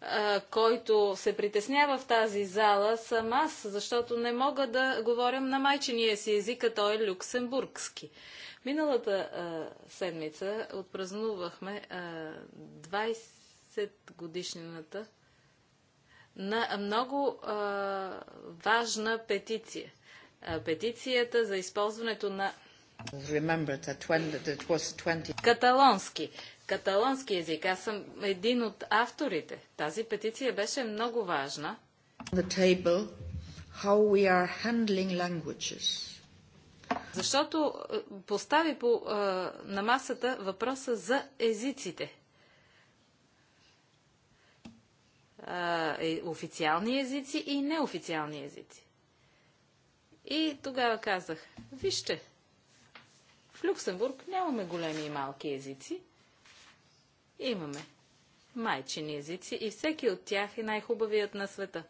а, който се притеснява в тази зала, съм аз, защото не мога да говоря на майчиния си език, а той е люксембургски. Миналата а, седмица отпразнувахме а, 20 годишнината на много важна петиция – петицията за използването на каталонски. Каталонски език. Аз съм един от авторите. Тази петиция беше много важна. Защото постави по, а, на масата въпроса за езиците. А, е, официални езици и неофициални езици. И тогава казах, вижте, в Люксембург нямаме големи и малки езици. Имаме майчини езици и всеки от тях е най-хубавият на света.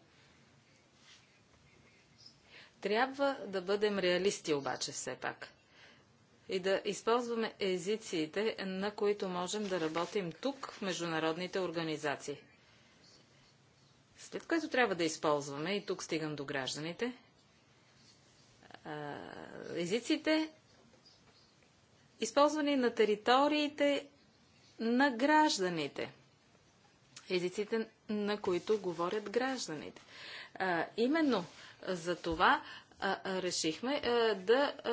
Трябва да бъдем реалисти обаче все пак и да използваме езиците, на които можем да работим тук в международните организации. След което трябва да използваме, и тук стигам до гражданите, езиците, използвани на териториите на гражданите. Езиците, на които говорят гражданите. А, именно за това а, решихме а, да а,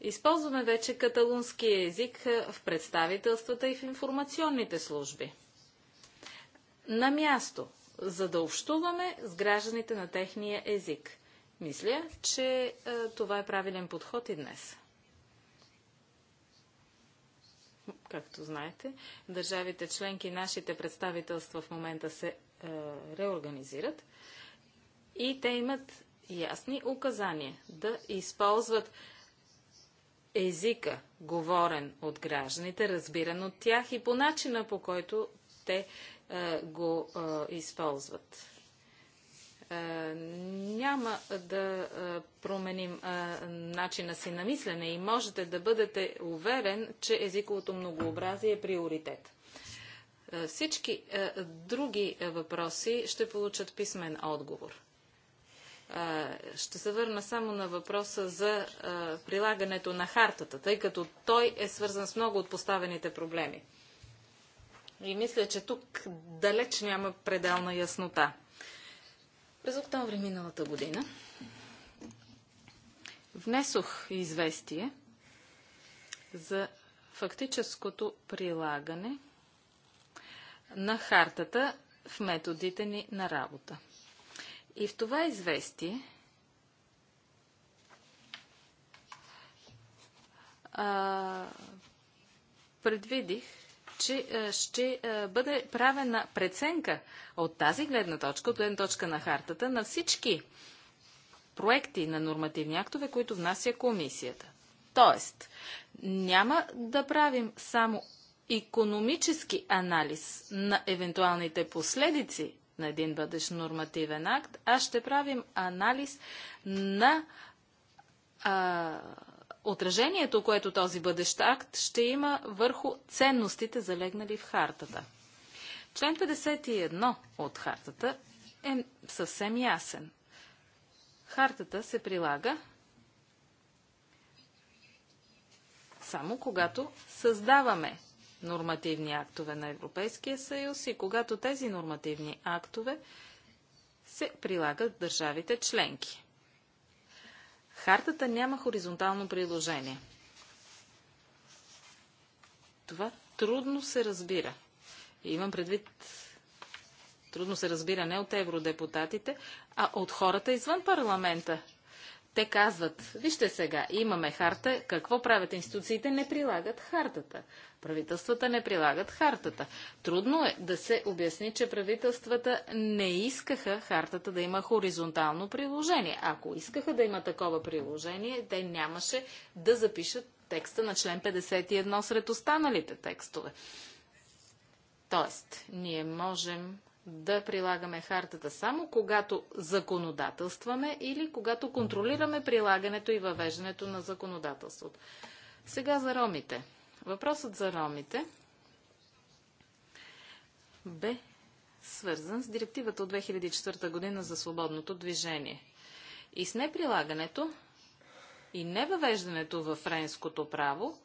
използваме вече каталунския език в представителствата и в информационните служби. На място – за да общуваме с гражданите на техния език. Мисля, че е, това е правилен подход и днес. Както знаете, държавите членки, нашите представителства в момента се е, реорганизират и те имат ясни указания да използват езика, говорен от гражданите, разбиран от тях и по начина по който те е, го е, използват. Е, няма да променим начина си на мислене и можете да бъдете уверен, че езиковото многообразие е приоритет. Всички други въпроси ще получат писмен отговор. Ще се върна само на въпроса за прилагането на хартата, тъй като той е свързан с много от поставените проблеми. И мисля, че тук далеч няма пределна яснота. През октомври миналата година внесох известие за фактическото прилагане на хартата в методите ни на работа. И в това известие а, предвидих, че е, ще е, бъде правена преценка от тази гледна точка, от гледна точка на хартата, на всички проекти на нормативни актове, които внася комисията. Тоест, няма да правим само економически анализ на евентуалните последици на един бъдещ нормативен акт, а ще правим анализ на а, отражението, което този бъдещ акт ще има върху ценностите, залегнали в хартата. Член 51 от хартата е съвсем ясен. Хартата се прилага само когато създаваме нормативни актове на Европейския съюз и когато тези нормативни актове се прилагат в държавите членки. Хартата няма хоризонтално приложение. Това трудно се разбира. И имам предвид трудно се разбира не от евродепутатите, а от хората извън парламента. Те казват, вижте сега, имаме харта, какво правят институциите? Не прилагат хартата. Правителствата не прилагат хартата. Трудно е да се обясни, че правителствата не искаха хартата да има хоризонтално приложение. Ако искаха да има такова приложение, те нямаше да запишат текста на член 51 сред останалите текстове. Тоест, ние можем да прилагаме хартата само когато законодателстваме или когато контролираме прилагането и въвеждането на законодателството. Сега за ромите. Въпросът за ромите бе свързан с директивата от 2004 година за свободното движение. И с неприлагането и невъвеждането във френското право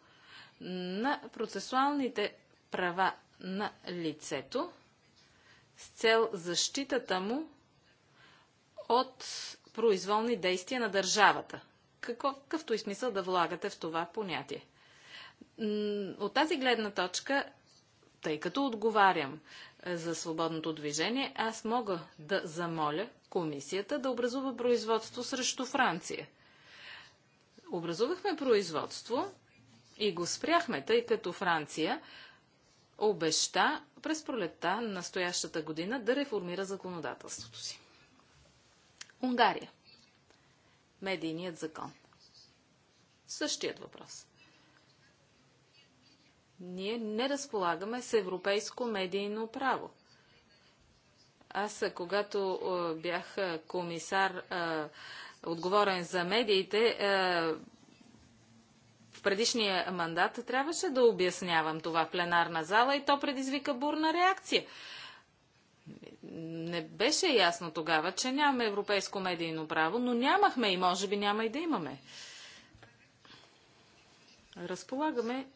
на процесуалните права на лицето, с цел защитата му от произволни действия на държавата. Какъвто и смисъл да влагате в това понятие. От тази гледна точка, тъй като отговарям е, за свободното движение, аз мога да замоля комисията да образува производство срещу Франция. Образувахме производство и го спряхме, тъй като Франция обеща през пролетта на настоящата година да реформира законодателството си. Унгария. Медийният закон. Същият въпрос. Ние не разполагаме с европейско медийно право. Аз, когато бях комисар, отговорен за медиите, предишния мандат трябваше да обяснявам това в пленарна зала и то предизвика бурна реакция. Не беше ясно тогава, че нямаме европейско медийно право, но нямахме и може би няма и да имаме. Разполагаме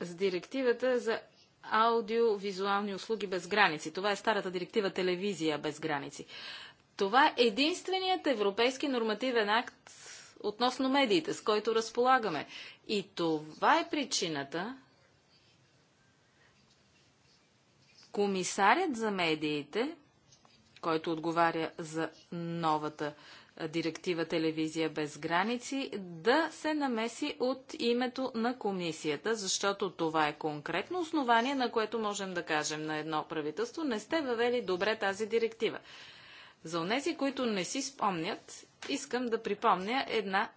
с директивата за аудиовизуални услуги без граници. Това е старата директива телевизия без граници. Това е единственият европейски нормативен акт, относно медиите, с който разполагаме. И това е причината комисарят за медиите, който отговаря за новата директива Телевизия без граници, да се намеси от името на комисията, защото това е конкретно основание, на което можем да кажем на едно правителство, не сте въвели добре тази директива. За онези, които не си спомнят искам да припомня една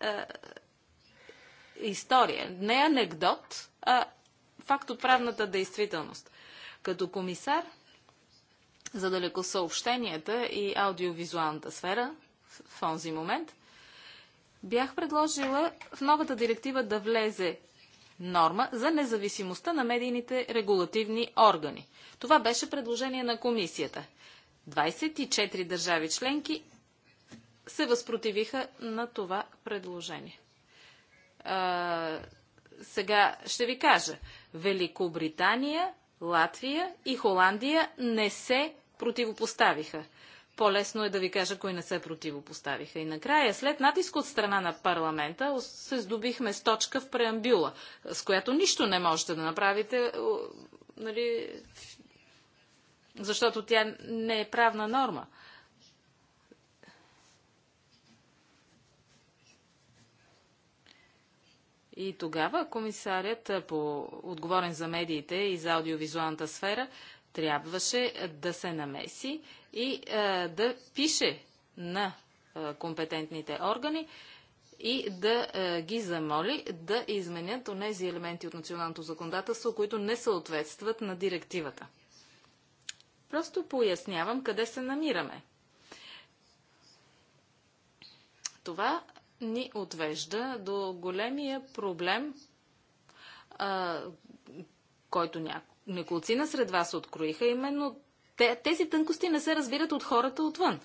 е, история. Не анекдот, а факт от правната действителност. Като комисар за далекосъобщенията и аудиовизуалната сфера в този момент, бях предложила в новата директива да влезе норма за независимостта на медийните регулативни органи. Това беше предложение на комисията. 24 държави членки се възпротивиха на това предложение. А, сега ще ви кажа. Великобритания, Латвия и Холандия не се противопоставиха. По-лесно е да ви кажа, кои не се противопоставиха. И накрая, след натиск от страна на парламента, се здобихме с точка в преамбюла, с която нищо не можете да направите, нали, защото тя не е правна норма. И тогава комисарят, по, отговорен за медиите и за аудиовизуалната сфера, трябваше да се намеси и а, да пише на а, компетентните органи и да а, ги замоли да изменят онези елементи от националното законодателство, които не съответстват на директивата. Просто пояснявам къде се намираме. Това ни отвежда до големия проблем, а, който няко... неколцина сред вас откроиха, именно те, тези тънкости не се разбират от хората отвън.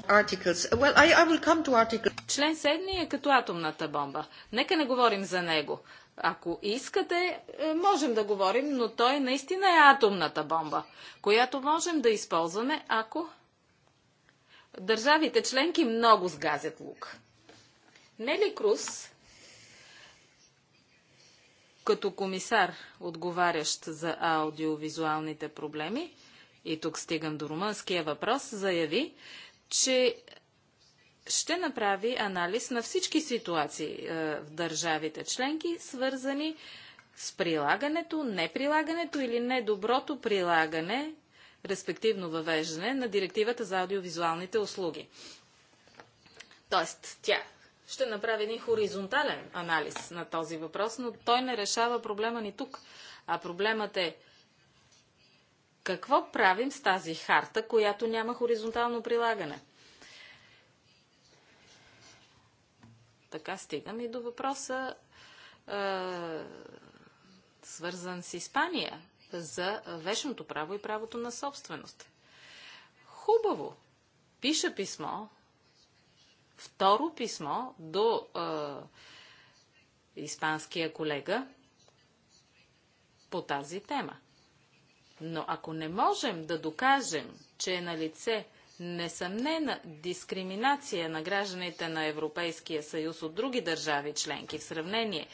Well, I, I Член 7 е като атомната бомба. Нека не говорим за него. Ако искате, е, можем да говорим, но той наистина е атомната бомба, която можем да използваме, ако Държавите членки много сгазят лук. Нели Круз, като комисар, отговарящ за аудиовизуалните проблеми, и тук стигам до румънския въпрос, заяви, че ще направи анализ на всички ситуации е, в държавите членки, свързани с прилагането, неприлагането или недоброто прилагане респективно въвеждане на директивата за аудиовизуалните услуги. Тоест, тя ще направи един хоризонтален анализ на този въпрос, но той не решава проблема ни тук. А проблемът е какво правим с тази харта, която няма хоризонтално прилагане? Така стигам и до въпроса, свързан с Испания за вечното право и правото на собственост. Хубаво. Пиша писмо, второ писмо до е, испанския колега по тази тема. Но ако не можем да докажем, че е на лице несъмнена дискриминация на гражданите на Европейския съюз от други държави членки в сравнение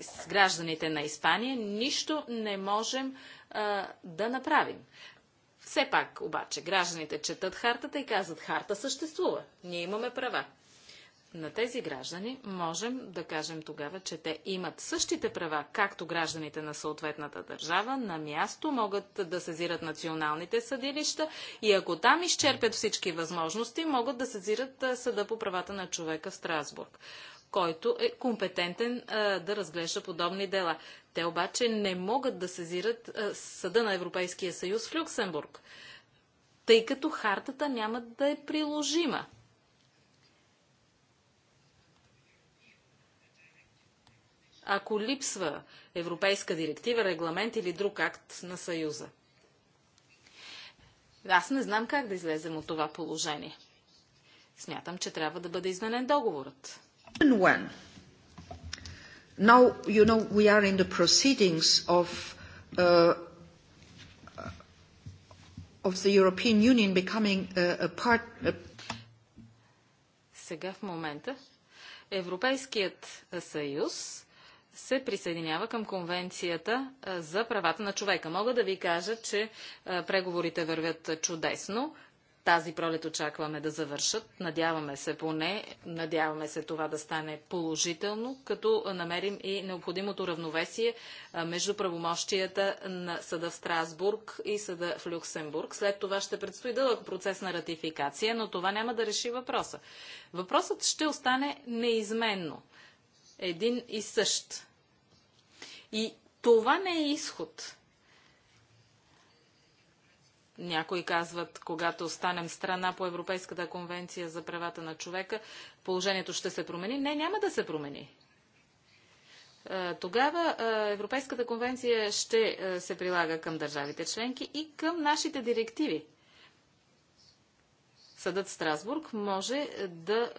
с гражданите на Испания, нищо не можем а, да направим. Все пак, обаче, гражданите четат хартата и казват, харта съществува, ние имаме права на тези граждани можем да кажем тогава, че те имат същите права, както гражданите на съответната държава. На място могат да сезират националните съдилища и ако там изчерпят всички възможности, могат да сезират съда по правата на човека в Страсбург който е компетентен а, да разглежда подобни дела. Те обаче не могат да сезират а, Съда на Европейския съюз в Люксембург, тъй като хартата няма да е приложима ако липсва европейска директива, регламент или друг акт на Съюза. Аз не знам как да излезем от това положение. Смятам, че трябва да бъде изменен договорът. Now, you know, we are in the proceedings of, uh, uh of the European Union becoming a, uh, a part... A... Uh, Сега в момента Европейският съюз се присъединява към Конвенцията за правата на човека. Мога да ви кажа, че преговорите вървят чудесно. Тази пролет очакваме да завършат. Надяваме се поне. Надяваме се това да стане положително, като намерим и необходимото равновесие между правомощията на съда в Страсбург и съда в Люксембург. След това ще предстои дълъг процес на ратификация, но това няма да реши въпроса. Въпросът ще остане неизменно един и същ. И това не е изход. Някои казват, когато станем страна по Европейската конвенция за правата на човека, положението ще се промени. Не, няма да се промени. Е, тогава е, Европейската конвенция ще е, се прилага към държавите членки и към нашите директиви. Съдът Страсбург може да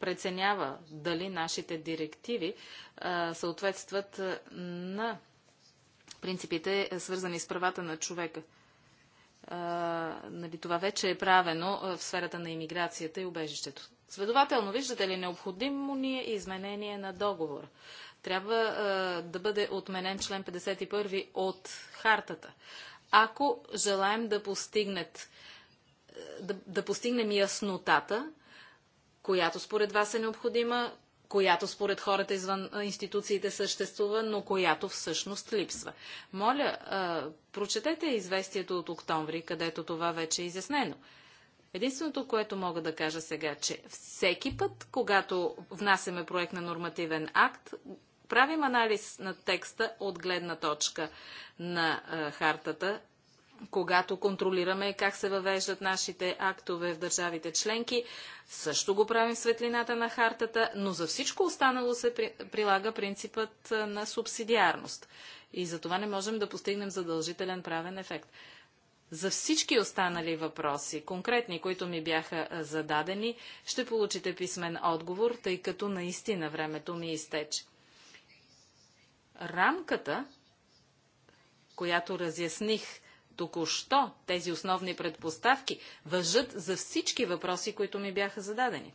преценява дали нашите директиви съответстват на принципите, е, свързани с правата на човека. нали, това вече е правено в сферата на иммиграцията и убежището. Следователно, виждате ли, необходимо ни е изменение на договор. Трябва да бъде отменен член 51 от хартата. Ако желаем да постигнет да, да постигнем яснотата която според вас е необходима, която според хората извън институциите съществува, но която всъщност липсва. Моля, прочетете известието от октомври, където това вече е изяснено. Единственото, което мога да кажа сега, че всеки път, когато внасяме проект на нормативен акт, правим анализ на текста от гледна точка на хартата когато контролираме как се въвеждат нашите актове в държавите членки. Също го правим в светлината на хартата, но за всичко останало се при... прилага принципът на субсидиарност. И за това не можем да постигнем задължителен правен ефект. За всички останали въпроси, конкретни, които ми бяха зададени, ще получите писмен отговор, тъй като наистина времето ми изтече. Рамката, която разясних, току-що, тези основни предпоставки, въжат за всички въпроси, които ми бяха зададени.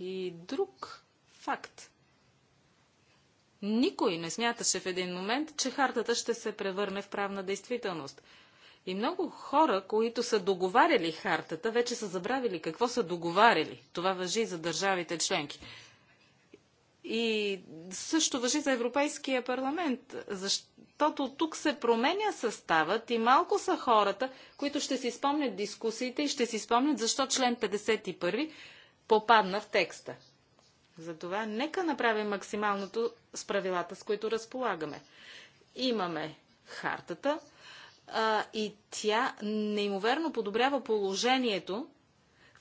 И друг факт. Никой не смяташе в един момент, че хартата ще се превърне в правна действителност. И много хора, които са договаряли хартата, вече са забравили какво са договаряли. Това въжи и за държавите членки. И също въжи за Европейския парламент, защото тук се променя съставът и малко са хората, които ще си спомнят дискусиите и ще си спомнят защо член 51 попадна в текста. Затова нека направим максималното с правилата, с които разполагаме. Имаме хартата а, и тя неимоверно подобрява положението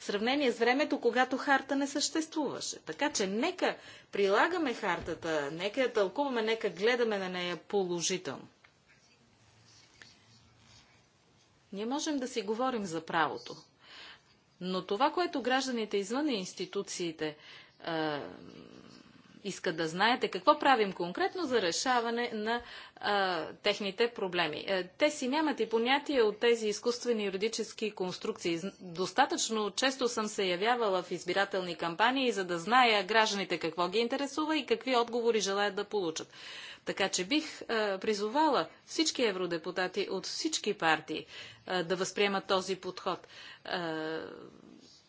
сравнение с времето, когато харта не съществуваше. Така че нека прилагаме хартата, нека я тълкуваме, нека гледаме на нея положително. Ние можем да си говорим за правото. Но това, което гражданите извън институциите искат да знаете какво правим конкретно за решаване на а, техните проблеми. Е, те си нямат и понятие от тези изкуствени юридически конструкции. Достатъчно често съм се явявала в избирателни кампании, за да зная гражданите какво ги интересува и какви отговори желаят да получат. Така че бих а, е, призовала всички евродепутати от всички партии а, е, да възприемат този подход.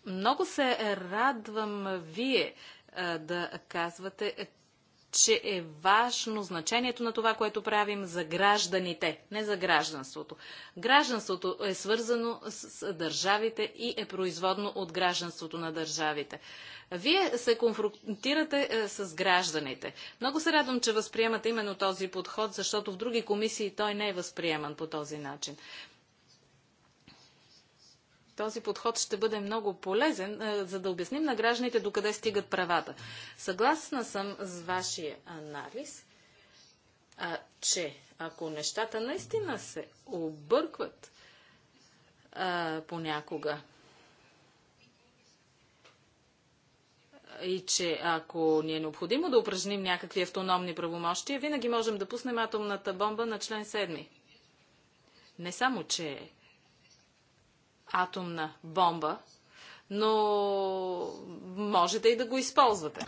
Много се радвам вие да казвате, че е важно значението на това, което правим за гражданите, не за гражданството. Гражданството е свързано с държавите и е производно от гражданството на държавите. Вие се конфронтирате е, с гражданите. Много се радвам, че възприемате именно този подход, защото в други комисии той не е възприеман по този начин този подход ще бъде много полезен, е, за да обясним на гражданите докъде стигат правата. Съгласна съм с вашия анализ, е, че ако нещата наистина се объркват е, понякога, и че ако ни е необходимо да упражним някакви автономни правомощия, винаги можем да пуснем атомната бомба на член 7. Не само, че атомна бомба, но можете и да го използвате.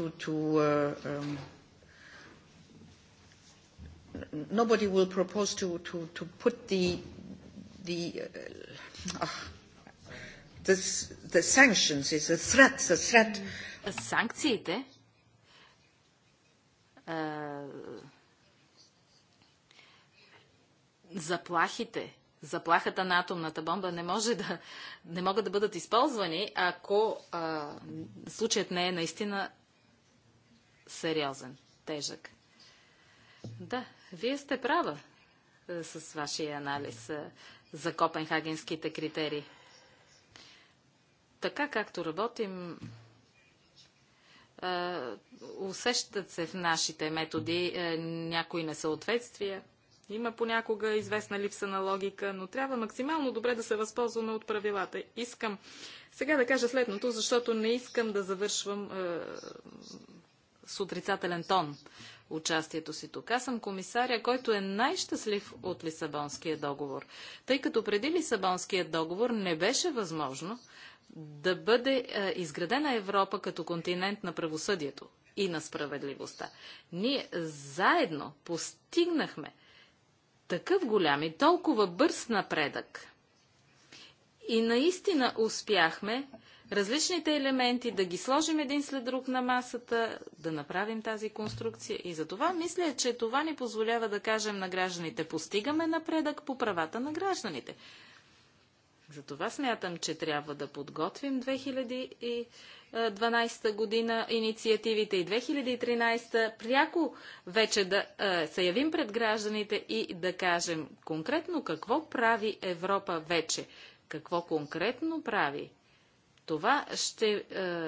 Nobody will propose to, to, to put the, the, uh, the, the sanctions is a threat, a threat. Санкциите заплахите заплахата на атомната бомба не, може да, не могат да бъдат използвани, ако а, случаят не е наистина сериозен, тежък. Да, вие сте права а, е, с вашия анализ а, е, за копенхагенските критерии. Така както работим, а, е, усещат се в нашите методи някои несъответствия. Има понякога известна липса на логика, но трябва максимално добре да се възползваме от правилата. Искам сега да кажа следното, защото не искам да завършвам е, с отрицателен тон участието си тук. Аз съм комисаря, който е най-щастлив от Лисабонския договор, тъй като преди Лисабонския договор не беше възможно да бъде е, изградена Европа като континент на правосъдието и на справедливостта. Ние заедно постигнахме такъв голям и толкова бърз напредък. И наистина успяхме различните елементи да ги сложим един след друг на масата, да направим тази конструкция. И за това мисля, че това ни позволява да кажем на гражданите, постигаме напредък по правата на гражданите. Затова смятам, че трябва да подготвим 2000 и 2012 година инициативите и 2013 пряко вече да се явим пред гражданите и да кажем конкретно какво прави Европа вече. Какво конкретно прави? Това ще е,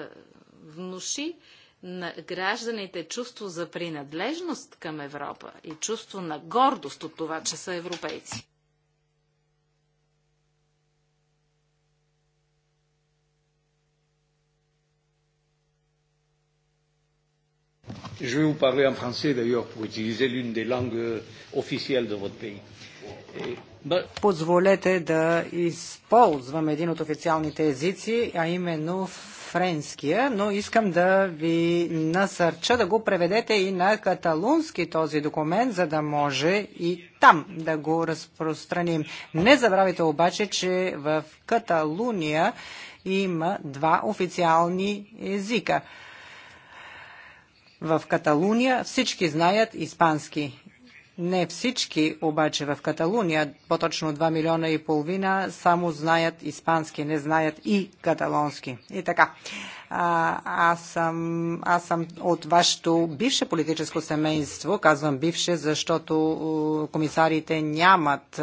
внуши на гражданите чувство за принадлежност към Европа и чувство на гордост от това, че са европейци. Je vais vous parler en français d'ailleurs pour utiliser l'une des langues euh, officielles de votre pays. Позволете да използвам един от официалните езици, а именно френския, но искам да ви насърча да го преведете и на каталунски този документ, за да може и там да го разпространим. Не забравяйте обаче, че в Каталуния има два официални езика – в Каталуния всички знаят испански. Не всички обаче в Каталуния, по-точно 2 милиона и половина, само знаят испански, не знаят и каталонски. И така. А, аз, съм, аз съм от вашето бивше политическо семейство, казвам бивше, защото комисарите нямат,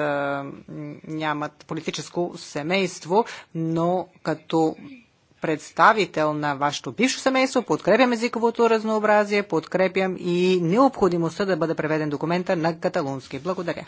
нямат политическо семейство, но като представител на вашето бивше семейство, подкрепям езиковото разнообразие, подкрепям и необходимостта да бъде преведен документа на каталунски. Благодаря.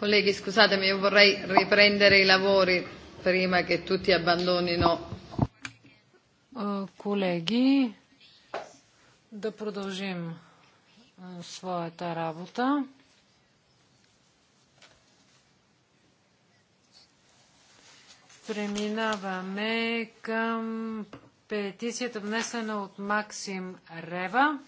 Colleghi, scusatemi, io vorrei riprendere i lavori prima che tutti abbandonino. Е, колеги, да продължим е, своята работа. Преминаваме към петицията, внесена от Максим Рева.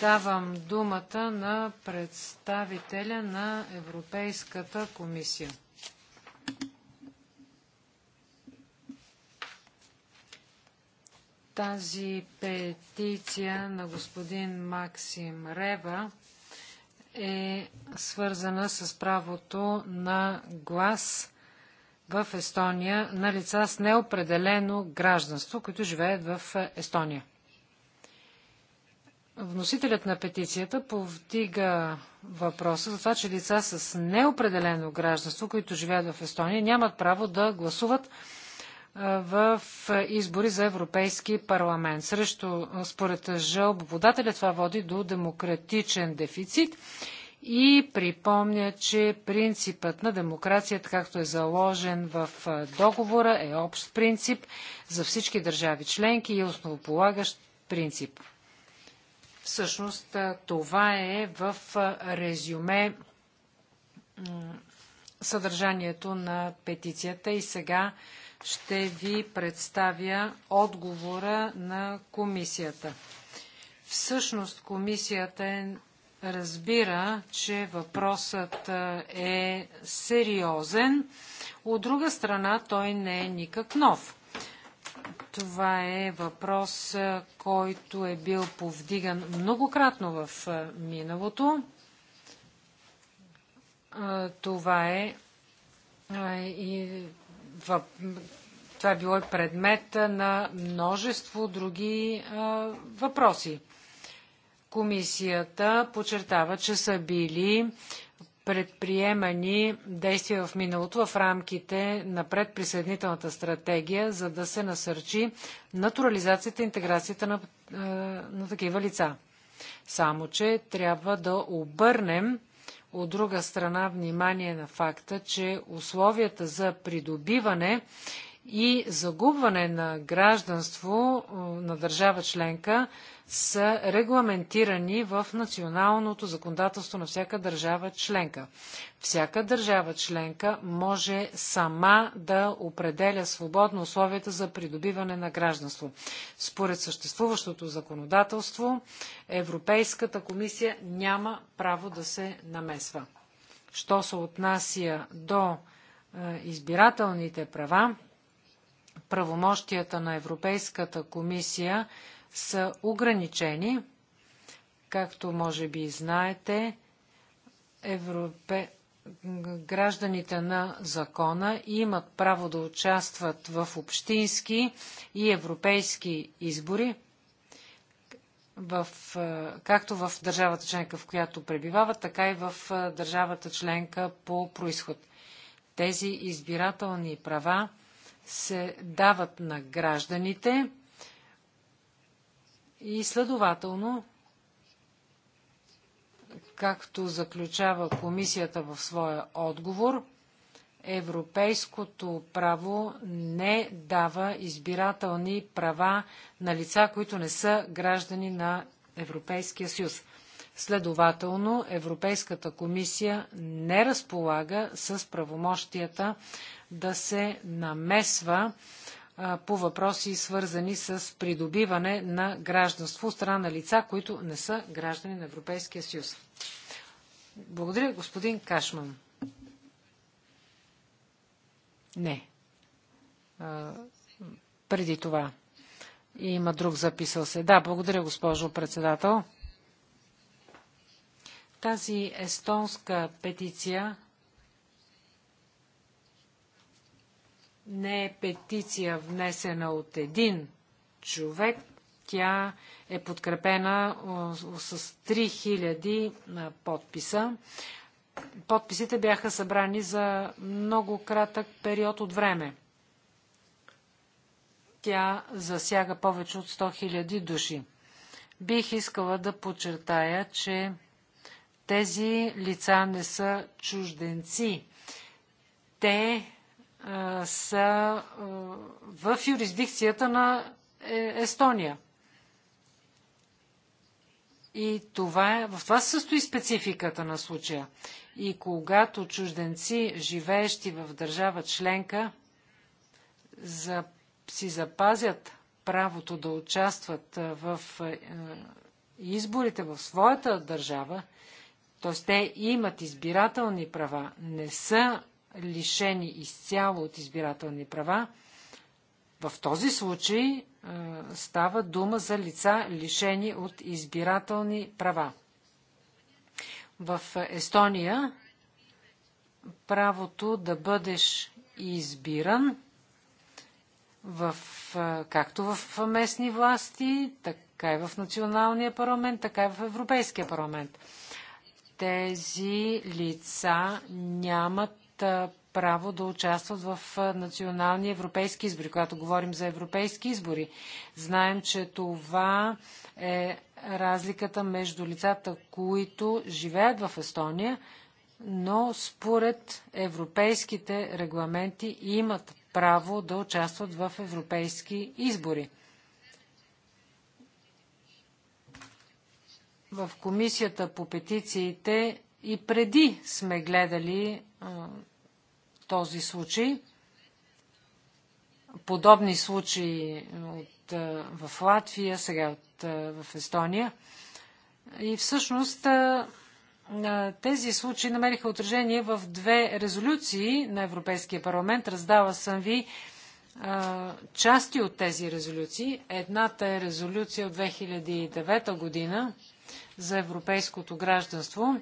Давам думата на представителя на Европейската комисия. Тази петиция на господин Максим Рева е свързана с правото на глас в Естония на лица с неопределено гражданство, които живеят в Естония. Вносителят на петицията повдига въпроса за това, че лица с неопределено гражданство, които живеят в Естония, нямат право да гласуват в избори за Европейски парламент. Срещу, според жалбоподателя, това води до демократичен дефицит и припомня, че принципът на демокрацията, както е заложен в договора, е общ принцип за всички държави членки и е основополагащ принцип. Всъщност това е в резюме съдържанието на петицията и сега ще ви представя отговора на комисията. Всъщност комисията е, разбира, че въпросът е сериозен. От друга страна, той не е никак нов. Това е въпрос, е, който е бил повдиган многократно в е, миналото. Е, това е и това е било и предмет на множество други въпроси. Комисията подчертава, че са били предприемани действия в миналото в рамките на предприсъединителната стратегия, за да се насърчи натурализацията и интеграцията на, е, на такива лица. Само, че трябва да обърнем от друга страна внимание на факта, че условията за придобиване и загубване на гражданство е, на държава членка са регламентирани в националното законодателство на всяка държава членка. Всяка държава членка може сама да определя свободно условията за придобиване на гражданство. Според съществуващото законодателство, Европейската комисия няма право да се намесва. Що се отнася до е, избирателните права, правомощията на Европейската комисия са ограничени. Както може би знаете, европе... гражданите на закона имат право да участват в общински и европейски избори, в, е, както в държавата членка, в която пребивават, така и в е, държавата членка по происход. Тези избирателни права се дават на гражданите и следователно, както заключава комисията в своя отговор, европейското право не дава избирателни права на лица, които не са граждани на Европейския съюз. Следователно, Европейската комисия не разполага с правомощията да се намесва по въпроси, свързани с придобиване на гражданство от страна на лица, които не са граждани на Европейския съюз. Благодаря, господин Кашман. Не. А, преди това. има друг записал се. Да, благодаря, госпожо председател. Тази естонска петиция не е петиция внесена от един човек. Тя е подкрепена с 3000 подписа. Подписите бяха събрани за много кратък период от време. Тя засяга повече от 100 000 души. Бих искала да подчертая, че тези лица не са чужденци. Те са в юрисдикцията на е, Естония. И това, е, в това се състои спецификата на случая. И когато чужденци, живеещи в държава членка, за, си запазят правото да участват в изборите в своята държава, т.е. те имат избирателни права, не са лишени изцяло от избирателни права, в този случай е, става дума за лица лишени от избирателни права. В Естония правото да бъдеш избиран в, е, както в местни власти, така и в националния парламент, така и в Европейския парламент. Тези лица нямат право да участват в национални европейски избори. Когато говорим за европейски избори, знаем, че това е разликата между лицата, които живеят в Естония, но според европейските регламенти имат право да участват в европейски избори. В комисията по петициите и преди сме гледали този случай. Подобни случаи от, е, в Латвия, сега от, е, в Естония. И всъщност е, тези случаи намериха отражение в две резолюции на Европейския парламент. Раздава съм ви части от тези резолюции. Едната е резолюция от 2009 година за европейското гражданство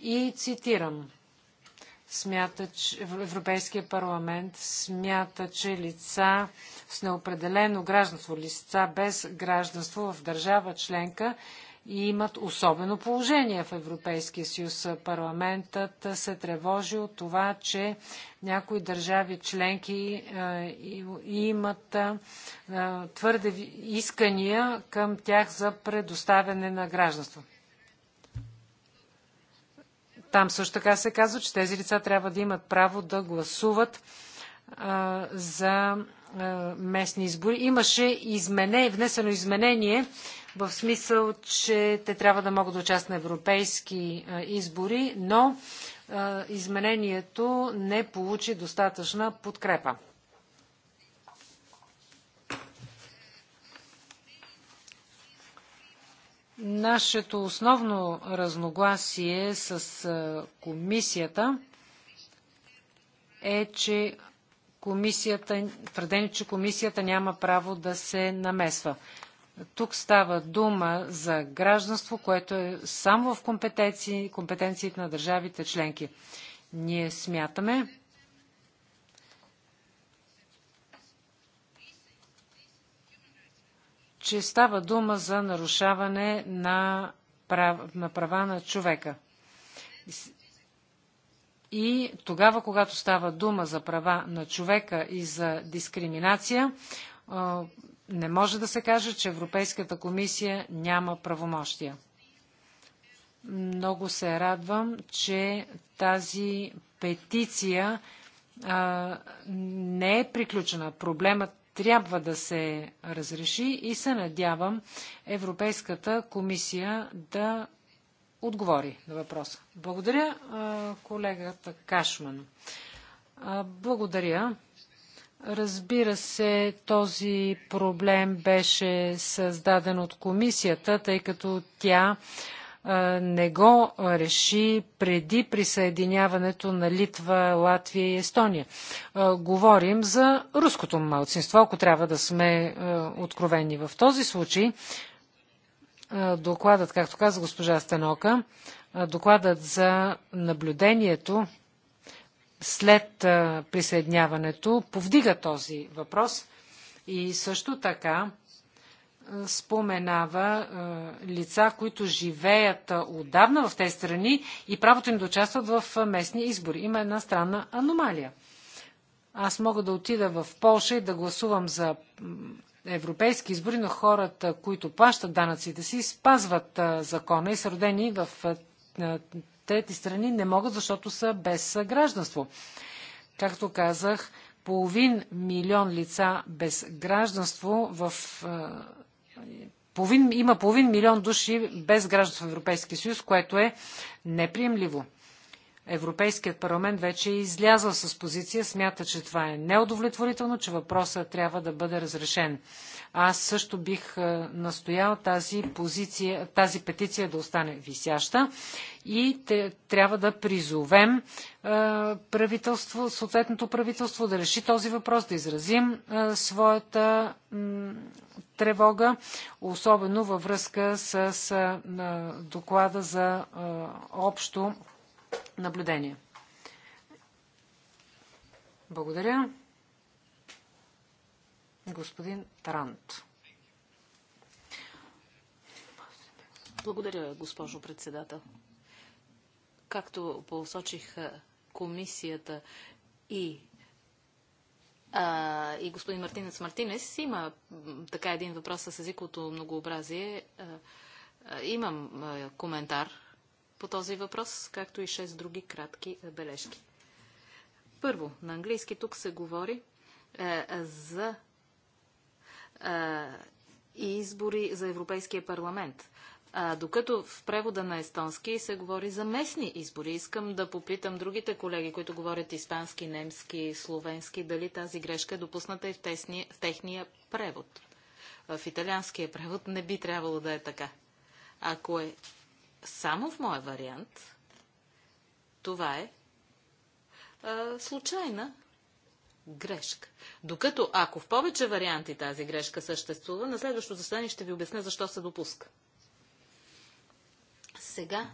и цитирам смята, че Европейския парламент смята, че лица с неопределено гражданство, лица без гражданство в държава членка и имат особено положение в Европейския съюз. Парламентът се тревожи от това, че някои държави членки е, имат е, твърде искания към тях за предоставяне на гражданство. Там също така се казва, че тези лица трябва да имат право да гласуват а, за а, местни избори. Имаше измене, внесено изменение в смисъл, че те трябва да могат да участват на европейски а, избори, но изменението не получи достатъчна подкрепа. Нашето основно разногласие с комисията е, че комисията, твърдени, че комисията няма право да се намесва. Тук става дума за гражданство, което е само в компетенции, компетенциите на държавите членки. Ние смятаме, че става дума за нарушаване на, прав... на права на човека. И тогава, когато става дума за права на човека и за дискриминация, не може да се каже, че Европейската комисия няма правомощия. Много се радвам, че тази петиция а, не е приключена. Проблемът трябва да се разреши и се надявам Европейската комисия да отговори на въпроса. Благодаря, колегата Кашман. Благодаря. Разбира се, този проблем беше създаден от комисията, тъй като тя не го реши преди присъединяването на Литва, Латвия и Естония. Говорим за руското малцинство, ако трябва да сме откровени. В този случай докладът, както каза госпожа Станока, докладът за наблюдението след присъединяването повдига този въпрос и също така споменава е, лица, които живеят е, отдавна в тези страни и правото им да участват в е, местни избори. Има една странна аномалия. Аз мога да отида в Польша и да гласувам за европейски избори, но хората, които плащат данъците си, спазват закона и са родени в трети страни, не могат, защото са без гражданство. Както казах, половин милион лица без гражданство в половин, има половин милион души без гражданство в Европейския съюз, което е неприемливо. Европейският парламент вече е излязъл с позиция, смята, че това е неудовлетворително, че въпросът трябва да бъде разрешен. Аз също бих е, настоял тази, позиция, тази петиция да остане висяща и трябва да призовем е, правителство, съответното правителство да реши този въпрос, да изразим е, своята тревога, особено във връзка с доклада за общо наблюдение. Благодаря. Господин Тарант. Благодаря, госпожо председател. Както посочих комисията и а, и господин Мартинец Мартинес има така един въпрос с езиковото многообразие. А, а, имам а, коментар по този въпрос, както и 6 други кратки е, бележки. Първо, на английски тук се говори е, за е, избори за Европейския парламент. А, докато в превода на естонски се говори за местни избори. Искам да попитам другите колеги, които говорят испански, немски, словенски, дали тази грешка е допусната и в, тесни, в техния превод. В италианския превод не би трябвало да е така. Ако е само в моя вариант това е а, случайна грешка. Докато ако в повече варианти тази грешка съществува, на следващото заседание ще ви обясня защо се допуска. Сега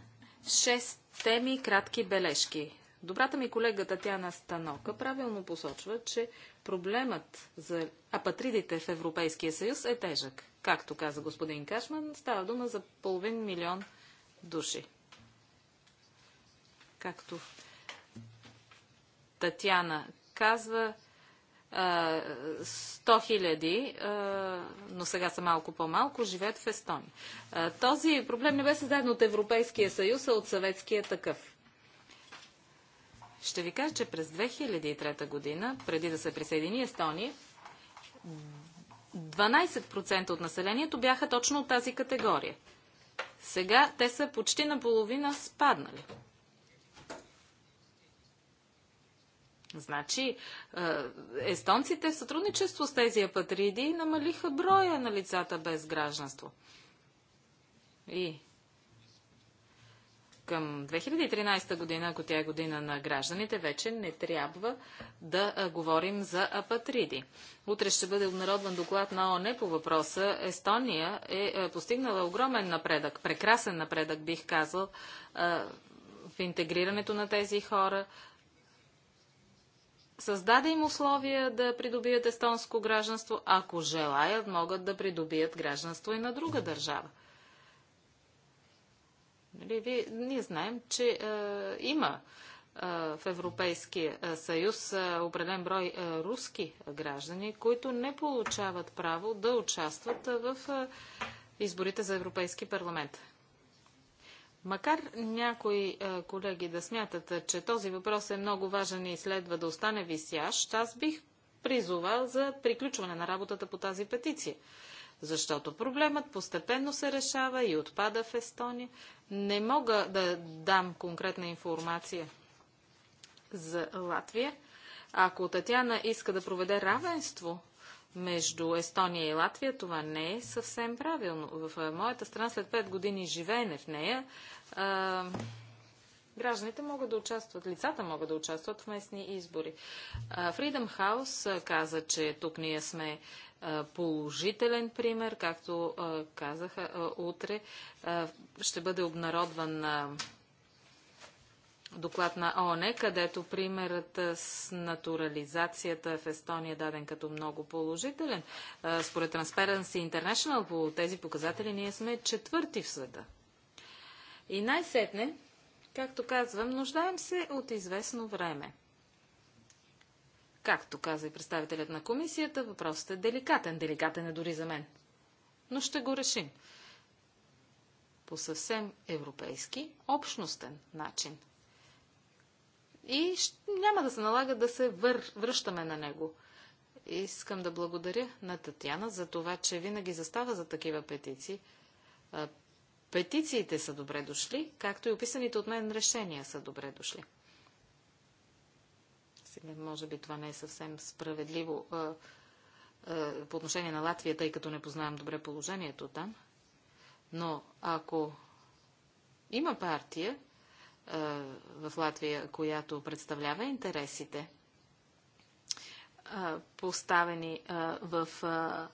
шест теми, кратки бележки. Добрата ми колега Татяна Станока правилно посочва, че проблемът за апатридите в Европейския съюз е тежък. Както каза господин Кашман, става дума за половин милион души. Както Татяна казва, 100 хиляди, но сега са малко по-малко, живеят в Естония. Този проблем не бе създаден от Европейския съюз, а от съветския такъв. Ще ви кажа, че през 2003 година, преди да се присъедини Естония, 12% от населението бяха точно от тази категория. Сега те са почти наполовина спаднали. Значи, естонците в сътрудничество с тези апатриди намалиха броя на лицата без гражданство. И към 2013 година, ако тя е година на гражданите, вече не трябва да говорим за апатриди. Утре ще бъде обнародван доклад на ОНЕ по въпроса. Естония е постигнала огромен напредък, прекрасен напредък, бих казал, в интегрирането на тези хора. Създаде им условия да придобият естонско гражданство. Ако желаят, могат да придобият гражданство и на друга държава. Нали, ви, ние знаем, че е, има е, в Европейския е, съюз е, определен брой е, руски граждани, които не получават право да участват е, в е, изборите за Европейски парламент. Макар някои е, колеги да смятат, е, че този въпрос е много важен и следва да остане висящ, аз бих призова за приключване на работата по тази петиция. Защото проблемът постепенно се решава и отпада в Естония. Не мога да дам конкретна информация за Латвия. Ако Татяна иска да проведе равенство между Естония и Латвия, това не е съвсем правилно. В моята страна след 5 години живеене в нея, гражданите могат да участват, лицата могат да участват в местни избори. Freedom House каза, че тук ние сме положителен пример. Както казаха, утре ще бъде обнародван доклад на ООН, където примерът с натурализацията в Естония е даден като много положителен. Според Transparency International по тези показатели ние сме четвърти в света. И най-сетне, както казвам, нуждаем се от известно време – Както каза и представителят на комисията, въпросът е деликатен. Деликатен е дори за мен. Но ще го решим. По съвсем европейски, общностен начин. И няма да се налага да се вър... връщаме на него. Искам да благодаря на Татьяна за това, че винаги застава за такива петиции. Петициите са добре дошли, както и описаните от мен решения са добре дошли. Сега, може би това не е съвсем справедливо а, а, по отношение на Латвия, тъй като не познавам добре положението там. Но ако има партия а, в Латвия, която представлява интересите, а, поставени а, в. А,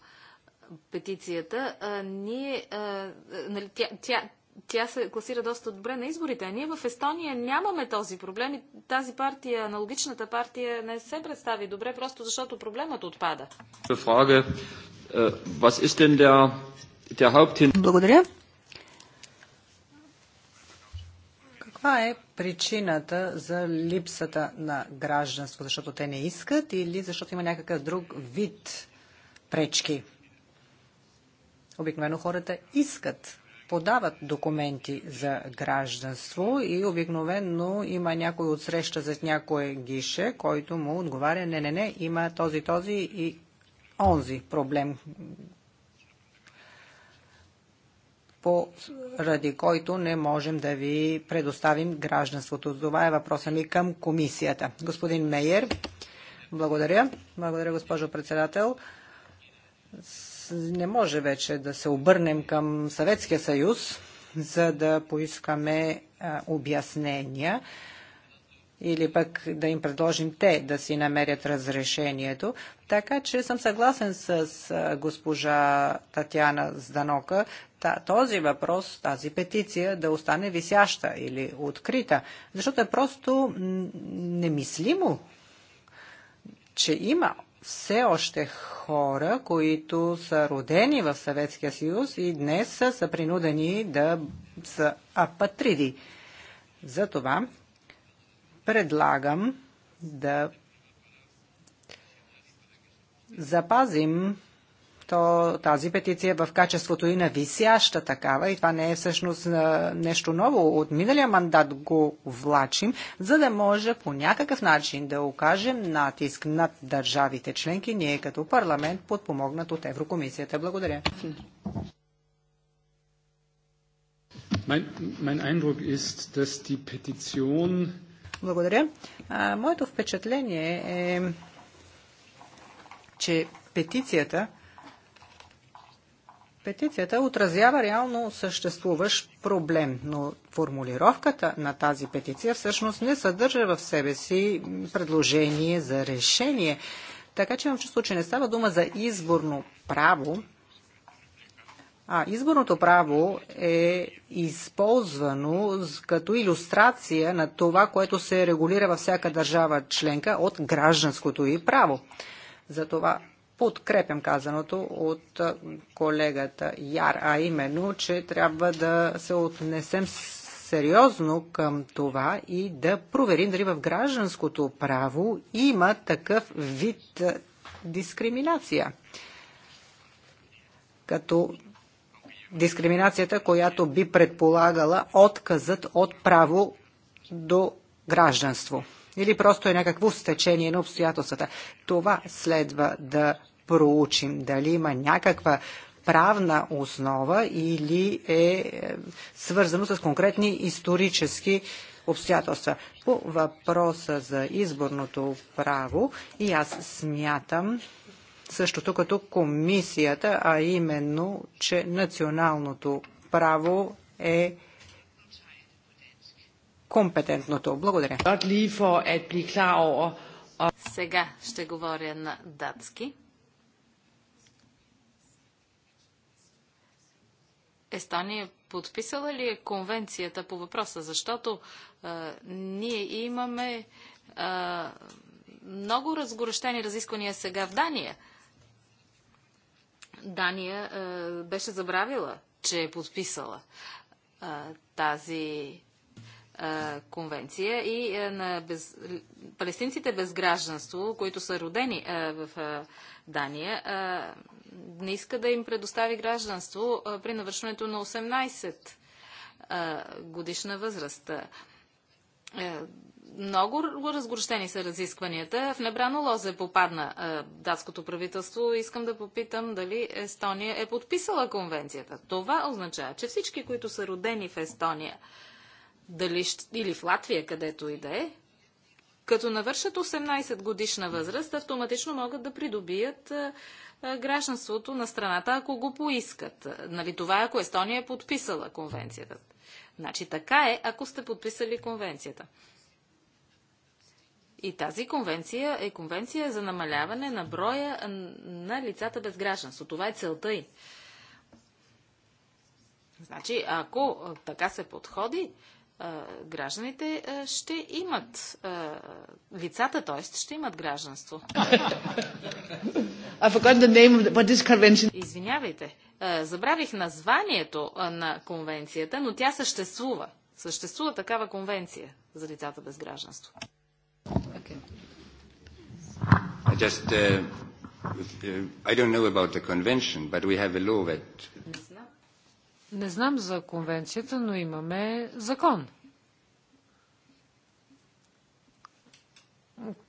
петицията, а, ние, а, нали, тя, тя, тя се класира доста добре на изборите. А ние в Естония нямаме този проблем и тази партия, аналогичната партия не се представи добре, просто защото проблемът отпада. Е, Благодаря. Каква е причината за липсата на гражданство? Защото те не искат или защото има някакъв друг вид пречки? Обикновено хората искат подават документи за гражданство и обикновенно има някой от среща за някое гише, който му отговаря не, не, не, има този, този и онзи проблем, поради който не можем да ви предоставим гражданството. Това е въпроса ми към комисията. Господин Мейер, благодаря. Благодаря, госпожо председател не може вече да се обърнем към Съветския съюз, за да поискаме обяснения или пък да им предложим те да си намерят разрешението. Така че съм съгласен с госпожа Татьяна Зданока този въпрос, тази петиция да остане висяща или открита, защото е просто немислимо, че има все още хора, които са родени в Съветския съюз и днес са, са принудени да са апатриди. Затова предлагам да запазим то тази петиция е в качеството и на висяща такава, и това не е всъщност нещо ново, от миналия мандат го влачим, за да може по някакъв начин да окажем натиск над държавите членки, ние като парламент, подпомогнат от Еврокомисията. Благодаря. благодаря. моето впечатление е, че петицията Петицията отразява реално съществуващ проблем, но формулировката на тази петиция всъщност не съдържа в себе си предложение за решение. Така че имам чувство, че не става дума за изборно право, а изборното право е използвано като иллюстрация на това, което се регулира във всяка държава членка от гражданското и право. Затова подкрепям казаното от колегата Яр, а именно, че трябва да се отнесем сериозно към това и да проверим дали в гражданското право има такъв вид дискриминация. Като дискриминацията, която би предполагала отказът от право до гражданство. Или просто е някакво стечение на обстоятелствата. Това следва да проучим. Дали има някаква правна основа или е, е свързано с конкретни исторически обстоятелства. По въпроса за изборното право и аз смятам същото като комисията, а именно, че националното право е компетентното. Благодаря. Сега ще говоря на датски. Естония е подписала ли е конвенцията по въпроса? Защото а, ние имаме а, много разгорещени разисквания сега в Дания. Дания а, беше забравила, че е подписала а, тази конвенция и на без... палестинците без гражданство, които са родени в Дания, не иска да им предостави гражданство при навършването на 18 годишна възраст. много разгорщени са разискванията. В небрано лозе попадна датското правителство. Искам да попитам дали Естония е подписала конвенцията. Това означава, че всички, които са родени в Естония, дали, или в Латвия, където и да е, като навършат 18 годишна възраст, автоматично могат да придобият гражданството на страната, ако го поискат. Нали, това е ако Естония е подписала конвенцията. Значи така е, ако сте подписали конвенцията. И тази конвенция е конвенция за намаляване на броя на лицата без гражданство. Това е целта й. Значи, ако така се подходи, гражданите ще имат лицата, т.е. ще имат гражданство. Извинявайте, забравих названието на конвенцията, но тя съществува. Съществува такава конвенция за лицата без гражданство. Okay. I just, uh, uh I don't know about the convention, but we have a law that не знам за конвенцията, но имаме закон.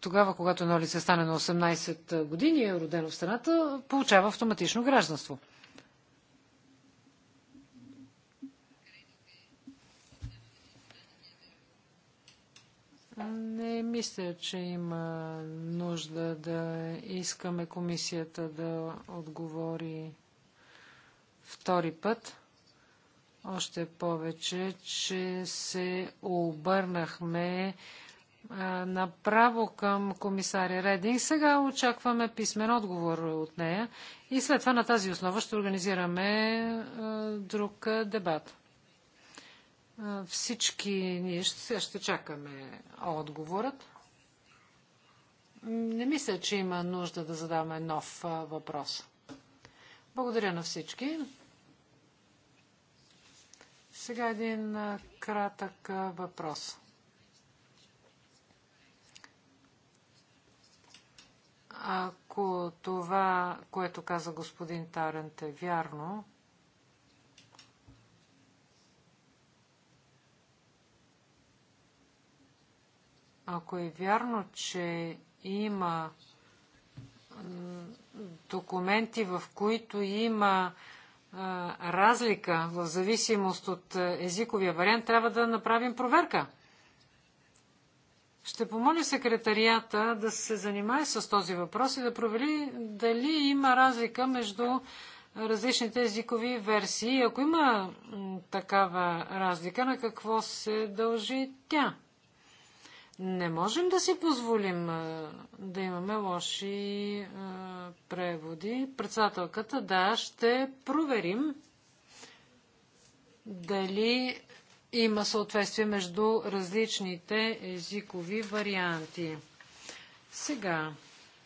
Тогава, когато едно лице стане на 18 години и е родено в страната, получава автоматично гражданство. Не мисля, че има нужда да искаме комисията да отговори втори път. Още повече, че се обърнахме направо към комисаря Рединг. Сега очакваме писмен отговор от нея и след това на тази основа ще организираме друг дебат. Всички ние ще, ще чакаме отговорът. Не мисля, че има нужда да задаваме нов въпрос. Благодаря на всички. Сега един кратък въпрос. Ако това, което каза господин Тарент е вярно, ако е вярно, че има документи, в които има разлика в зависимост от е, езиковия вариант, трябва да направим проверка. Ще помоля секретарията да се занимае с този въпрос и да провери дали има разлика между различните езикови версии. Ако има такава разлика, на какво се дължи тя? Не можем да си позволим да имаме лоши преводи. Председателката, да, ще проверим дали има съответствие между различните езикови варианти. Сега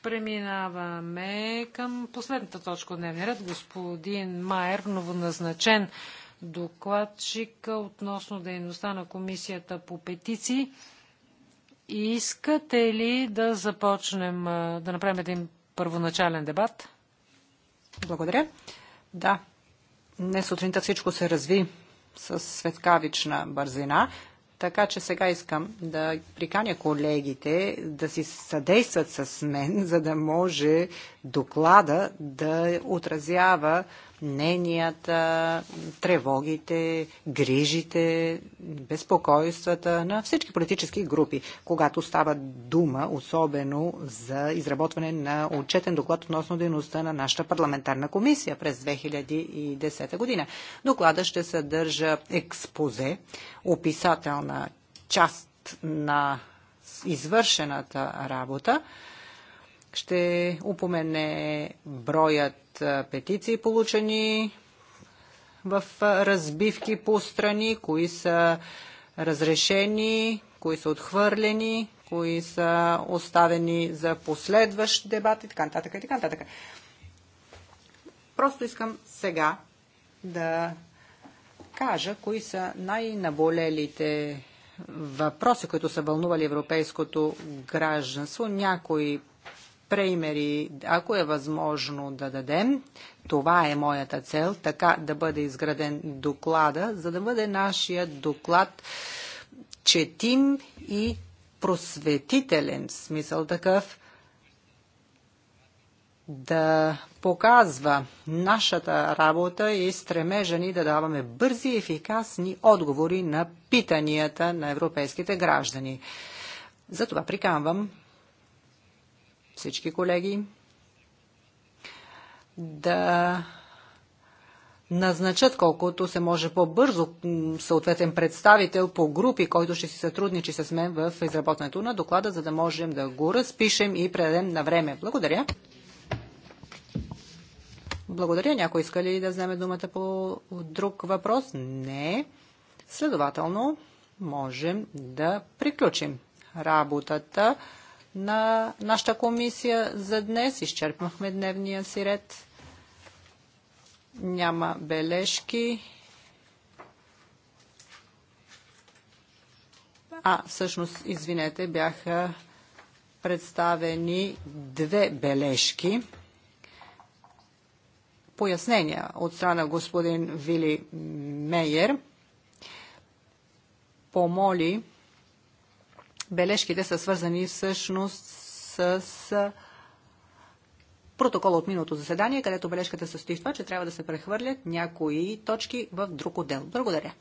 преминаваме към последната точка от дневния ред. Господин Майер, новоназначен докладчик относно дейността на Комисията по петиции. Искате ли да започнем, да направим един първоначален дебат? Благодаря. Да. Днес сутринта всичко се разви с светкавична бързина. Така че сега искам да приканя колегите да си съдействат с мен, за да може доклада да отразява мненията, тревогите, грижите, безпокойствата на всички политически групи, когато става дума особено за изработване на отчетен доклад относно дейността на нашата парламентарна комисия през 2010 година. Доклада ще съдържа експозе, описателна част на извършената работа, ще упомене броят петиции получени в разбивки по страни, кои са разрешени, кои са отхвърлени, кои са оставени за последващ дебат и така нататък и така нататък. Просто искам сега да кажа кои са най-наболелите въпроси, които са вълнували европейското гражданство. Някои примери, ако е възможно да дадем, това е моята цел, така да бъде изграден доклада, за да бъде нашия доклад четим и просветителен в смисъл такъв, да показва нашата работа и стремежа ни да даваме бързи и ефикасни отговори на питанията на европейските граждани. Затова приканвам всички колеги да назначат колкото се може по-бързо съответен представител по групи, който ще си сътрудничи с мен в изработването на доклада, за да можем да го разпишем и предадем на време. Благодаря. Благодаря. Някой иска ли да вземе думата по друг въпрос? Не. Следователно, можем да приключим работата на нашата комисия за днес. Изчерпнахме дневния си ред. Няма бележки. А, всъщност, извинете, бяха представени две бележки. Пояснения от страна господин Вили Мейер помоли бележките са свързани всъщност с протокола от миналото заседание, където бележката състои в това, че трябва да се прехвърлят някои точки в друг отдел. Благодаря.